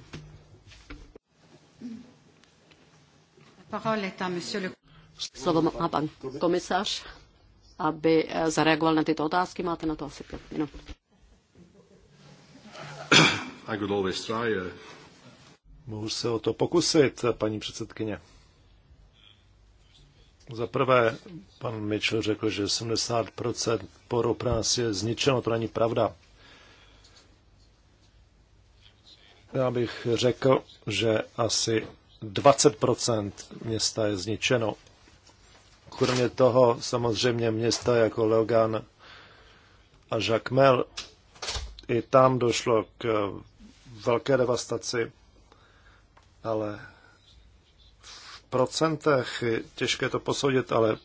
Slovo má pan komisař, aby eh, zareagoval na tyto otázky. Máte na to asi pět minut. I could always try. Uh... Mohu se o to pokusit, paní předsedkyně. Za prvé, pan Mitchell řekl, že 70% poru nás je zničeno, to není pravda. Já bych řekl, že asi 20% města je zničeno. Kromě toho samozřejmě města jako Leogan a Jacmel, i tam došlo k velké devastaci ale v procentech těžké to posoudit, ale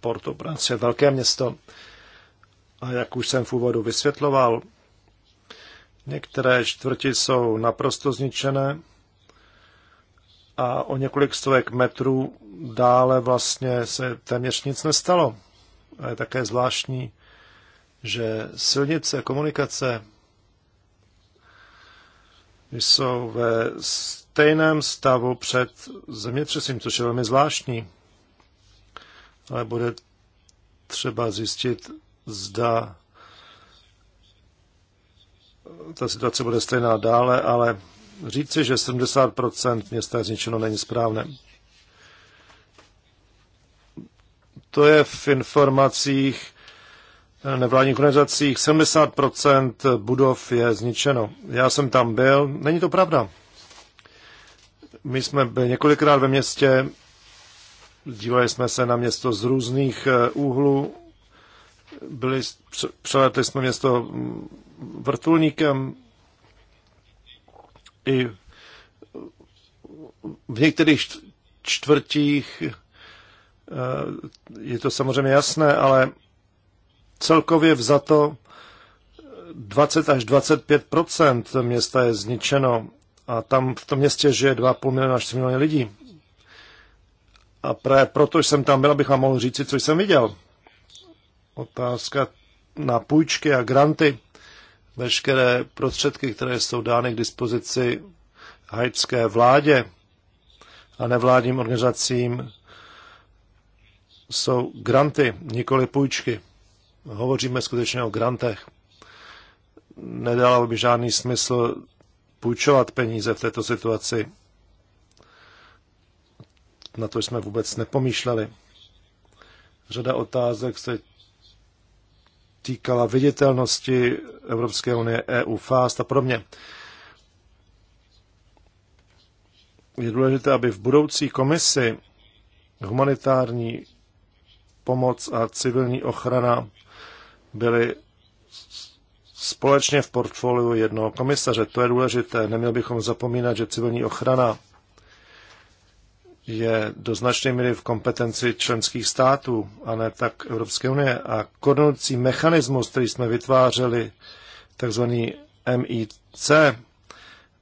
Porto Brance je velké město. A jak už jsem v úvodu vysvětloval, některé čtvrti jsou naprosto zničené a o několik stovek metrů dále vlastně se téměř nic nestalo. A je také zvláštní, že silnice, komunikace jsou ve stejném stavu před zemětřesím, což je velmi zvláštní. Ale bude třeba zjistit, zda ta situace bude stejná dále, ale říci, že 70% města je zničeno, není správné. To je v informacích eh, nevládních organizacích 70% budov je zničeno. Já jsem tam byl, není to pravda. My jsme byli několikrát ve městě, dívali jsme se na město z různých eh, úhlů, byli, přeletli jsme město mm, vrtulníkem i v některých čtvrtích eh, je to samozřejmě jasné, ale celkově vzato 20 až 25 města je zničeno a tam v tom městě žije 2,5 milionu až 3 miliony lidí. A právě proto jsem tam byl, abych vám mohl říct, co jsem viděl. Otázka na půjčky a granty. Veškeré prostředky, které jsou dány k dispozici haitské vládě a nevládním organizacím, jsou granty, nikoli půjčky. Hovoříme skutečně o grantech. Nedalo by žádný smysl půjčovat peníze v této situaci. Na to jsme vůbec nepomýšleli. Řada otázek se týkala viditelnosti Evropské unie, EU, FAST a podobně. Je důležité, aby v budoucí komisi humanitární pomoc a civilní ochrana byly společně v portfoliu jednoho komisaře. To je důležité. Neměl bychom zapomínat, že civilní ochrana je do značné míry v kompetenci členských států, a ne tak Evropské unie. A koordinující mechanismus, který jsme vytvářeli, takzvaný MIC,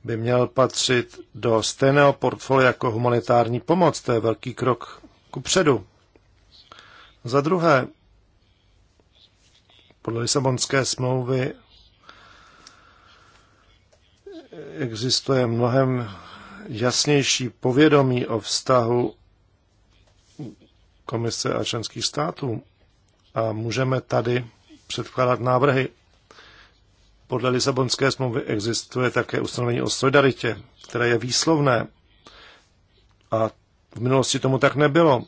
by měl patřit do stejného portfolia jako humanitární pomoc. To je velký krok ku předu. Za druhé, podle Lisabonské smlouvy existuje mnohem jasnější povědomí o vztahu komise a členských států a můžeme tady předkládat návrhy. Podle Lisabonské smlouvy existuje také ustanovení o solidaritě, které je výslovné a v minulosti tomu tak nebylo.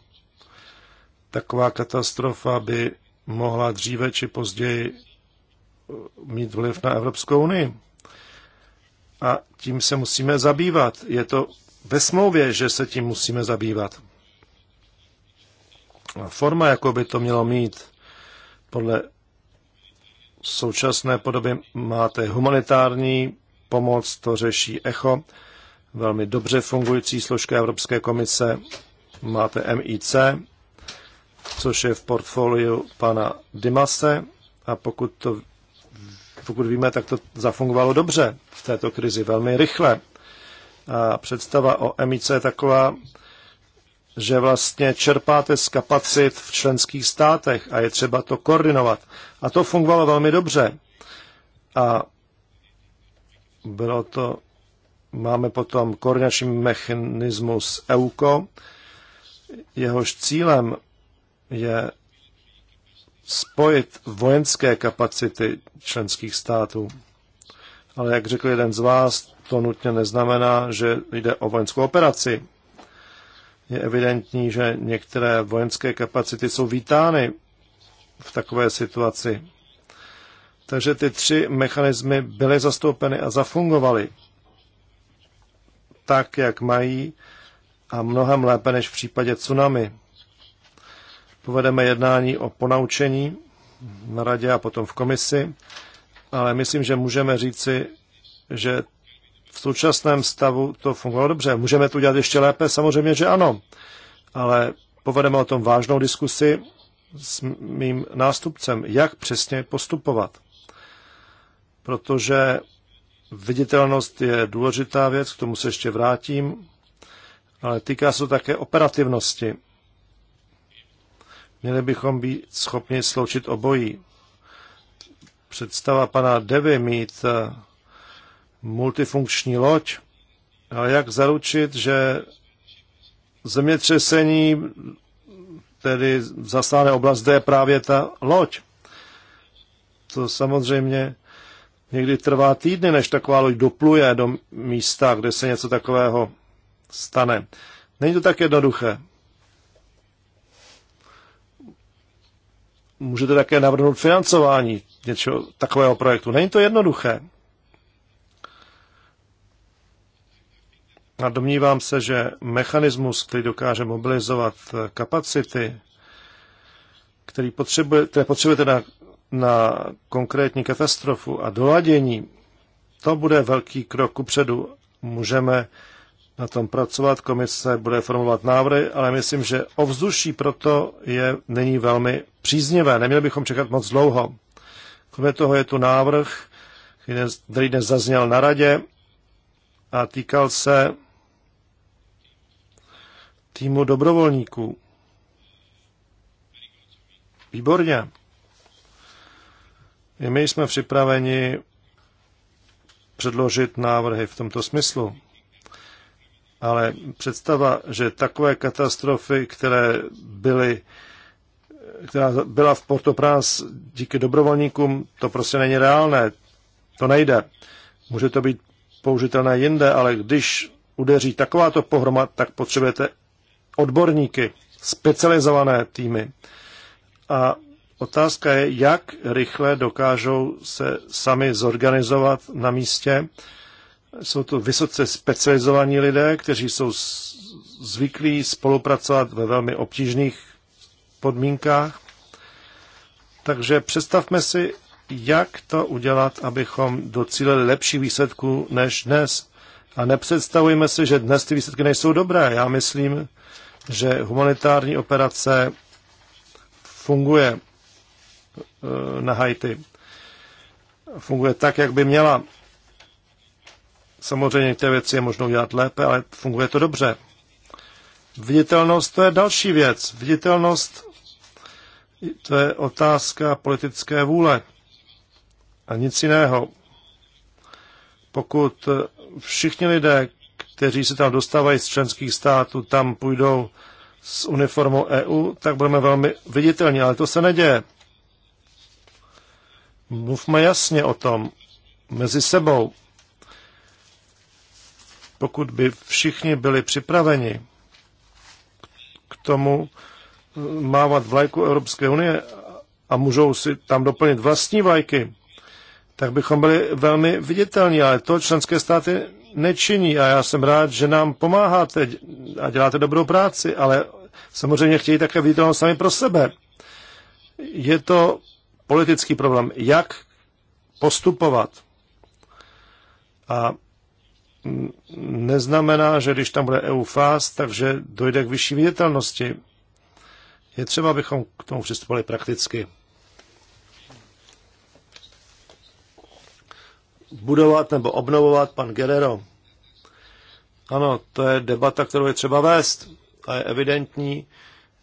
Taková katastrofa by mohla dříve či později mít vliv na Evropskou unii. A tím se musíme zabývat. Je to ve smlouvě, že se tím musíme zabývat. A forma, jako by to mělo mít, podle současné podoby máte humanitární pomoc, to řeší ECHO, velmi dobře fungující složka Evropské komise, máte MIC, což je v portfoliu pana Dimase, a pokud to pokud víme, tak to zafungovalo dobře v této krizi, velmi rychle. A představa o MIC je taková, že vlastně čerpáte z kapacit v členských státech a je třeba to koordinovat. A to fungovalo velmi dobře. A bylo to, máme potom koordinační mechanismus EUCO, jehož cílem je spojit vojenské kapacity členských států. Ale jak řekl jeden z vás, to nutně neznamená, že jde o vojenskou operaci. Je evidentní, že některé vojenské kapacity jsou vítány v takové situaci. Takže ty tři mechanismy byly zastoupeny a zafungovaly tak, jak mají a mnohem lépe než v případě tsunami povedeme jednání o ponaučení na radě a potom v komisi, ale myslím, že můžeme říci, že v současném stavu to fungovalo dobře. Můžeme to udělat ještě lépe? Samozřejmě, že ano. Ale povedeme o tom vážnou diskusi s mým nástupcem, jak přesně postupovat. Protože viditelnost je důležitá věc, k tomu se ještě vrátím, ale týká se to také operativnosti Měli bychom být schopni sloučit obojí. Představa pana Devy mít eh, multifunkční loď, ale jak zaručit, že zemětřesení, tedy zasáhne oblast, kde je právě ta loď. To samozřejmě někdy trvá týdny, než taková loď dopluje do místa, kde se něco takového stane. Není to tak jednoduché. můžete také navrhnout financování něčeho takového projektu. Není to jednoduché. A domnívám se, že mechanismus, který dokáže mobilizovat kapacity, který potřebuje, které potřebujete na, na konkrétní katastrofu a doladění, to bude velký krok kupředu. Můžeme na tom pracovat, komise bude formulovat návrhy, ale myslím, že ovzduší proto je není velmi příznivé. Neměli bychom čekat moc dlouho. Kromě toho je tu návrh, který dnes zazněl na radě a týkal se týmu dobrovolníků. Výborně. I my jsme připraveni předložit návrhy v tomto smyslu ale představa, že takové katastrofy, které byly která byla v Portoprás díky dobrovolníkům, to prostě není reálné. To nejde. Může to být použitelné jinde, ale když udeří takováto pohroma, tak potřebujete odborníky, specializované týmy. A otázka je, jak rychle dokážou se sami zorganizovat na místě jsou to vysoce specializovaní lidé, kteří jsou zvyklí spolupracovat ve velmi obtížných podmínkách. Takže představme si, jak to udělat, abychom docílili lepší výsledku než dnes. A nepředstavujme si, že dnes ty výsledky nejsou dobré. Já myslím, že humanitární operace funguje eh, na Haiti. Funguje tak, jak by měla. Samozřejmě některé věci je možno udělat lépe, ale funguje to dobře. Viditelnost to je další věc. Viditelnost to je otázka politické vůle a nic jiného. Pokud všichni lidé, kteří se tam dostávají z členských států, tam půjdou s uniformou EU, tak budeme velmi viditelní, ale to se neděje. Mluvme jasně o tom mezi sebou. Pokud by všichni byli připraveni k tomu mávat vlajku Evropské unie a můžou si tam doplnit vlastní vlajky, tak bychom byli velmi viditelní, ale to členské státy nečiní a já jsem rád, že nám pomáháte a děláte dobrou práci, ale samozřejmě chtějí také viditelnost sami pro sebe. Je to politický problém, jak postupovat. A neznamená, že když tam bude EU takže dojde k vyšší viditelnosti. Je třeba, abychom k tomu přistupovali prakticky. Budovat nebo obnovovat, pan Guerrero. Ano, to je debata, kterou je třeba vést. A je evidentní,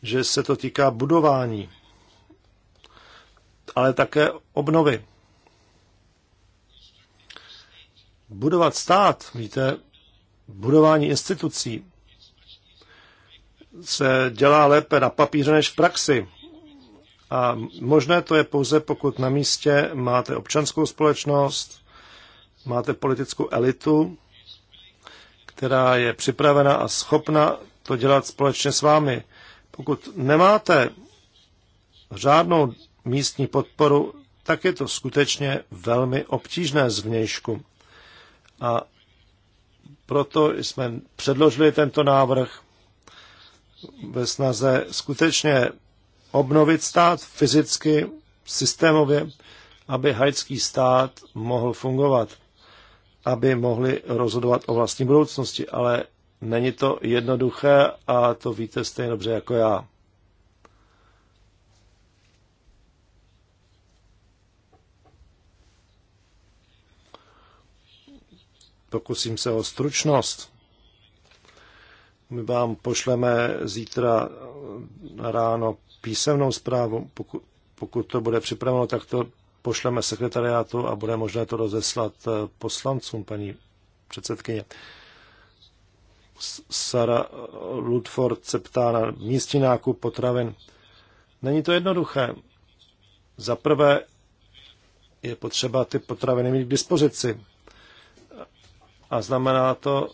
že se to týká budování, ale také obnovy. budovat stát, víte, budování institucí se dělá lépe na papíře než v praxi. A možné to je pouze, pokud na místě máte občanskou společnost, máte politickou elitu, která je připravena a schopna to dělat společně s vámi. Pokud nemáte řádnou místní podporu, tak je to skutečně velmi obtížné zvnějšku. A proto jsme předložili tento návrh ve snaze skutečně obnovit stát fyzicky, systémově, aby haitský stát mohl fungovat, aby mohli rozhodovat o vlastní budoucnosti. Ale není to jednoduché a to víte stejně dobře jako já. Pokusím se o stručnost. My vám pošleme zítra ráno písemnou zprávu. Pokud, pokud to bude připraveno, tak to pošleme sekretariátu a bude možné to rozeslat eh, poslancům, paní předsedkyně. Sara Ludford se ptá na místní nákup potravin. Není to jednoduché. Za prvé je potřeba ty potraviny mít k dispozici. A znamená to,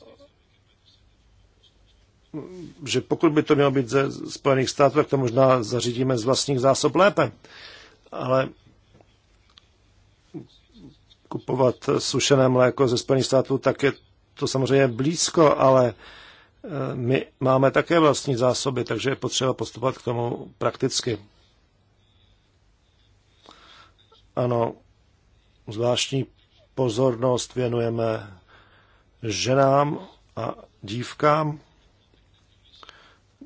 že pokud by to mělo být ze Spojených států, tak to možná zařídíme z vlastních zásob lépe. Ale kupovat sušené mléko ze Spojených států, tak je to samozřejmě blízko, ale e, my máme také vlastní zásoby, takže je potřeba postupovat k tomu prakticky. Ano, zvláštní pozornost věnujeme ženám a dívkám.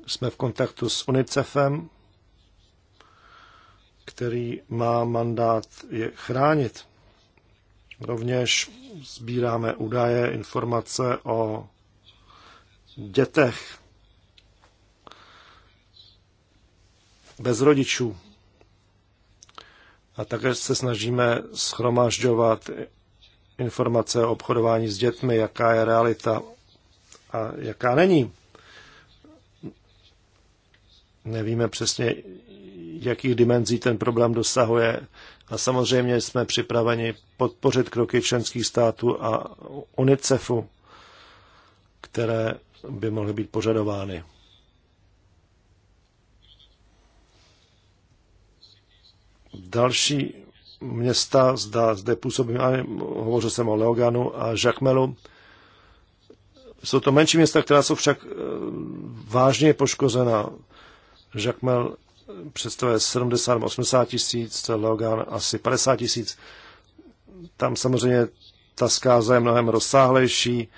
Jsme v kontaktu s UNICEFem, který má mandát je chránit. Rovněž sbíráme údaje, informace o dětech bez rodičů. A také se snažíme schromažďovat informace o obchodování s dětmi, jaká je realita a jaká není. Nevíme přesně, jakých dimenzí ten problém dosahuje. A samozřejmě jsme připraveni podpořit kroky členských států a UNICEFu, které by mohly být požadovány. Další města, zda zde působím, a hovořil jsem o Leoganu a Žakmelu. Jsou to menší města, která jsou však eh, vážně poškozena. Žakmel představuje 70 80 tisíc, Leogan asi 50 tisíc. Tam samozřejmě ta zkáza je mnohem rozsáhlejší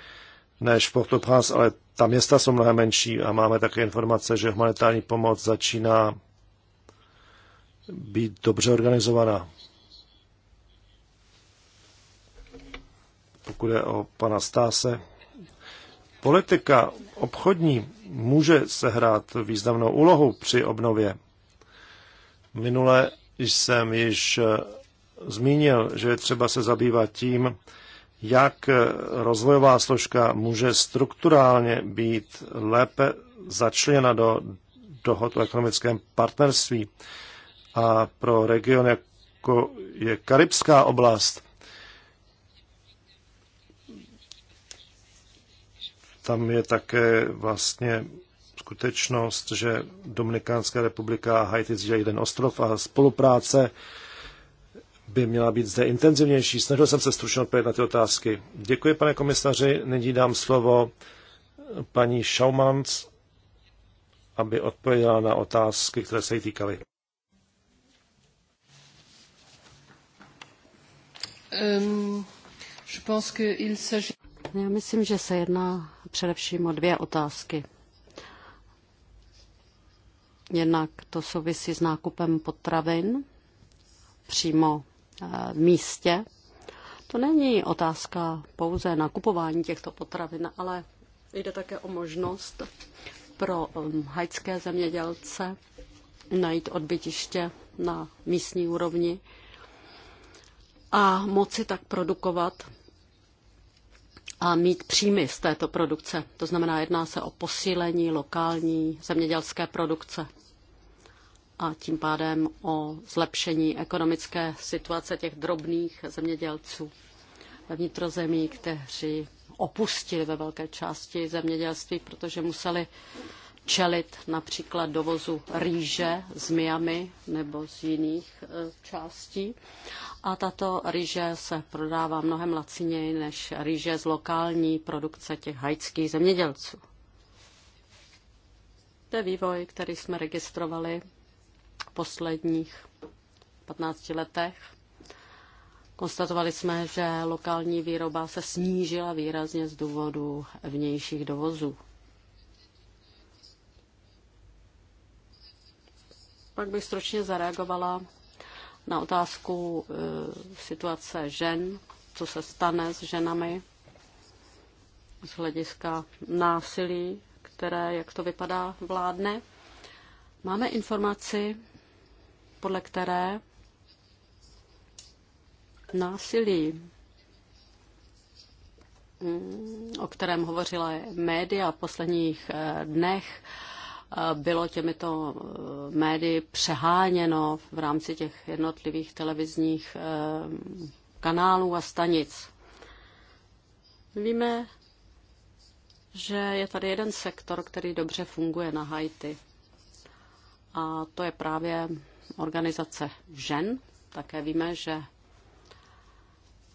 než v port ale ta města jsou mnohem menší a máme také informace, že humanitární pomoc začíná být dobře organizovaná. pokud je o pana Stáse. Politika obchodní může sehrát významnou úlohu při obnově. Minule jsem již eh, zmínil, že je třeba se zabývat tím, jak rozvojová složka může strukturálně být lépe začleněna do dohod ekonomickém partnerství. A pro region, jako je Karibská oblast, tam je také vlastně skutečnost, že Dominikánská republika a Haiti je jeden ostrov a spolupráce by měla být zde intenzivnější. Snažil jsem se stručně odpovědět na ty otázky. Děkuji, pane komisaři. Nyní dám slovo paní Schaumans, aby odpověděla na otázky, které se jí týkaly. Um, je pense já myslím, že se jedná především o dvě otázky. Jednak to souvisí s nákupem potravin přímo eh, v místě. To není otázka pouze nakupování těchto potravin, ale jde také o možnost pro um, hajcké zemědělce najít odbytiště na místní úrovni a moci tak produkovat a mít příjmy z této produkce. To znamená, jedná se o posílení lokální zemědělské produkce a tím pádem o zlepšení ekonomické situace těch drobných zemědělců ve vnitrozemí, kteří opustili ve velké části zemědělství, protože museli čelit například dovozu rýže z Miami nebo z jiných e, částí. A tato rýže se prodává mnohem laciněji než rýže z lokální produkce těch hajckých zemědělců. To je vývoj, který jsme registrovali v posledních 15 letech. Konstatovali jsme, že lokální výroba se snížila výrazně z důvodu vnějších dovozů. Pak bych stručně zareagovala na otázku e, situace žen, co se stane s ženami z hlediska násilí, které, jak to vypadá, vládne. Máme informaci, podle které násilí, mm, o kterém hovořila média v posledních e, dnech, bylo těmito eh, médii přeháněno v rámci těch jednotlivých televizních eh, kanálů a stanic. Víme, že je tady jeden sektor, který dobře funguje na Haiti. A to je právě organizace žen. Také víme, že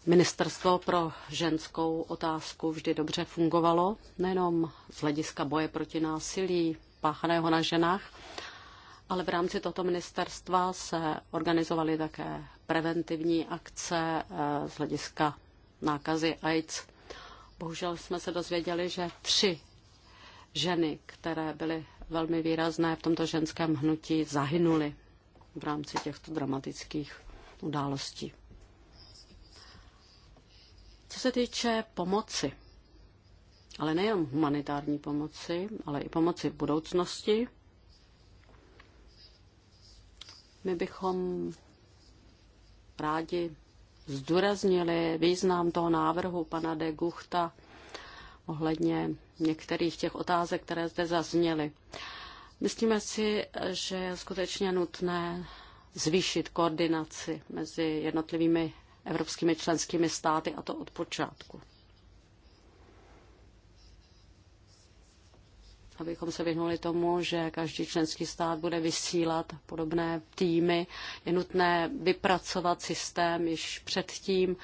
Ministerstvo pro ženskou otázku vždy dobře fungovalo, nejenom z hlediska boje proti násilí, spáchaného na ženách. Ale v rámci tohoto ministerstva se organizovaly také preventivní akce eh, z hlediska nákazy AIDS. Bohužel jsme se dozvěděli, že tři ženy, které byly velmi výrazné v tomto ženském hnutí, zahynuly v rámci těchto dramatických událostí. Co se týče pomoci, ale nejen humanitární pomoci, ale i pomoci v budoucnosti, my bychom rádi zdůraznili význam toho návrhu pana de Guchta ohledně některých těch otázek, které zde zazněly. Myslíme si, že je skutečně nutné zvýšit koordinaci mezi jednotlivými evropskými členskými státy a to od počátku. abychom se vyhnuli tomu, že každý členský stát bude vysílat podobné týmy. Je nutné vypracovat systém již předtím,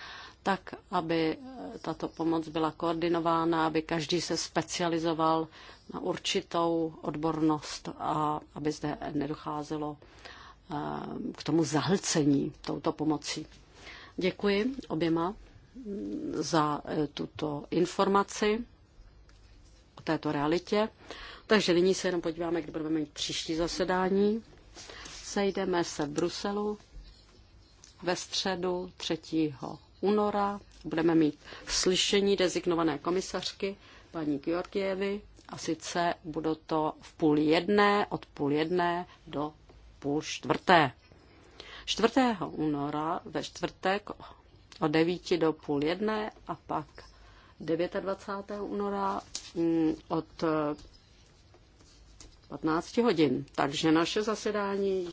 tak, aby eh, tato pomoc byla koordinována, aby každý se specializoval na určitou odbornost a aby zde nedocházelo eh, k tomu zahlcení touto pomocí. Děkuji oběma mm, za eh, tuto informaci o této realitě. Takže nyní se jenom podíváme, kdy budeme mít příští zasedání. Sejdeme se v Bruselu ve středu 3. února. Budeme mít slyšení dezignované komisařky paní Georgievy a sice bude to v půl jedné, od půl jedné do půl čtvrté. 4. února ve čtvrtek od 9 do půl jedné a pak 29. února mm, od 15 eh, hodin. Takže naše zasedání